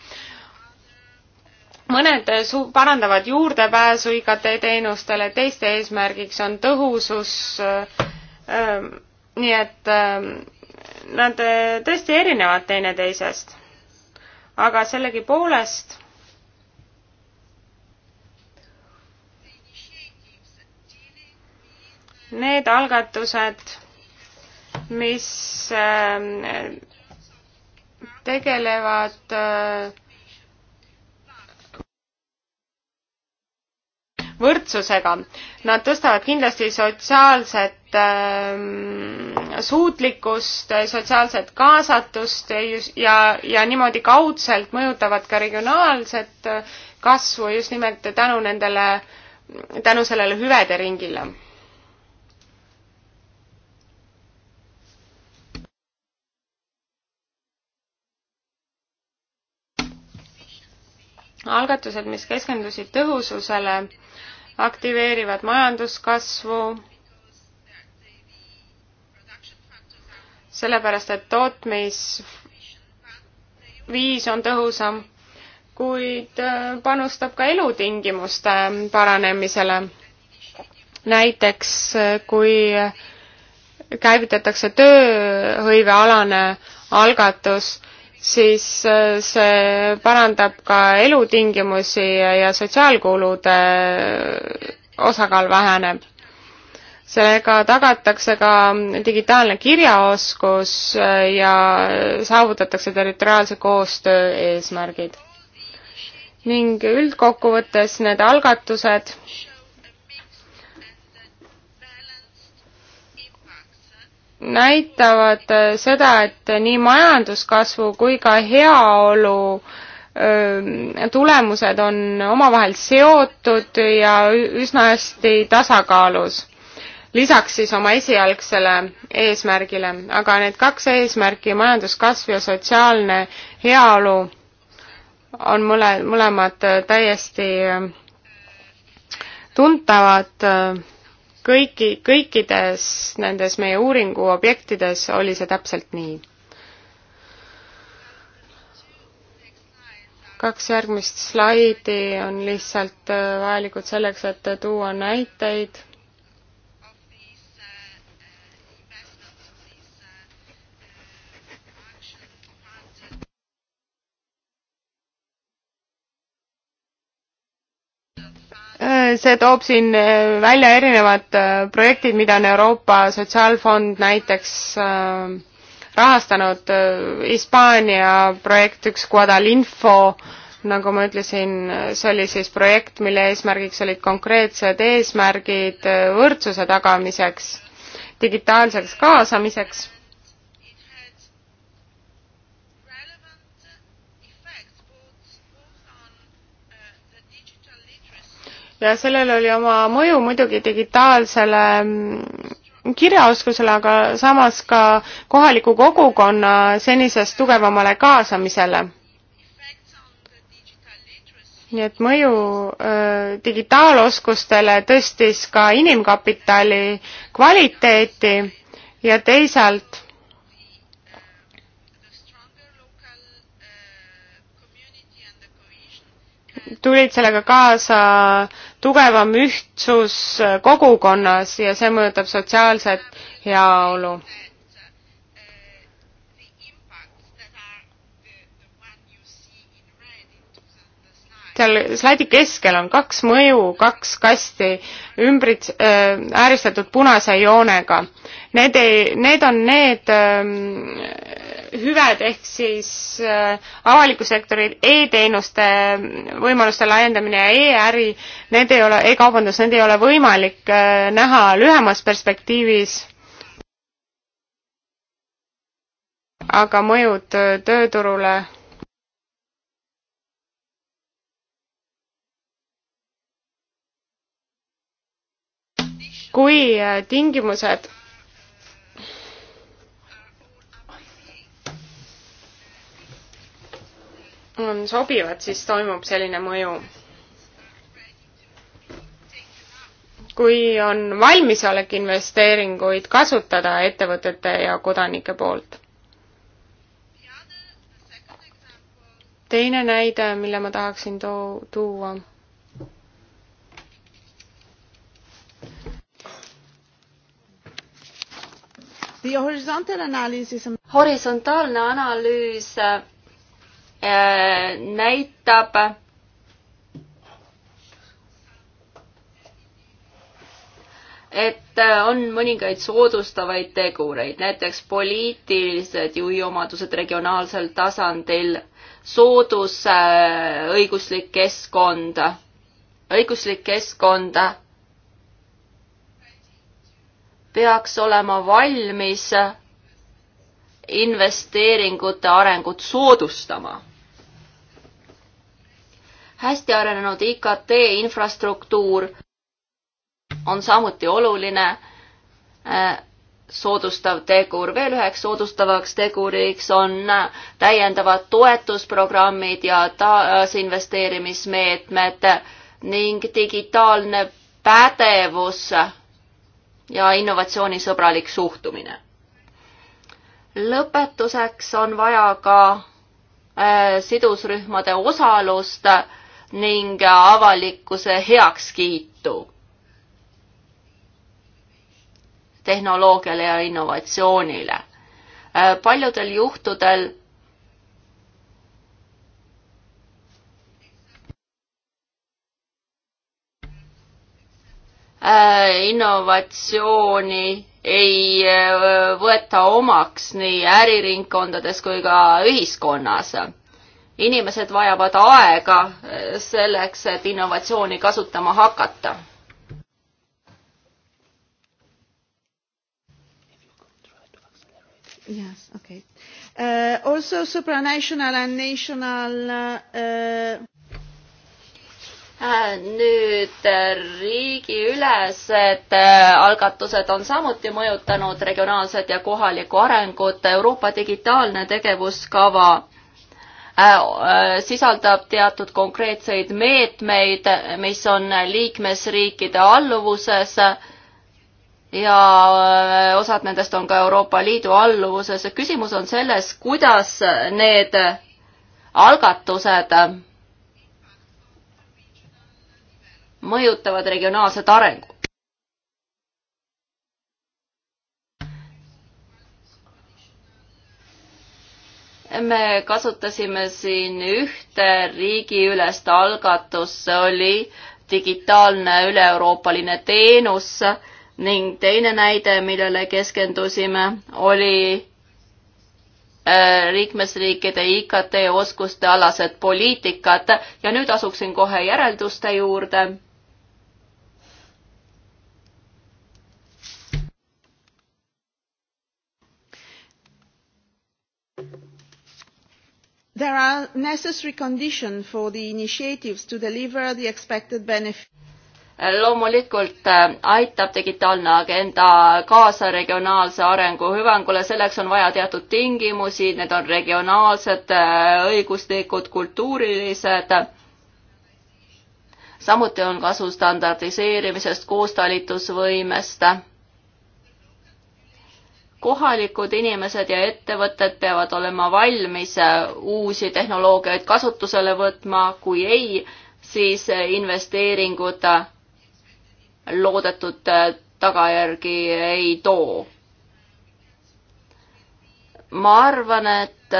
mõned su-, parandavad juurdepääsu IKT teenustele, teiste eesmärgiks on tõhusus äh,, nii et ähm, äh, nad tõesti erinevad teineteisest. aga sellegipoolest need algatused, mis äh, tegelevad äh, võrdsusega. Nad tõstavad kindlasti sotsiaalset äh, suutlikkust, sotsiaalset kaasatust ja, ja niimoodi kaudselt mõjutavad ka regionaalset äh, kasvu just nimelt tänu nendele, tänu sellele hüvede ringile algatused, mis keskendusid tõhususele aktiveerivad majanduskasvu, sellepärast et tootmisviis on tõhusam, kuid äh, panustab ka elutingimuste äh, paranemisele. näiteks äh, kui käivitatakse tööhõivealane algatus, siis äh, see parandab ka elutingimusi ja sotsiaalkulude äh, osakaal väheneb. sellega tagatakse ka digitaalne kirjaoskus äh, ja saavutatakse territoriaalse koostöö eesmärgid. ning üldkokkuvõttes need algatused näitavad äh, seda, et nii majanduskasvu kui ka heaolu äh, tulemused on omavahel seotud ja üsna hästi tasakaalus. lisaks siis oma esialgsele eesmärgile, aga need kaks eesmärki, majanduskasv ja sotsiaalne heaolu, on mõle, mõlemad äh, täiesti tuntavad äh, kõiki, kõikides nendes meie uuringu objektides oli see täpselt nii. kaks järgmist slaidi on lihtsalt äh, vajalikud selleks, et tuua näiteid see toob siin äh, välja erinevad äh, projektid, mida on Euroopa Sotsiaalfond näiteks äh, rahastanud, Hispaania projekt üks Guadalinfo, nagu ma ütlesin, see oli siis projekt, mille eesmärgiks olid konkreetsed eesmärgid võrdsuse tagamiseks, digitaalseks kaasamiseks ja sellel oli oma mõju muidugi digitaalsele mm, kirjaoskusele, aga samas ka kohaliku kogukonna senisest tugevamale kaasamisele. nii et mõju öö, digitaaloskustele tõstis ka inimkapitali kvaliteeti ja teisalt tulid sellega kaasa tugevam ühtsus kogukonnas ja see mõjutab sotsiaalset heaolu seal slaidi keskel on kaks mõju, kaks kasti ümbrits- äh,, ääristatud punase joonega. Need ei, need on need äh, hüved ehk siis äh, avaliku sektori e-teenuste võimaluste laiendamine ja e-äri, need ei ole e, e-kaubandus, need ei ole võimalik äh, näha lühemas perspektiivis aga mõjud äh, tööturule kui äh, tingimused sobivad, siis toimub selline mõju. kui on valmisolek investeeringuid kasutada ettevõtete ja kodanike poolt. teine näide, mille ma tahaksin too, tuua horisontaalne analüüs äh, näitab, et äh, on mõningaid soodustavaid tegureid, näiteks poliitilised juhiomadused regionaalsel tasandil, soodus äh, õiguslik keskkond, õiguslik keskkond peaks olema valmis investeeringute arengut soodustama. hästi arenenud IKT infrastruktuur on samuti oluline äh, soodustav tegur. veel üheks soodustavaks teguriks on äh, täiendavad toetusprogrammid ja taasinvesteerimismeetmed ning digitaalne pädevus ja innovatsioonisõbralik suhtumine. lõpetuseks on vaja ka äh, sidusrühmade osalust ning avalikkuse heakskiitu tehnoloogiale ja innovatsioonile. Äh, paljudel juhtudel Äh, innovatsiooni ei äh, võeta omaks nii äriringkondades kui ka ühiskonnas. inimesed vajavad aega äh, selleks, et innovatsiooni kasutama hakata. Yes, okay. Uh, also supranational and national uh, nüüd äh, riigiülesed äh, algatused on samuti mõjutanud regionaalset ja kohalikku arengut. Euroopa digitaalne tegevuskava äh, sisaldab teatud konkreetseid meetmeid, mis on liikmesriikide alluvuses ja osad nendest on ka Euroopa Liidu alluvuses. küsimus on selles, kuidas need algatused mõjutavad regionaalset arengut. me kasutasime siin ühte riigiülest algatust, see oli digitaalne üle-euroopaline teenus ning teine näide, millele keskendusime, oli äh, liikmesriikide IKT oskuste alased poliitikad ja nüüd asuksin kohe järelduste juurde. there are necessary conditions for the initiatives to deliver the expected benefit. loomulikult äh, aitab digitaalne agenda kaasa regionaalse arengu hüvangule, selleks on vaja teatud tingimusi, need on regionaalsed, äh, õiguslikud, kultuurilised. samuti on kasu standardiseerimisest, koostalitusvõimest kohalikud inimesed ja ettevõtted peavad olema valmis äh, uusi tehnoloogiaid kasutusele võtma, kui ei, siis äh, investeeringud äh, loodetud tagajärgi ei too. ma arvan, et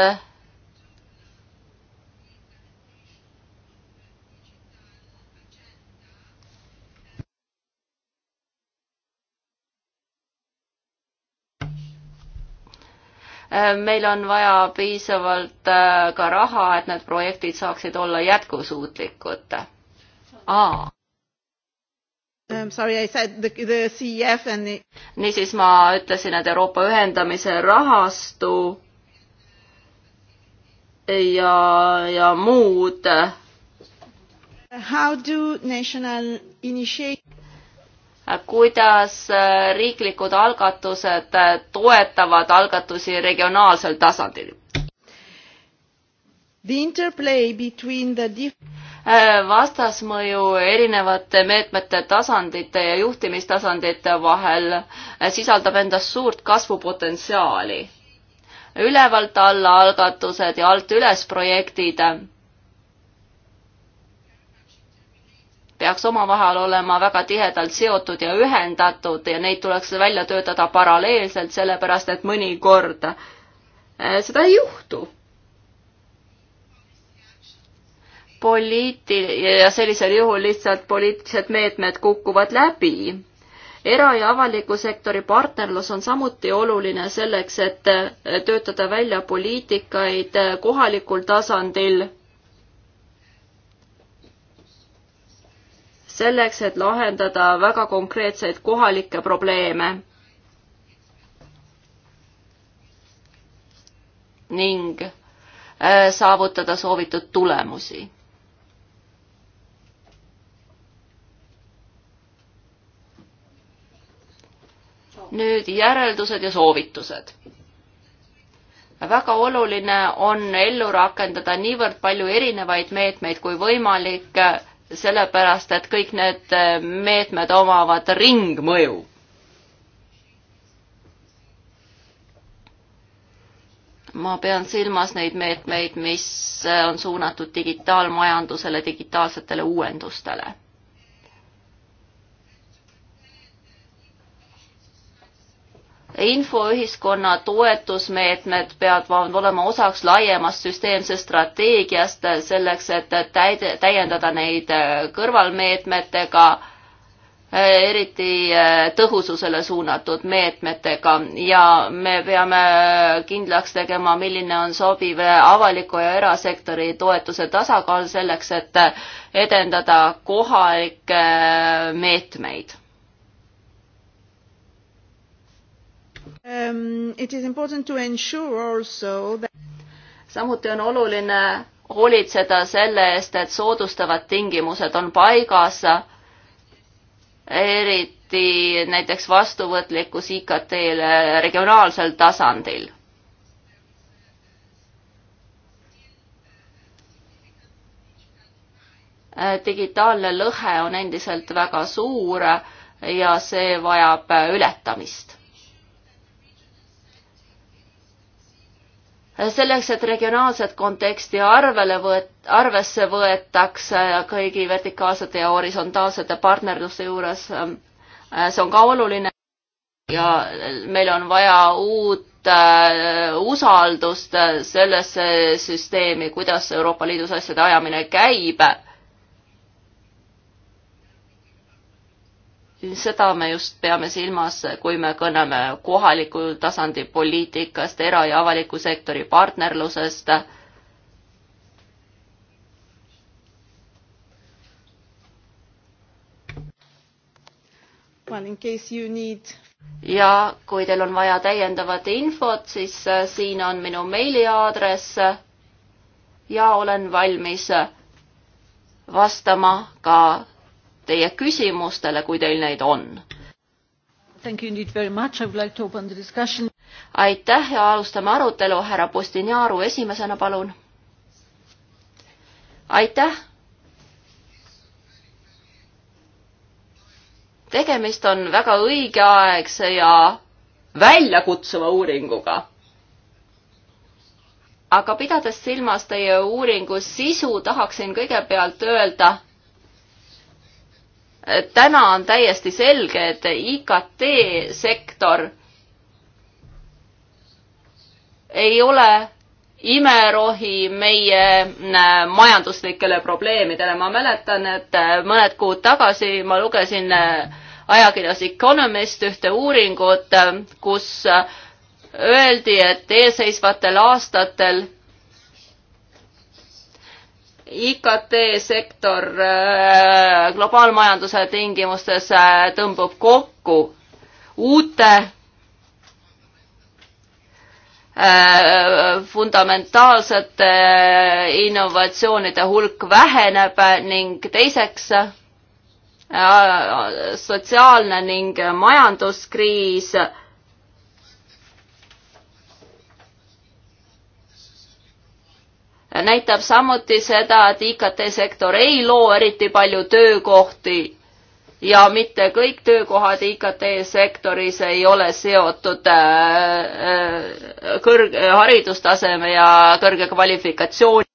Äh, meil on vaja piisavalt äh, ka raha, et need projektid saaksid olla jätkusuutlikud. aa. I'm um, sorry, I said the, the CEF and the... niisiis ma ütlesin, et Euroopa ühendamise rahastu ja, ja muud. How do national initiate? kuidas äh, riiklikud algatused äh, toetavad algatusi regionaalsel tasandil. The... Äh, vastasmõju erinevate meetmete tasandite ja juhtimistasandite vahel sisaldab endas suurt kasvupotentsiaali. ülevalt alla algatused ja alt üles projektid peaks omavahel olema väga tihedalt seotud ja ühendatud ja neid tuleks välja töötada paralleelselt, sellepärast et mõnikord äh, seda ei juhtu. poliiti- ja sellisel juhul lihtsalt poliitilised meetmed kukuvad läbi. era- ja avaliku sektori partnerlus on samuti oluline selleks, et äh, töötada välja poliitikaid äh, kohalikul tasandil selleks, et lahendada väga konkreetseid kohalikke probleeme. ning äh, saavutada soovitud tulemusi nüüd järeldused ja soovitused. väga oluline on ellu rakendada niivõrd palju erinevaid meetmeid kui võimalik äh, sellepärast et kõik need äh, meetmed omavad ringmõju. ma pean silmas neid meetmeid, mis äh, on suunatud digitaalmajandusele, digitaalsetele uuendustele infoühiskonna toetusmeetmed peavad olema osaks laiemast süsteemsest strateegiast selleks, et täide, täiendada neid äh, kõrvalmeetmetega, äh, eriti äh, tõhususele suunatud meetmetega ja me peame kindlaks tegema, milline on sobiv avaliku ja erasektori toetuse tasakaal selleks, et edendada kohalikke meetmeid um,. That... samuti on oluline hoolitseda selle eest, et soodustavad tingimused on paigas, eriti näiteks vastuvõtlikkus IKT-le regionaalsel tasandil digitaalne lõhe on endiselt väga suur ja see vajab ületamist. selleks, et regionaalset konteksti arvele võet-, arvesse võetakse kõigi vertikaalsete ja horisontaalsete partnerluste juures, ähm, äh, see on ka oluline ja meil on vaja uut äh, usaldust äh, sellesse süsteemi, kuidas Euroopa Liidus asjade ajamine käib seda me just peame silmas, kui me kõneme kohaliku tasandi poliitikast, era- ja avaliku sektori partnerlusest. Well, in case you need ja kui teil on vaja täiendavat infot, siis äh, siin on minu meiliaadress ja olen valmis vastama ka teie küsimustele, kui teil neid on. Like aitäh ja alustame arutelu, härra Postinaru esimesena, palun. aitäh tegemist on väga õigeaegse ja väljakutsuva uuringuga. aga pidades silmas teie uuringu sisu, tahaksin kõigepealt öelda, täna on täiesti selge, et IKT sektor ei ole imerohi meie äh, majanduslikele probleemidele. ma mäletan, et äh, mõned kuud tagasi ma lugesin äh, ajakirjas Economist ühte uuringut, kus öeldi, et eelseisvatel aastatel IKT-sektor äh, globaalmajanduse tingimustes äh, tõmbub kokku uute äh, fundamentaalsete innovatsioonide hulk väheneb ning teiseks sotsiaalne ning majanduskriis näitab samuti seda, et IKT-sektor ei loo eriti palju töökohti ja mitte kõik töökohad IKT-sektoris ei ole seotud äh, äh, kõrge haridustaseme ja kõrge kvalifikatsiooni.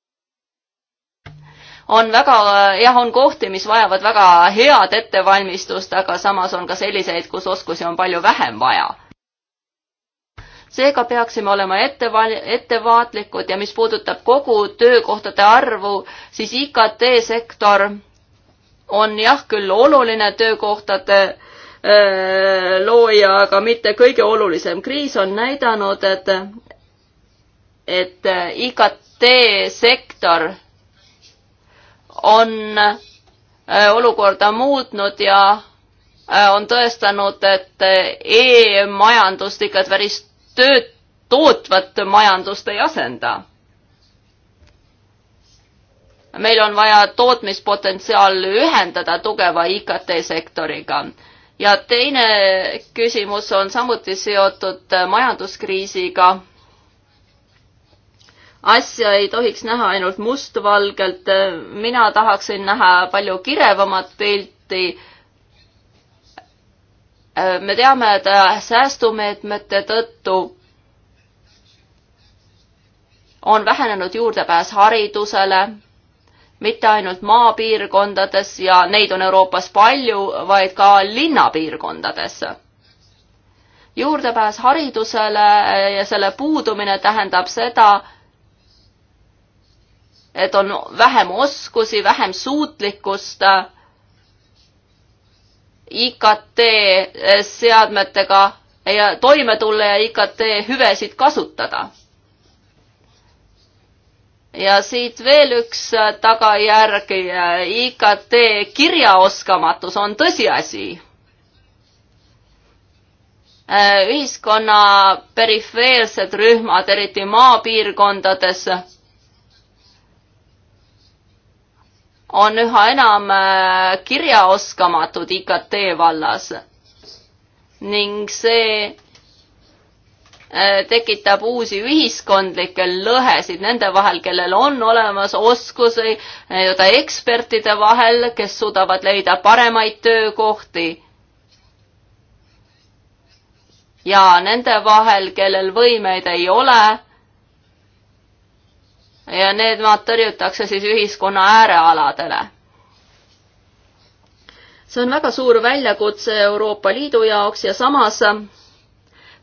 on väga, jah, on kohti, mis vajavad väga head ettevalmistust, aga samas on ka selliseid, kus oskusi on palju vähem vaja seega peaksime olema etteval-, ettevaatlikud ja mis puudutab kogu töökohtade arvu, siis IKT sektor on jah küll oluline töökohtade äh, looja, aga mitte kõige olulisem. kriis on näidanud, et, et äh, IKT sektor on äh, olukorda muutnud ja on tõestanud, et e-majandust ikka päris tööd tootvat majandust ei asenda. meil on vaja tootmispotentsiaal ühendada tugeva IKT sektoriga ja teine küsimus on samuti seotud majanduskriisiga. asja ei tohiks näha ainult mustvalgelt, mina tahaksin näha palju kirevamat pilti Äh, me teame, et äh, säästumeetmete tõttu on vähenenud juurdepääs haridusele, mitte ainult maapiirkondades ja neid on Euroopas palju, vaid ka linnapiirkondades. juurdepääs haridusele äh, ja selle puudumine tähendab seda, et on vähem oskusi, vähem suutlikkust IKT eh, seadmetega ja toime tulla ja IKT hüvesid kasutada. ja siit veel üks eh, tagajärg, eh, IKT kirjaoskamatus on tõsiasi. ühiskonna perifeersed rühmad, eriti maapiirkondades on üha enam äh, kirjaoskamatud IKT vallas ning see äh, tekitab uusi ühiskondlikke lõhesid nende vahel, kellel on olemas oskusi nii-öelda äh, ekspertide vahel, kes suudavad leida paremaid töökohti. ja nende vahel, kellel võimeid ei ole ja need maad tõrjutakse siis ühiskonna äärealadele. see on väga suur väljakutse Euroopa Liidu jaoks ja samas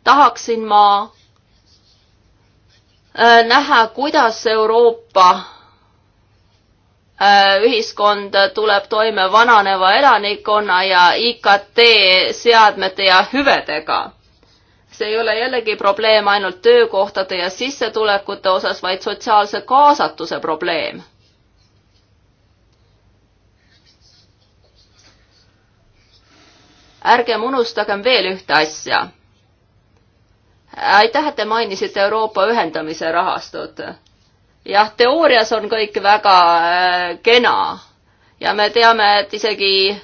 tahaksin ma äh, näha, kuidas Euroopa äh, ühiskond tuleb toime vananeva elanikkonna ja IKT seadmete ja hüvedega see ei ole jällegi probleem ainult töökohtade ja sissetulekute osas, vaid sotsiaalse kaasatuse probleem. ärgem unustagem veel ühte asja. aitäh, et te mainisite Euroopa ühendamise rahastut. jah, teoorias on kõik väga äh, kena ja me teame, et isegi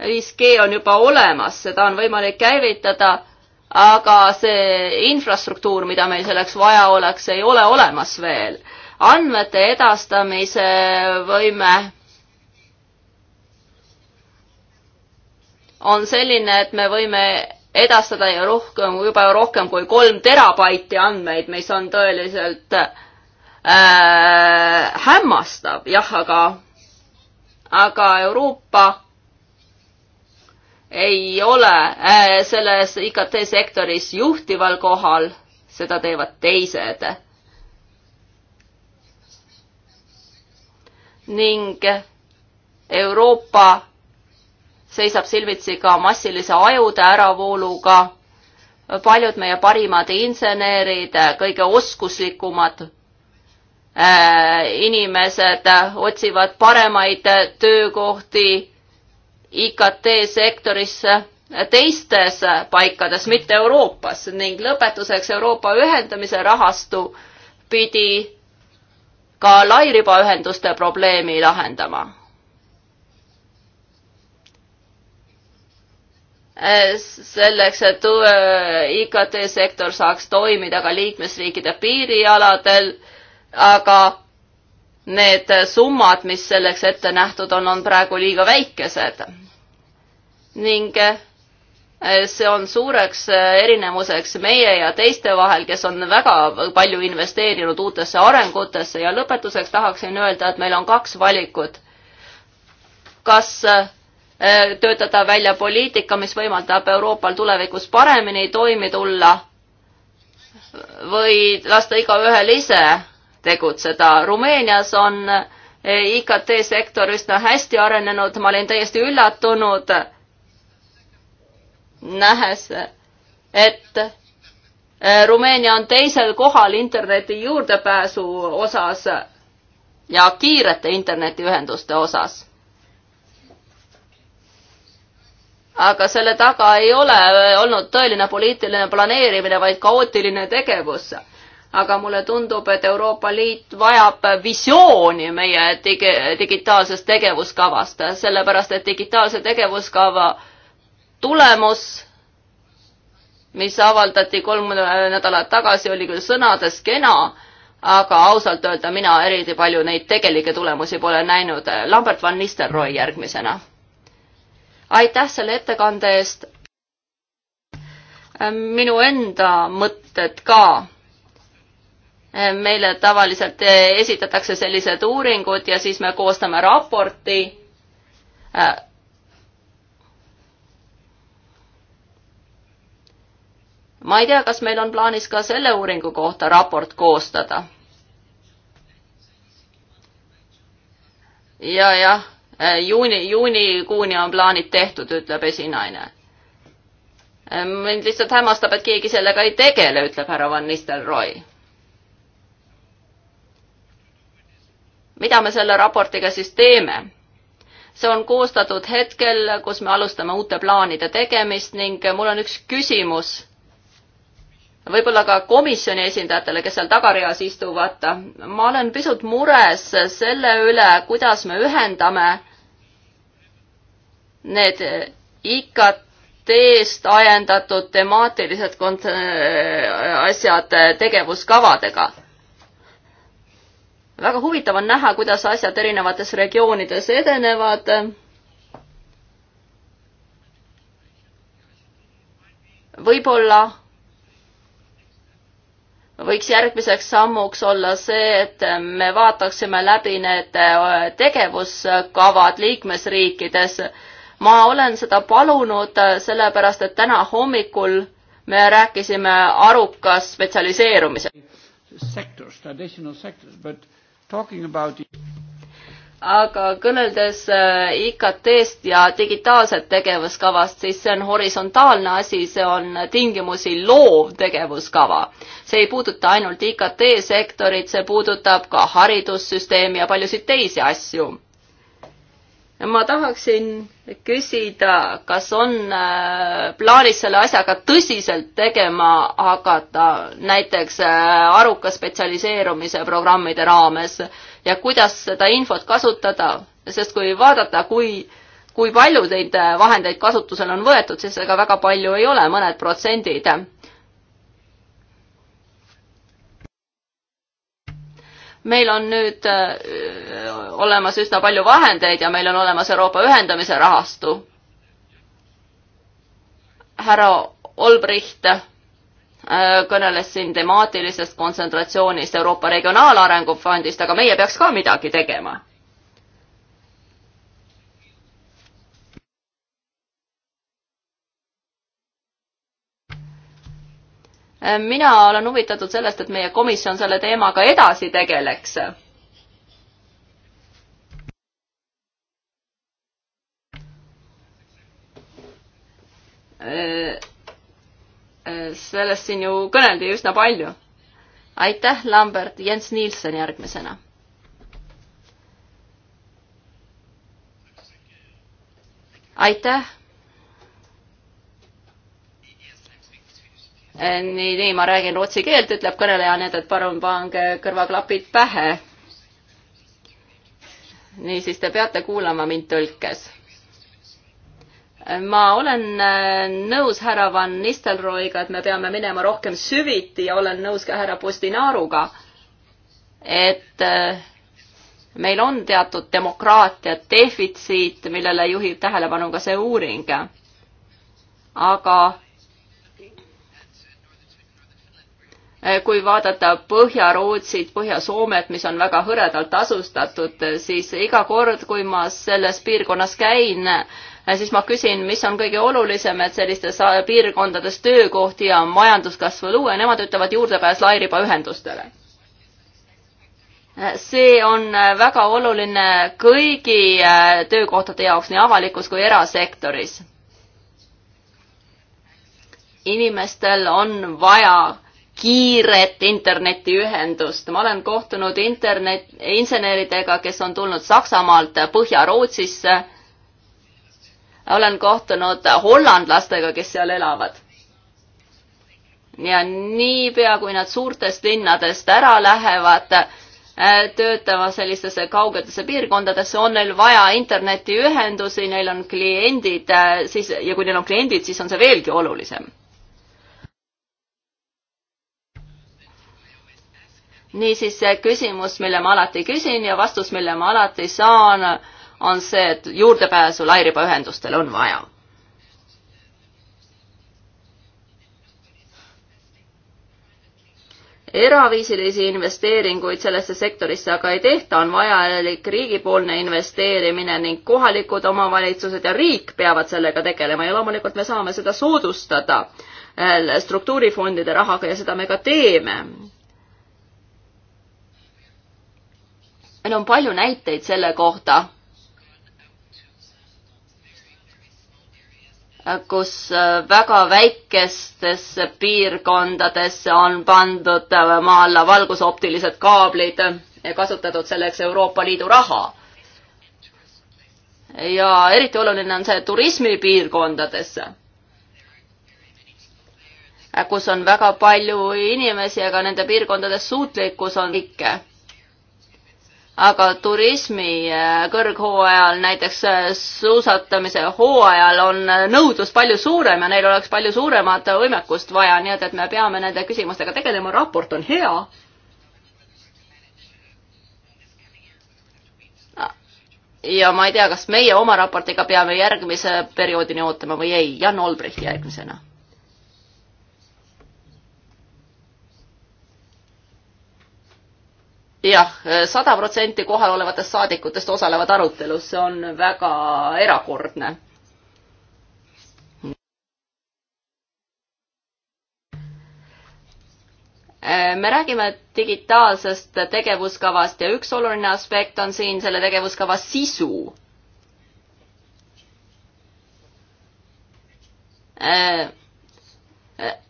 5G on juba olemas, seda on võimalik käivitada aga see infrastruktuur, mida meil selleks vaja oleks, ei ole olemas veel. andmete edastamise võime on selline, et me võime edastada ju rohkem, juba rohkem kui kolm terabaiti andmeid, mis on tõeliselt äh, hämmastav, jah, aga, aga Euroopa ei ole äh, selles IKT sektoris juhtival kohal, seda teevad teised. ning Euroopa seisab silmitsi ka massilise ajude äravooluga. paljud meie parimad insenerid, kõige oskuslikumad äh, inimesed otsivad paremaid töökohti IKT-sektorisse äh, teistes äh, paikades, mitte Euroopas ning lõpetuseks Euroopa ühendamise rahastu pidi ka lairibaühenduste probleemi lahendama. Äh, selleks, et IKT-sektor saaks toimida ka liikmesriikide piirialadel, aga need summad, mis selleks ette nähtud on, on praegu liiga väikesed ning eh, see on suureks eh, erinevuseks meie ja teiste vahel, kes on väga palju investeerinud uutesse arengutesse ja lõpetuseks tahaksin öelda, et meil on kaks valikut. kas eh, töötada välja poliitika, mis võimaldab Euroopal tulevikus paremini toimi tulla või lasta igaühel ise tegutseda. Rumeenias on IKT sektor üsna hästi arenenud, ma olin täiesti üllatunud nähes, et äh, Rumeenia on teisel kohal interneti juurdepääsu osas ja kiirete internetiühenduste osas. aga selle taga ei ole äh, olnud tõeline poliitiline planeerimine, vaid kaootiline tegevus aga mulle tundub, et Euroopa Liit vajab visiooni meie digi-, digitaalsest tegevuskavast, sellepärast et digitaalse tegevuskava äh, tulemus, mis avaldati kolm nädalat tagasi, oli küll sõnades kena, aga ausalt öelda mina eriti palju neid tegelikke tulemusi pole näinud. Lambert van Nistelrooy järgmisena. aitäh selle ettekande eest. minu enda mõtted ka meile tavaliselt esitatakse sellised uuringud ja siis me koostame raporti ma ei tea, kas meil on plaanis ka selle uuringu kohta raport koostada. ja, jah, eh, juuni, juunikuuni on plaanid tehtud, ütleb esinaine. Eh, mind lihtsalt hämmastab, et keegi sellega ei tegele, ütleb härra Van Nistelrooy. mida me selle raportiga siis teeme? see on koostatud hetkel, kus me alustame uute plaanide tegemist ning mul on üks küsimus võib-olla ka komisjoni esindajatele, kes seal tagareas istuvad. ma olen pisut mures selle üle, kuidas me ühendame need IKT-st ajendatud temaatilised kont-, äh, asjad tegevuskavadega. väga huvitav on näha, kuidas asjad erinevates regioonides edenevad võib-olla võiks järgmiseks sammuks olla see, et me vaataksime läbi need äh, tegevuskavad liikmesriikides. ma olen seda palunud äh, sellepärast, et täna hommikul me rääkisime aruka spetsialiseerumise aga kõneldes äh, IKT-st ja digitaalset tegevuskavast, siis see on horisontaalne asi, see on tingimusi loov tegevuskava. see ei puuduta ainult IKT sektorit, see puudutab ka haridussüsteemi ja paljusid teisi asju. ma tahaksin küsida, kas on äh, plaanis selle asjaga tõsiselt tegema hakata, näiteks äh, aruka spetsialiseerumise programmide raames ja kuidas seda infot kasutada, sest kui vaadata, kui, kui palju neid äh, vahendeid kasutusele on võetud, siis ega väga palju ei ole, mõned protsendid. meil on nüüd äh, olemas üsna palju vahendeid ja meil on olemas Euroopa ühendamise rahastu. härra Olbricht Äh, kõneles siin temaatilisest kontsentratsioonist Euroopa Regionaalarengu Fondist, aga meie peaks ka midagi tegema. Äh, mina olen huvitatud sellest, et meie komisjon selle teemaga edasi tegeleks e sellest siin ju kõneldi üsna palju. aitäh, Lambert, Jens Nielsen järgmisena. aitäh. nii, nii, ma räägin rootsi keelt, ütleb kõneleja, nii et palun pange kõrvaklapid pähe. niisiis, te peate kuulama mind tõlkes ma olen äh, nõus härra Van Nistelrooiga, et me peame minema rohkem süviti ja olen nõus ka härra Postinaaruga, et äh, meil on teatud demokraatia defitsiit, millele juhib tähelepanu ka see uuring. aga äh, kui vaadata Põhja-Rootsit, Põhja-Soomet, mis on väga hõredalt asustatud, siis iga kord, kui ma selles piirkonnas käin, Äh, siis ma küsin, mis on kõige olulisem, et sellistes äh, piirkondades töökohti ja majanduskasvu luua ja nemad ütlevad juurdepääs lairibaühendustele. Äh, see on väga oluline kõigi töökohtade jaoks nii avalikus kui erasektoris. inimestel on vaja kiiret internetiühendust. ma olen kohtunud internet, inseneridega, kes on tulnud Saksamaalt Põhja-Rootsisse olen kohtunud hollandlastega, kes seal elavad. ja niipea, kui nad suurtest linnadest ära lähevad, äh, töötama sellistesse kaugetesse piirkondadesse, on neil vaja internetiühendusi, neil on kliendid, äh, siis ja kui neil on kliendid, siis on see veelgi olulisem. niisiis see küsimus, mille ma alati küsin ja vastus, mille ma alati saan, on see, et juurdepääsu lairibaühendustele on vaja. eraviisilisi investeeringuid sellesse sektorisse aga ei tehta, on vajalik riigipoolne investeerimine ning kohalikud omavalitsused ja riik peavad sellega tegelema ja loomulikult me saame seda soodustada äh, struktuurifondide rahaga ja seda me ka teeme. meil on palju näiteid selle kohta, kus äh, väga väikestesse piirkondadesse on pandud äh, maa alla valgusoptilised kaablid ja kasutatud selleks Euroopa Liidu raha. ja eriti oluline on see turismipiirkondadesse, kus on väga palju inimesi, aga nende piirkondades suutlikkus on ikke aga turismi äh, kõrghooajal, näiteks äh, suusatamise hooajal on äh, nõudlus palju suurem ja neil oleks palju suuremat võimekust vaja, nii et, et me peame nende küsimustega tegelema, raport on hea. ja ma ei tea, kas meie oma raportiga peame järgmise perioodini ootama või ei, Jan Olbrich järgmisena jah, sada protsenti kohal olevatest saadikutest osalevad arutelus, see on väga erakordne. me räägime digitaalsest tegevuskavast ja üks oluline aspekt on siin selle tegevuskava sisu äh,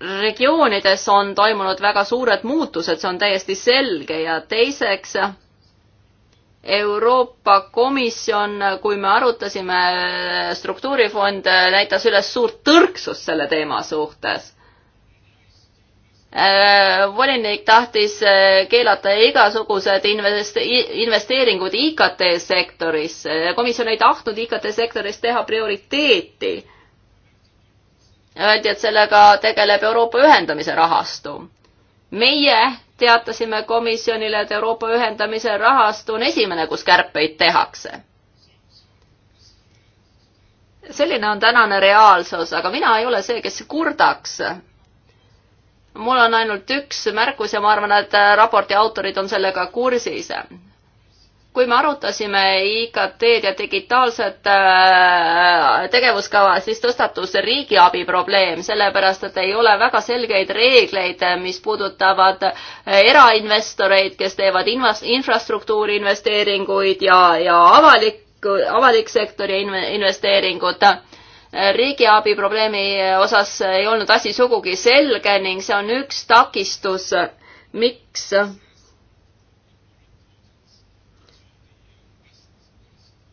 regioonides on toimunud väga suured muutused, see on täiesti selge ja teiseks Euroopa Komisjon, kui me arutasime struktuurifonde, näitas üles suurt tõrksust selle teema suhtes volinik tahtis keelata igasugused invest-, investeeringud IKT sektorisse. komisjon ei tahtnud IKT sektoris teha prioriteeti öeldi, et sellega tegeleb Euroopa ühendamise rahastu. meie teatasime komisjonile, et Euroopa ühendamise rahastu on esimene, kus kärpeid tehakse. selline on tänane reaalsus, aga mina ei ole see, kes kurdaks. mul on ainult üks märkus ja ma arvan, et raporti autorid on sellega kursis kui me arutasime IKT-d ja digitaalset äh, tegevuskava, siis tõstatus riigiabi probleem, sellepärast et ei ole väga selgeid reegleid, mis puudutavad äh, erainvestoreid, kes teevad invas-, infrastruktuuri investeeringuid ja, ja avalikku, avalik sektori investeeringud äh, riigiabi probleemi osas ei olnud asi sugugi selge ning see on üks takistus, miks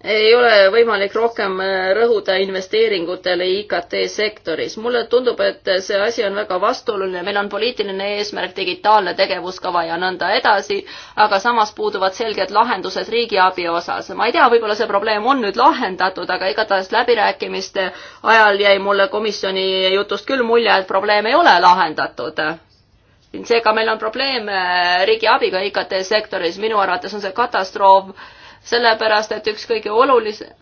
ei ole võimalik rohkem äh, rõhuda investeeringutele IKT sektoris. mulle tundub, et see asi on väga vastuoluline, meil on poliitiline eesmärk, digitaalne tegevuskava ja nõnda edasi, aga samas puuduvad selged lahendused riigiabi osas. ma ei tea, võib-olla see probleem on nüüd lahendatud, aga igatahes läbirääkimiste ajal jäi mulle komisjoni jutust küll mulje, et probleem ei ole lahendatud seega meil on probleem äh, riigiabiga IKT sektoris, minu arvates on see katastroof sellepärast et üks kõige olulisem,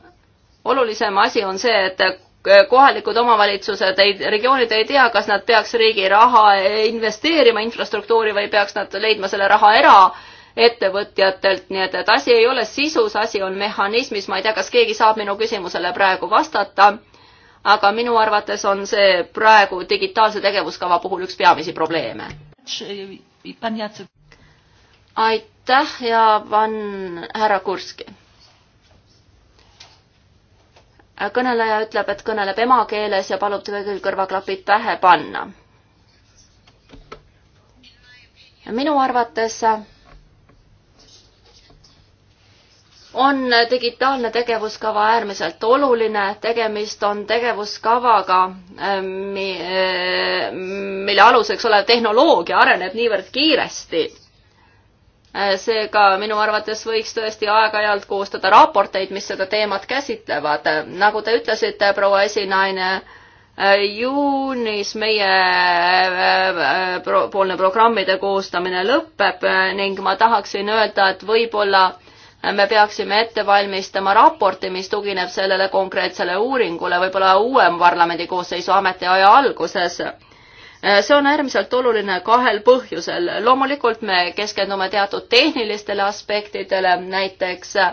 olulisem asi on see, et äh, kohalikud omavalitsused ei, regioonid ei tea, kas nad peaks riigi raha investeerima infrastruktuuri või peaks nad leidma selle raha eraettevõtjatelt, nii et, et asi ei ole sisus, asi on mehhanismis, ma ei tea, kas keegi saab minu küsimusele praegu vastata, aga minu arvates on see praegu digitaalse tegevuskava puhul üks peamisi probleeme. aitäh aitäh ja van härra Kurski. kõneleja ütleb, et kõneleb emakeeles ja palub teil küll kõrvaklapid pähe panna. minu arvates on digitaalne tegevuskava äärmiselt oluline, tegemist on tegevuskavaga, äh, äh, mille aluseks olev tehnoloogia areneb niivõrd kiiresti Äh, seega minu arvates võiks tõesti aeg-ajalt koostada raporteid, mis seda teemat käsitlevad. Äh, nagu te ütlesite, proua esinaine, äh, juunis meie pro poolne programmide koostamine lõpeb ning ma tahaksin öelda, et võib-olla me peaksime ette valmistama raporti, mis tugineb sellele konkreetsele uuringule võib-olla uue parlamendi koosseisu ametiaja alguses Äh, see on äärmiselt oluline kahel põhjusel. loomulikult me keskendume teatud tehnilistele aspektidele, näiteks äh,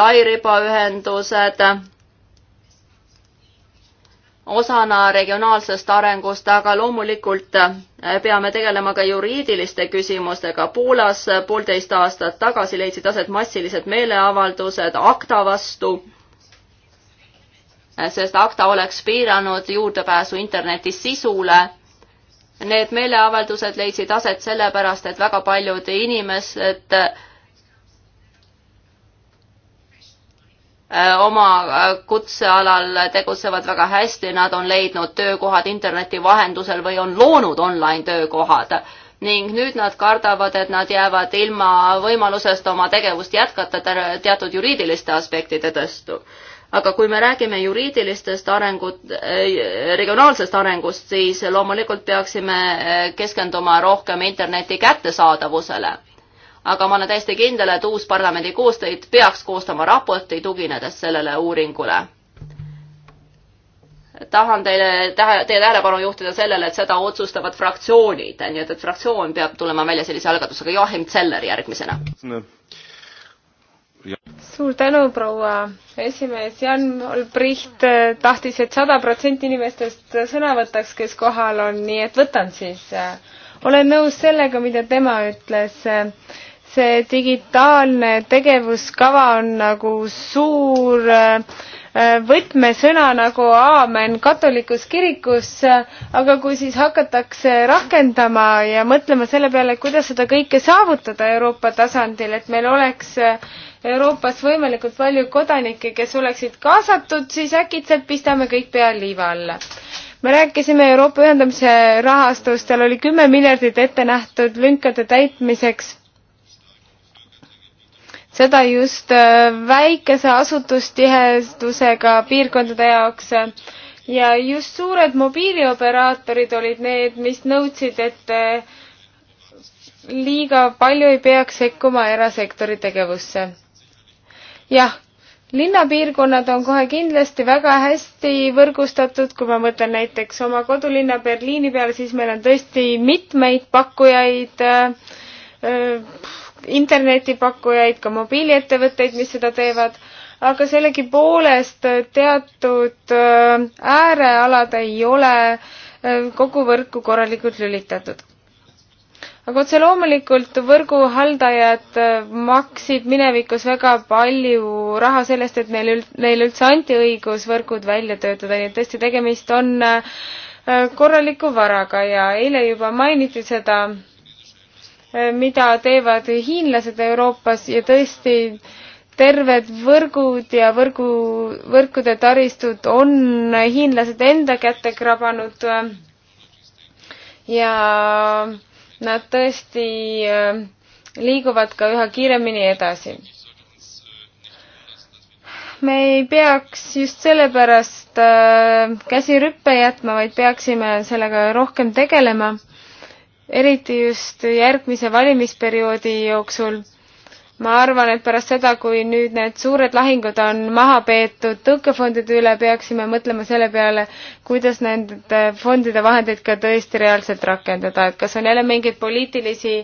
lairibaühendused osana regionaalsest arengust, aga loomulikult äh, peame tegelema ka juriidiliste küsimustega. Poolas poolteist aastat tagasi leidsid aset massilised meeleavaldused akta vastu sest akta oleks piiranud juurdepääsu interneti sisule Need meeleavaldused leidsid aset sellepärast, et väga paljud inimesed äh, oma äh, kutsealal tegutsevad väga hästi, nad on leidnud töökohad interneti vahendusel või on loonud online töökohad ning nüüd nad kardavad, et nad jäävad ilma võimalusest oma tegevust jätkata teatud juriidiliste aspektide tõttu aga kui me räägime juriidilistest arengut, äh, regionaalsest arengust, siis loomulikult peaksime äh, keskenduma rohkem interneti kättesaadavusele. aga ma olen täiesti kindel, et uus parlamendi koostöid peaks koostama raporti, tuginedes sellele uuringule. tahan teile tähe, teie tähelepanu juhtida sellele, et seda otsustavad fraktsioonid, nii et, et fraktsioon peab tulema välja sellise algatusega. Joachim Zeller järgmisena no suur tänu, proua esimees Jan Olbricht äh, tahtis et, et sada protsenti inimestest sõna võtaks, kes kohal on, nii et võtan siis. Äh, olen nõus sellega, mida tema ütles. Äh, see digitaalne tegevuskava on nagu suur äh, võtmesõna nagu aamen katolikus kirikus, aga kui siis hakatakse rakendama ja mõtlema selle peale, kuidas seda kõike saavutada Euroopa tasandil, et meil oleks Euroopas võimalikult palju kodanikke, kes oleksid kaasatud, siis äkitselt pistame kõik pea liiva alla me rääkisime Euroopa ühendamise rahastust, seal oli kümme miljardit ette nähtud lünkade täitmiseks seda just äh, väikese asutustihedusega piirkondade jaoks ja just suured mobiilioperaatorid olid need, mis nõudsid, et äh, liiga palju ei peaks sekkuma erasektori tegevusse. jah, linnapiirkonnad on kohe kindlasti väga hästi võrgustatud, kui ma mõtlen näiteks oma kodulinna Berliini peale, siis meil on tõesti mitmeid pakkujaid äh,, äh internetipakkujaid, ka mobiiliettevõtteid, mis seda teevad, aga sellegipoolest teatud äh, äärealad ei ole äh, kogu võrku korralikult lülitatud. aga otse loomulikult võrguhaldajad äh, maksid minevikus väga palju raha sellest, et neil üld-, neile üldse anti õigus võrgud välja töötada, nii et tõesti tegemist on korraliku varaga ja eile juba mainiti seda, mida teevad hiinlased Euroopas ja tõesti terved võrgud ja võrgu, võrkude taristud on hiinlased enda kätte krabanud. ja nad tõesti äh, liiguvad ka üha kiiremini edasi. me ei peaks just sellepärast äh, käsi rüppe jätma, vaid peaksime sellega rohkem tegelema eriti just järgmise valimisperioodi jooksul ma arvan, et pärast seda, kui nüüd need suured lahingud on maha peetud tõukefondide üle, peaksime mõtlema selle peale, kuidas nende fondide vahendeid ka tõesti reaalselt rakendada, et kas on jälle mingeid poliitilisi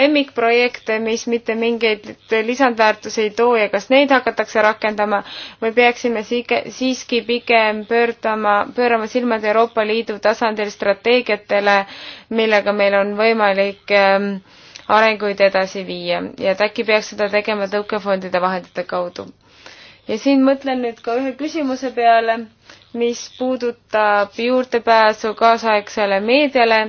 lemmikprojekte, mis mitte mingeid lisandväärtusi ei too ja kas neid hakatakse rakendama või peaksime siige, siiski pigem pöördama, pöörama silmad Euroopa Liidu tasandil strateegiatele, millega meil on võimalik ähm, arenguid edasi viia ja et äkki peaks seda tegema tõukefondide vahendite kaudu. ja siin mõtlen nüüd ka ühe küsimuse peale, mis puudutab juurdepääsu kaasaegsele meediale.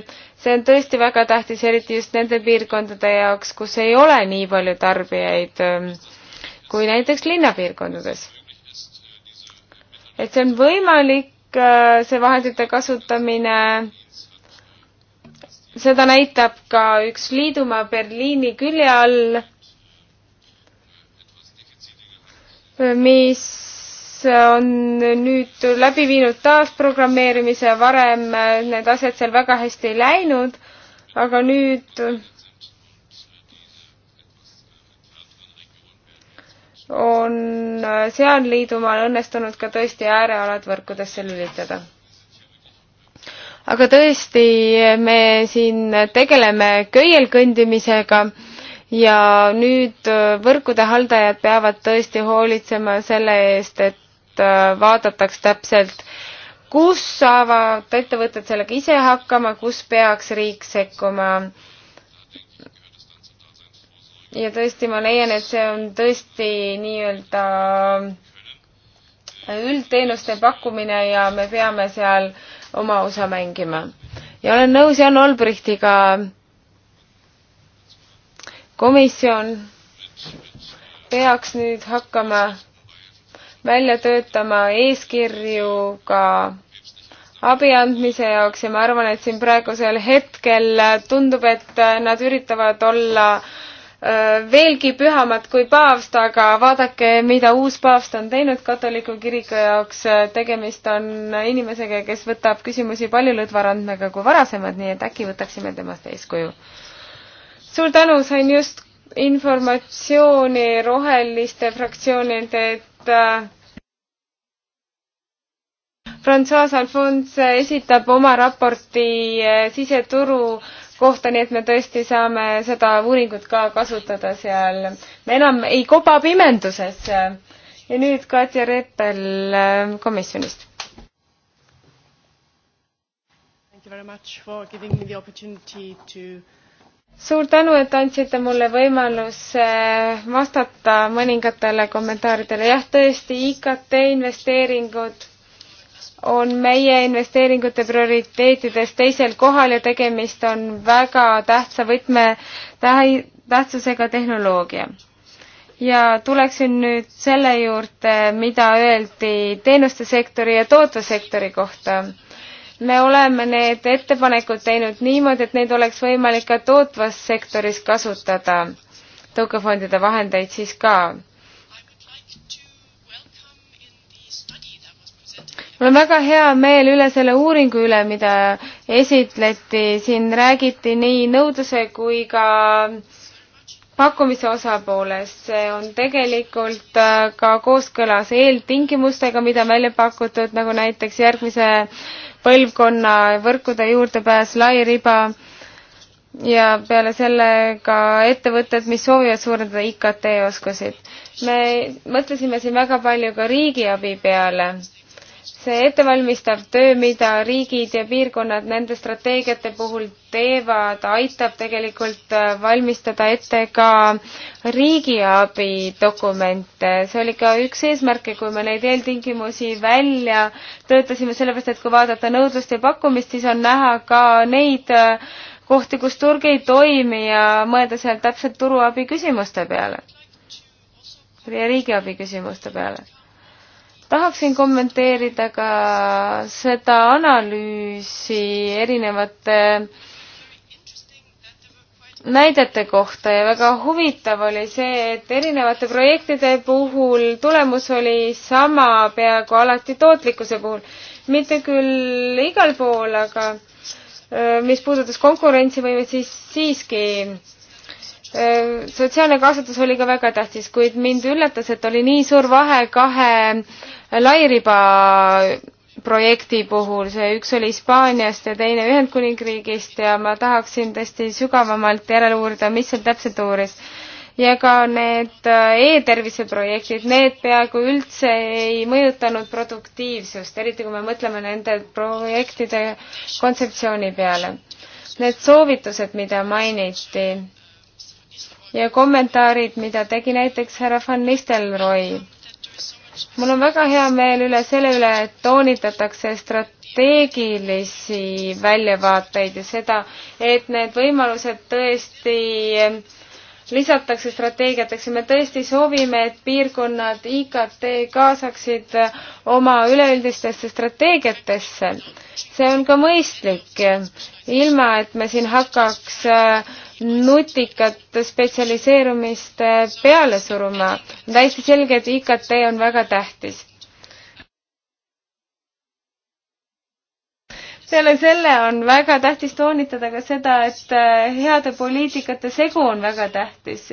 see on tõesti väga tähtis, eriti just nende piirkondade jaoks, kus ei ole nii palju tarbijaid ähm, kui näiteks linnapiirkondades. et see on võimalik, äh, see vahendite kasutamine seda näitab ka üks liidumaa Berliini külje all, mis on nüüd läbi viinud taasprogrammeerimise, varem need asjad seal väga hästi ei läinud, aga nüüd on seal Liidumaal õnnestunud ka tõesti äärealad võrkudesse lülitada aga tõesti, me siin tegeleme köiel kõndimisega ja nüüd äh, võrkude haldajad peavad tõesti hoolitsema selle eest, et äh, vaadataks täpselt, kus saavad ettevõtted sellega ise hakkama, kus peaks riik sekkuma. ja tõesti, ma leian, et see on tõesti nii-öelda äh, üldteenuste pakkumine ja me peame seal äh, oma osa mängima. ja olen nõus Jan Olbrichtiga, komisjon peaks nüüd hakkama välja töötama eeskirju ka abi andmise jaoks ja ma arvan, et siin praegusel hetkel tundub, et nad üritavad olla äh, Äh, veelgi pühamad kui paavst, aga vaadake, mida uus paavst on teinud katoliku kiriku jaoks. Äh, tegemist on inimesega, kes võtab küsimusi palju lõdvarandmega kui varasemad, nii et äkki võtaksime temast eeskuju. suur tänu, sain just informatsiooni Roheliste fraktsioonilt, et äh, Francois Alphonse esitab oma raporti siseturu äh, kohta, nii et me tõesti saame seda uuringut ka kasutada seal. me enam ei koba pimenduses. ja nüüd Katja Reppel äh, komisjonist. suur tänu, et andsite mulle võimaluse äh, vastata mõningatele kommentaaridele. jah, tõesti, IKT investeeringud on meie investeeringute prioriteetides teisel kohal ja tegemist on väga tähtsa võtme tähtsusega tehnoloogia. ja tuleksin nüüd selle juurde, mida öeldi teenuste sektori ja tootvasektori kohta. me oleme need ettepanekud teinud niimoodi, et neid oleks võimalik ka tootvas sektoris kasutada, tõukefondide vahendeid siis ka mul on väga hea meel üle selle uuringu üle, mida esitleti, siin räägiti nii nõudluse kui ka pakkumise osapoolest, see on tegelikult äh, ka kooskõlas eeltingimustega, mida on välja pakutud, nagu näiteks järgmise põlvkonna võrkude juurdepääs, lairiba ja peale selle ka ettevõtted, mis soovivad suurendada IKT oskusid. me mõtlesime siin väga palju ka riigiabi peale see ettevalmistav töö, mida riigid ja piirkonnad nende strateegiate puhul teevad, aitab tegelikult äh, valmistada ette ka riigiabi dokumente. see oli ka üks eesmärke, kui me neid eeltingimusi välja töötasime, sellepärast et kui vaadata nõudlust ja pakkumist, siis on näha ka neid äh, kohti, kus turg ei toimi ja mõelda seal täpselt turuabi küsimuste peale ja riigiabi küsimuste peale tahaksin kommenteerida ka seda analüüsi erinevate näidete kohta ja väga huvitav oli see, et erinevate projektide puhul tulemus oli sama peaaegu alati tootlikkuse puhul. mitte küll igal pool, aga mis puudutas konkurentsivõimet, siis siiski sotsiaalne kaasatus oli ka väga tähtis, kuid mind üllatas, et oli nii suur vahe kahe lairiba projekti puhul, see üks oli Hispaaniast ja teine Ühendkuningriigist ja ma tahaksin tõesti sügavamalt järele uurida, mis seal täpselt uuris. ja ka need äh, e-tervise projektid, need peaaegu üldse ei mõjutanud produktiivsust, eriti kui me mõtleme nende projektide kontseptsiooni peale. Need soovitused, mida mainiti ja kommentaarid, mida tegi näiteks härra Van Nistelrooy mul on väga hea meel üle selle üle, et toonitatakse strateegilisi väljavaateid ja seda, et need võimalused tõesti lisatakse strateegiateks ja me tõesti soovime, et piirkonnad IKT kaasaksid oma üleüldistesse strateegiatesse. see on ka mõistlik, ilma et me siin hakkaks äh, nutikat spetsialiseerumist äh, peale suruma. on täiesti selge, et IKT on väga tähtis. peale selle on väga tähtis toonitada ka seda, et äh, heade poliitikate segu on väga tähtis.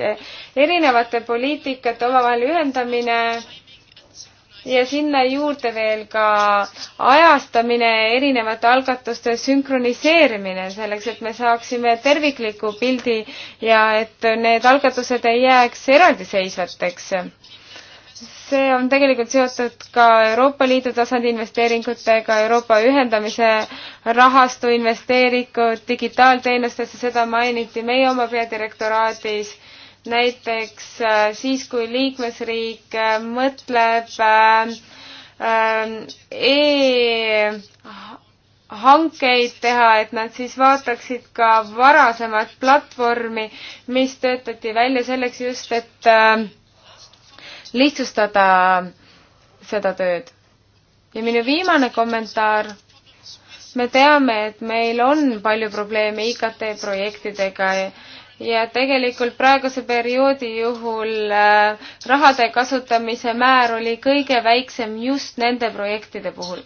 erinevate poliitikate omavahel ühendamine ja sinna juurde veel ka ajastamine, erinevate algatuste sünkroniseerimine, selleks et me saaksime tervikliku pildi ja et need algatused ei jääks eraldiseisvateks. see on tegelikult seotud ka Euroopa Liidu tasandi investeeringutega, Euroopa ühendamise rahastu investeeringud digitaalteenustesse, seda mainiti meie oma peadirektoraadis näiteks äh, siis, kui liikmesriik äh, mõtleb äh, ähm, e-hankeid teha, et nad siis vaataksid ka varasemat platvormi, mis töötati välja selleks just, et lihtsustada seda tööd. ja minu viimane kommentaar me teame, et meil on palju probleeme IKT projektidega ja tegelikult praeguse perioodi juhul äh, rahade kasutamise määr oli kõige väiksem just nende projektide puhul.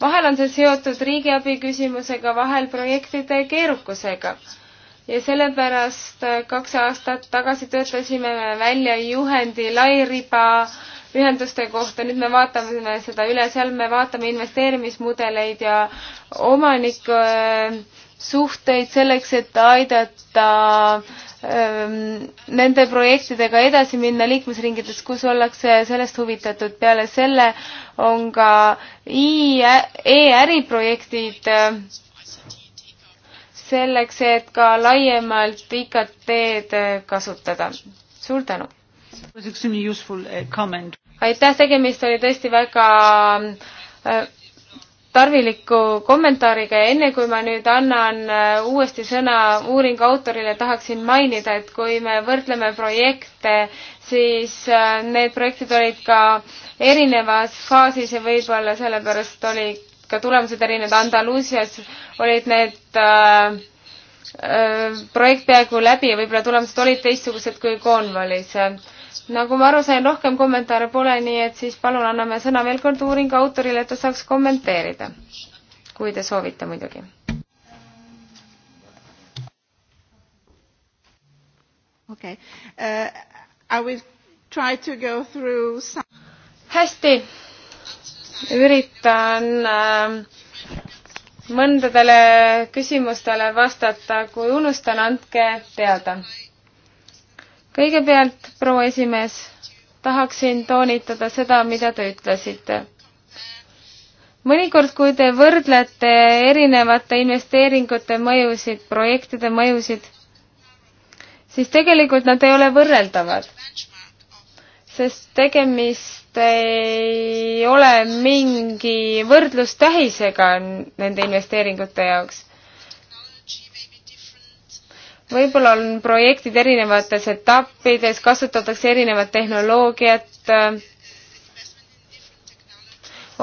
vahel on see seotud riigiabi küsimusega, vahel projektide keerukusega ja sellepärast äh, kaks aastat tagasi töötasime me välja juhendi lairiba ühenduste kohta, nüüd me vaatame seda üle, seal me vaatame investeerimismudeleid ja omaniku äh, suhteid selleks, et aidata ähm, nende projektidega edasi minna liikmesringides, kus ollakse sellest huvitatud. peale selle on ka e-äriprojektid äh, selleks, et ka laiemalt IKT-d äh, kasutada. suur tänu! Uh, aitäh, tegemist oli tõesti väga äh, tarviliku kommentaariga ja enne kui ma nüüd annan äh, uuesti sõna uuringu autorile, tahaksin mainida, et kui me võrdleme projekte, siis äh, need projektid olid ka erinevas faasis ja võib-olla sellepärast olid ka tulemused erinevad. Andaluusias olid need äh, äh, projekt peaaegu läbi ja võib-olla tulemused olid teistsugused kui Cornwallis äh, nagu ma aru sain, rohkem kommentaare pole, nii et siis palun anname sõna veel kord uuringu autorile, et ta saaks kommenteerida, kui te soovite muidugi. okei okay. uh,, I will try to go through some. hästi, üritan uh, mõndadele küsimustele vastata, kui unustan, andke teada kõigepealt, proua esimees, tahaksin toonitada seda, mida te ütlesite. mõnikord, kui te võrdlete erinevate investeeringute mõjusid, projektide mõjusid, siis tegelikult nad ei ole võrreldavad, sest tegemist ei ole mingi võrdlustähisega nende investeeringute jaoks võib-olla on projektid erinevates etappides, kasutatakse erinevat tehnoloogiat, äh,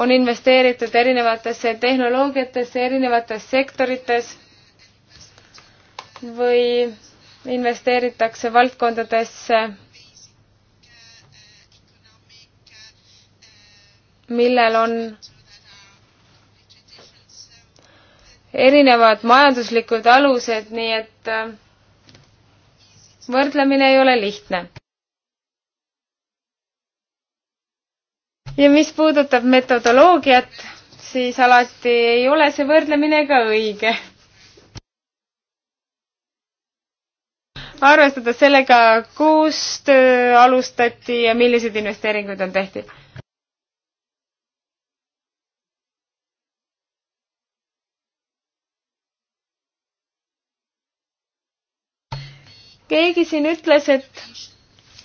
on investeeritud erinevatesse tehnoloogiatesse erinevates sektorites või investeeritakse valdkondadesse, millel on erinevad majanduslikud alused, nii et äh, võrdlemine ei ole lihtne. ja mis puudutab metodoloogiat, siis alati ei ole see võrdlemine ka õige. arvestades sellega, kust äh, alustati ja milliseid investeeringuid on tehtud keegi siin ütles, et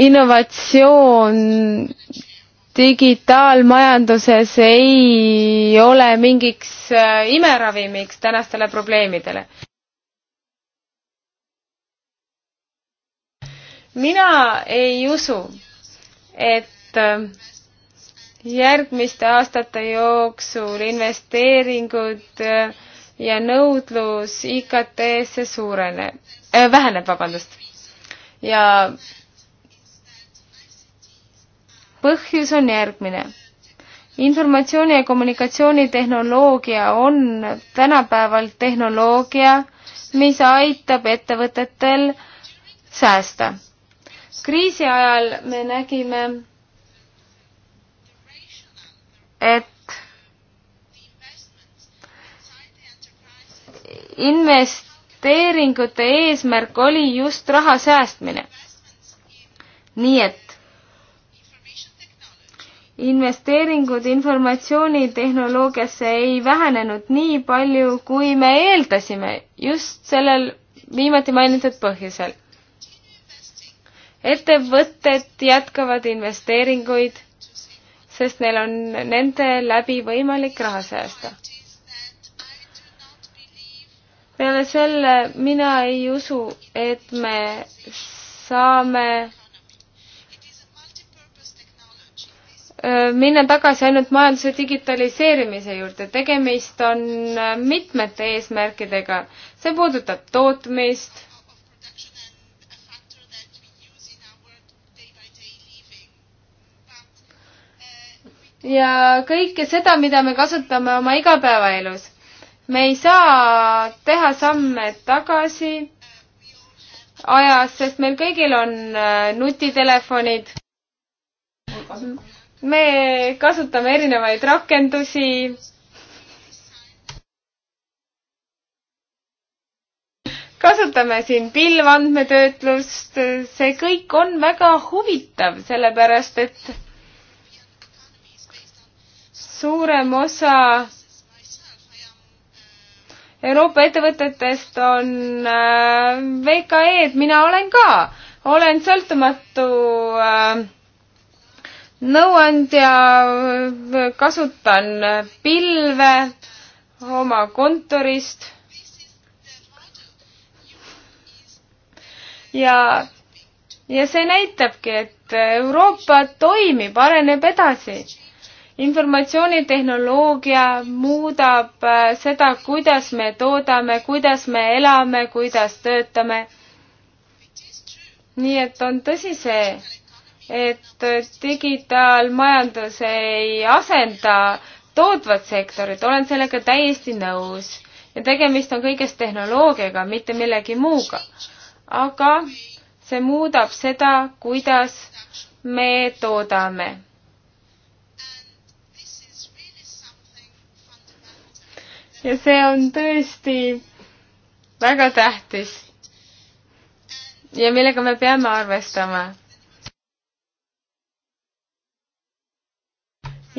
innovatsioon digitaalmajanduses ei ole mingiks äh, imeravimiks tänastele probleemidele. mina ei usu, et äh, järgmiste aastate jooksul investeeringud äh, ja nõudlus IKT-sse suureneb äh,, väheneb, vabandust. ja põhjus on järgmine informatsiooni ja kommunikatsioonitehnoloogia on tänapäeval tehnoloogia, mis aitab ettevõtetel säästa. kriisi ajal me nägime, et investeeringute eesmärk oli just raha säästmine. nii et investeeringud informatsioonitehnoloogiasse ei vähenenud nii palju, kui me eeldasime just sellel viimati mainitud põhjusel. ettevõtted jätkavad investeeringuid, sest neil on nende läbi võimalik raha säästa peale selle mina ei usu, et me saame minna tagasi ainult majanduse digitaliseerimise juurde. tegemist on mitmete eesmärkidega. see puudutab tootmist, ja kõike seda, mida me kasutame oma igapäevaelus me ei saa teha samme tagasi ajas, sest meil kõigil on äh, nutitelefonid. me kasutame erinevaid rakendusi. kasutame siin pilvandmetöötlust, see kõik on väga huvitav, sellepärast et suurem osa Euroopa ettevõtetest on äh, VKE-d, mina olen ka, olen sõltumatu äh, nõuandja, äh, kasutan pilve oma kontorist. ja, ja see näitabki, et Euroopa toimib, areneb edasi informatsioonitehnoloogia muudab äh, seda, kuidas me toodame, kuidas me elame, kuidas töötame. nii et on tõsi see, et digitaalmajandus ei asenda tootvat sektorit, olen sellega täiesti nõus. ja tegemist on kõigest tehnoloogiaga, mitte millegi muuga. aga see muudab seda, kuidas me toodame ja see on tõesti väga tähtis. ja millega me peame arvestama.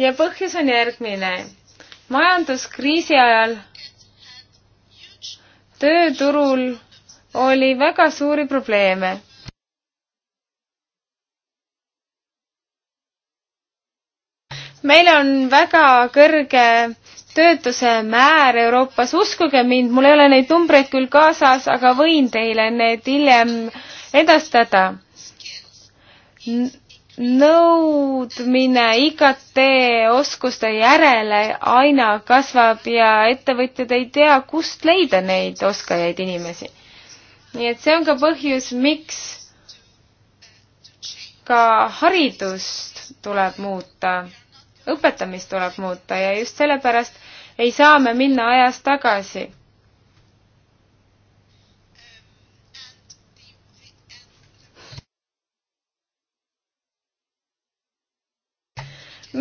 ja põhjus on järgmine. majanduskriisi ajal tööturul oli väga suuri probleeme meil on väga kõrge töötuse määr Euroopas, uskuge mind, mul ei ole neid numbreid küll kaasas, aga võin teile need hiljem edastada N nõudmine IKT oskuste järele aina kasvab ja ettevõtjad ei tea, kust leida neid oskajaid inimesi. nii et see on ka põhjus, miks ka haridust tuleb muuta, õpetamist tuleb muuta ja just sellepärast ei saa me minna ajas tagasi.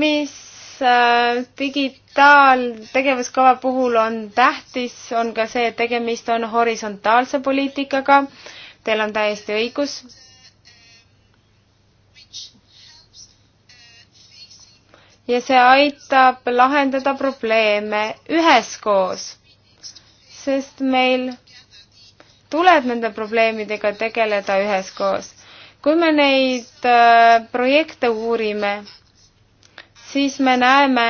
mis äh, digitaaltegevuskava puhul on tähtis, on ka see, et tegemist on horisontaalse poliitikaga. Teil on täiesti õigus, ja see aitab lahendada probleeme üheskoos, sest meil tuleb nende probleemidega tegeleda üheskoos. kui me neid äh, projekte uurime, siis me näeme,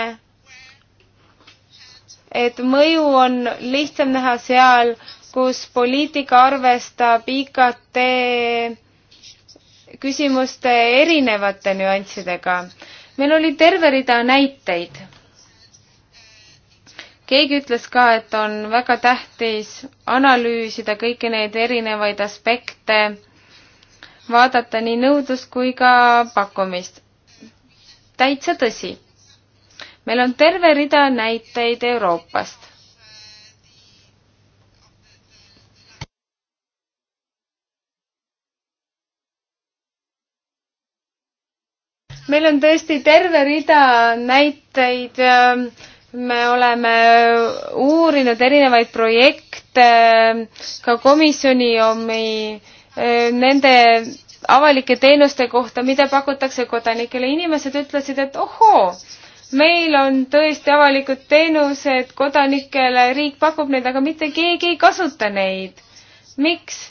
et mõju on lihtsam näha seal, kus poliitika arvestab IKT küsimuste erinevate nüanssidega meil oli terve rida näiteid. keegi ütles ka, et on väga tähtis analüüsida kõiki neid erinevaid aspekte, vaadata nii nõudlust kui ka pakkumist. täitsa tõsi. meil on terve rida näiteid Euroopast meil on tõesti terve rida näiteid. me oleme uurinud erinevaid projekte, ka komisjoni omi, eh, nende avalike teenuste kohta, mida pakutakse kodanikele. inimesed ütlesid, et ohoo, meil on tõesti avalikud teenused kodanikele, riik pakub neid, aga mitte keegi ei kasuta neid. miks?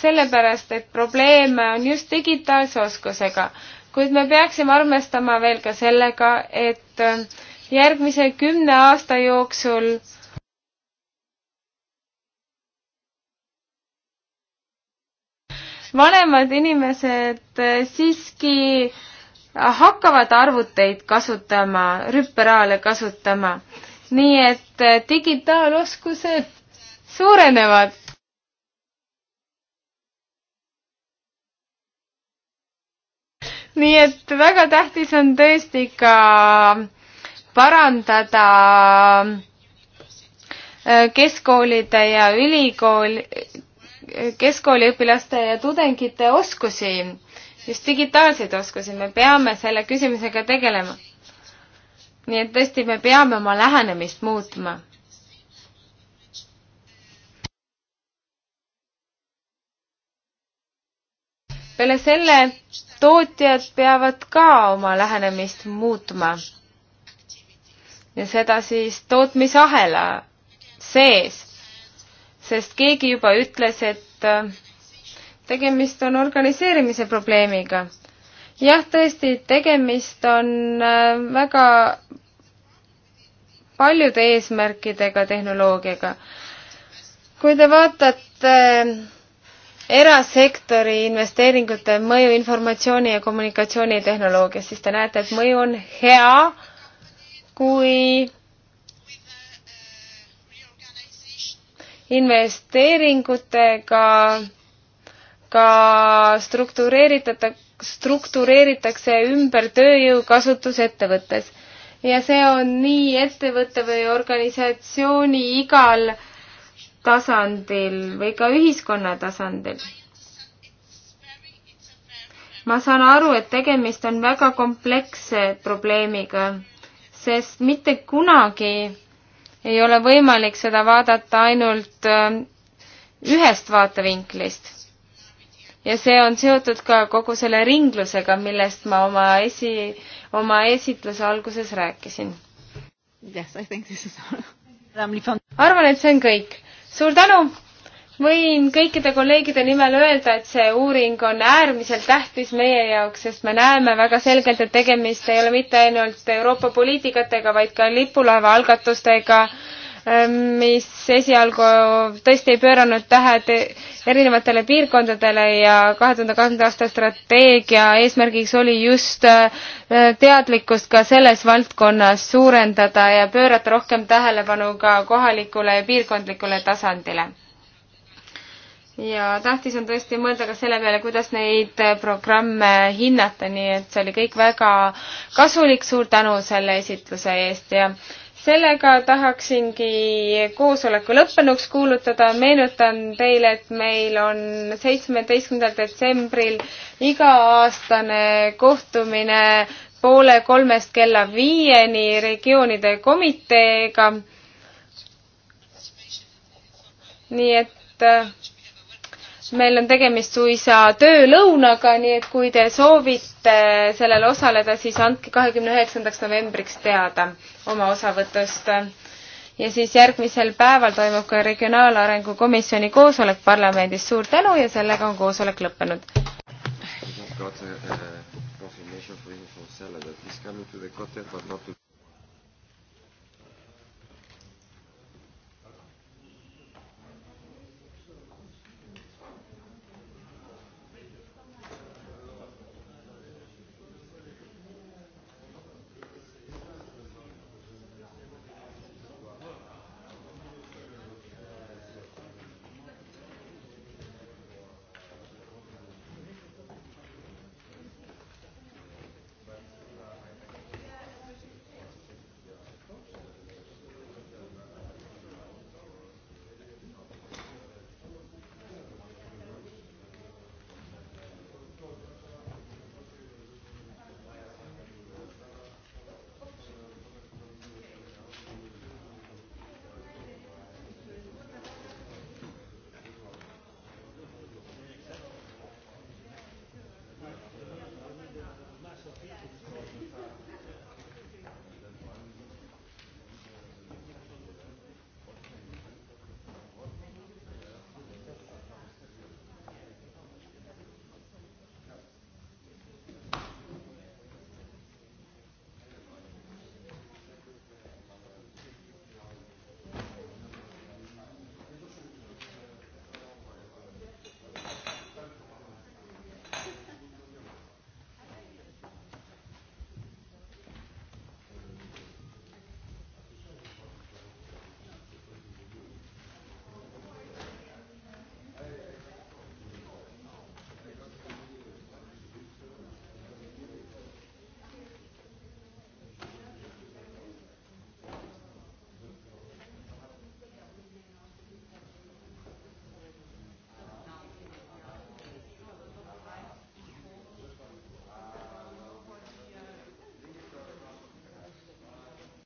sellepärast, et probleeme on just digitaalse oskusega kuid me peaksime arvestama veel ka sellega, et äh, järgmise kümne aasta jooksul vanemad inimesed äh, siiski hakkavad arvuteid kasutama, rüperaale kasutama. nii et äh, digitaaloskused suurenevad nii et väga tähtis on tõesti ka parandada äh, keskkoolide ja ülikool, äh, keskkooliõpilaste ja tudengite oskusi, just digitaalseid oskusi, me peame selle küsimusega tegelema. nii et tõesti, me peame oma lähenemist muutma peale selle tootjad peavad ka oma lähenemist muutma. ja seda siis tootmisahela sees, sest keegi juba ütles, et äh, tegemist on organiseerimise probleemiga. jah, tõesti, tegemist on äh, väga paljude eesmärkidega tehnoloogiaga. kui te vaatate äh, erasektori investeeringute mõju informatsiooni ja kommunikatsioonitehnoloogias, siis te näete, et mõju on hea, kui investeeringutega ka struktureeritada, struktureeritakse ümber tööjõu kasutus ettevõttes. ja see on nii ettevõtte või organisatsiooni igal tasandil või ka ühiskonna tasandil. ma saan aru, et tegemist on väga kompleksse probleemiga, sest mitte kunagi ei ole võimalik seda vaadata ainult äh, ühest vaatevinklist. ja see on seotud ka kogu selle ringlusega, millest ma oma esi, oma esitluse alguses rääkisin. Yes, I think this is arvan, et see on kõik suur tänu! võin kõikide kolleegide nimel öelda, et see uuring on äärmiselt tähtis meie jaoks, sest me näeme väga selgelt, et tegemist ei ole mitte ainult Euroopa poliitikatega, vaid ka lipulaeva algatustega äh, Ehm, mis esialgu tõesti ei pööranud tähed erinevatele piirkondadele ja kahe tuhande kahekümnenda aasta strateegia eesmärgiks oli just eh, teadlikkust ka selles valdkonnas suurendada ja pöörata rohkem tähelepanu ka kohalikule ja piirkondlikule tasandile ja tähtis on tõesti mõelda ka selle peale, kuidas neid eh, programme hinnata, nii et see oli kõik väga kasulik, suur tänu selle esitluse eest ja sellega tahaksingi koosoleku lõppenuks kuulutada. meenutan teile, et meil on seitsmeteistkümnendal detsembril iga-aastane kohtumine poole kolmest kella viieni regioonide komiteega. nii et äh, meil on tegemist suisa töölõunaga, nii et kui te soovite sellel osaleda, siis andke kahekümne üheksandaks novembriks teada oma osavõtust. ja siis järgmisel päeval toimub ka Regionaalarengu Komisjoni koosolek parlamendis. suur tänu ja sellega on koosolek lõppenud. Got a uh, confirmation for him from Seller that he's coming to the content but not to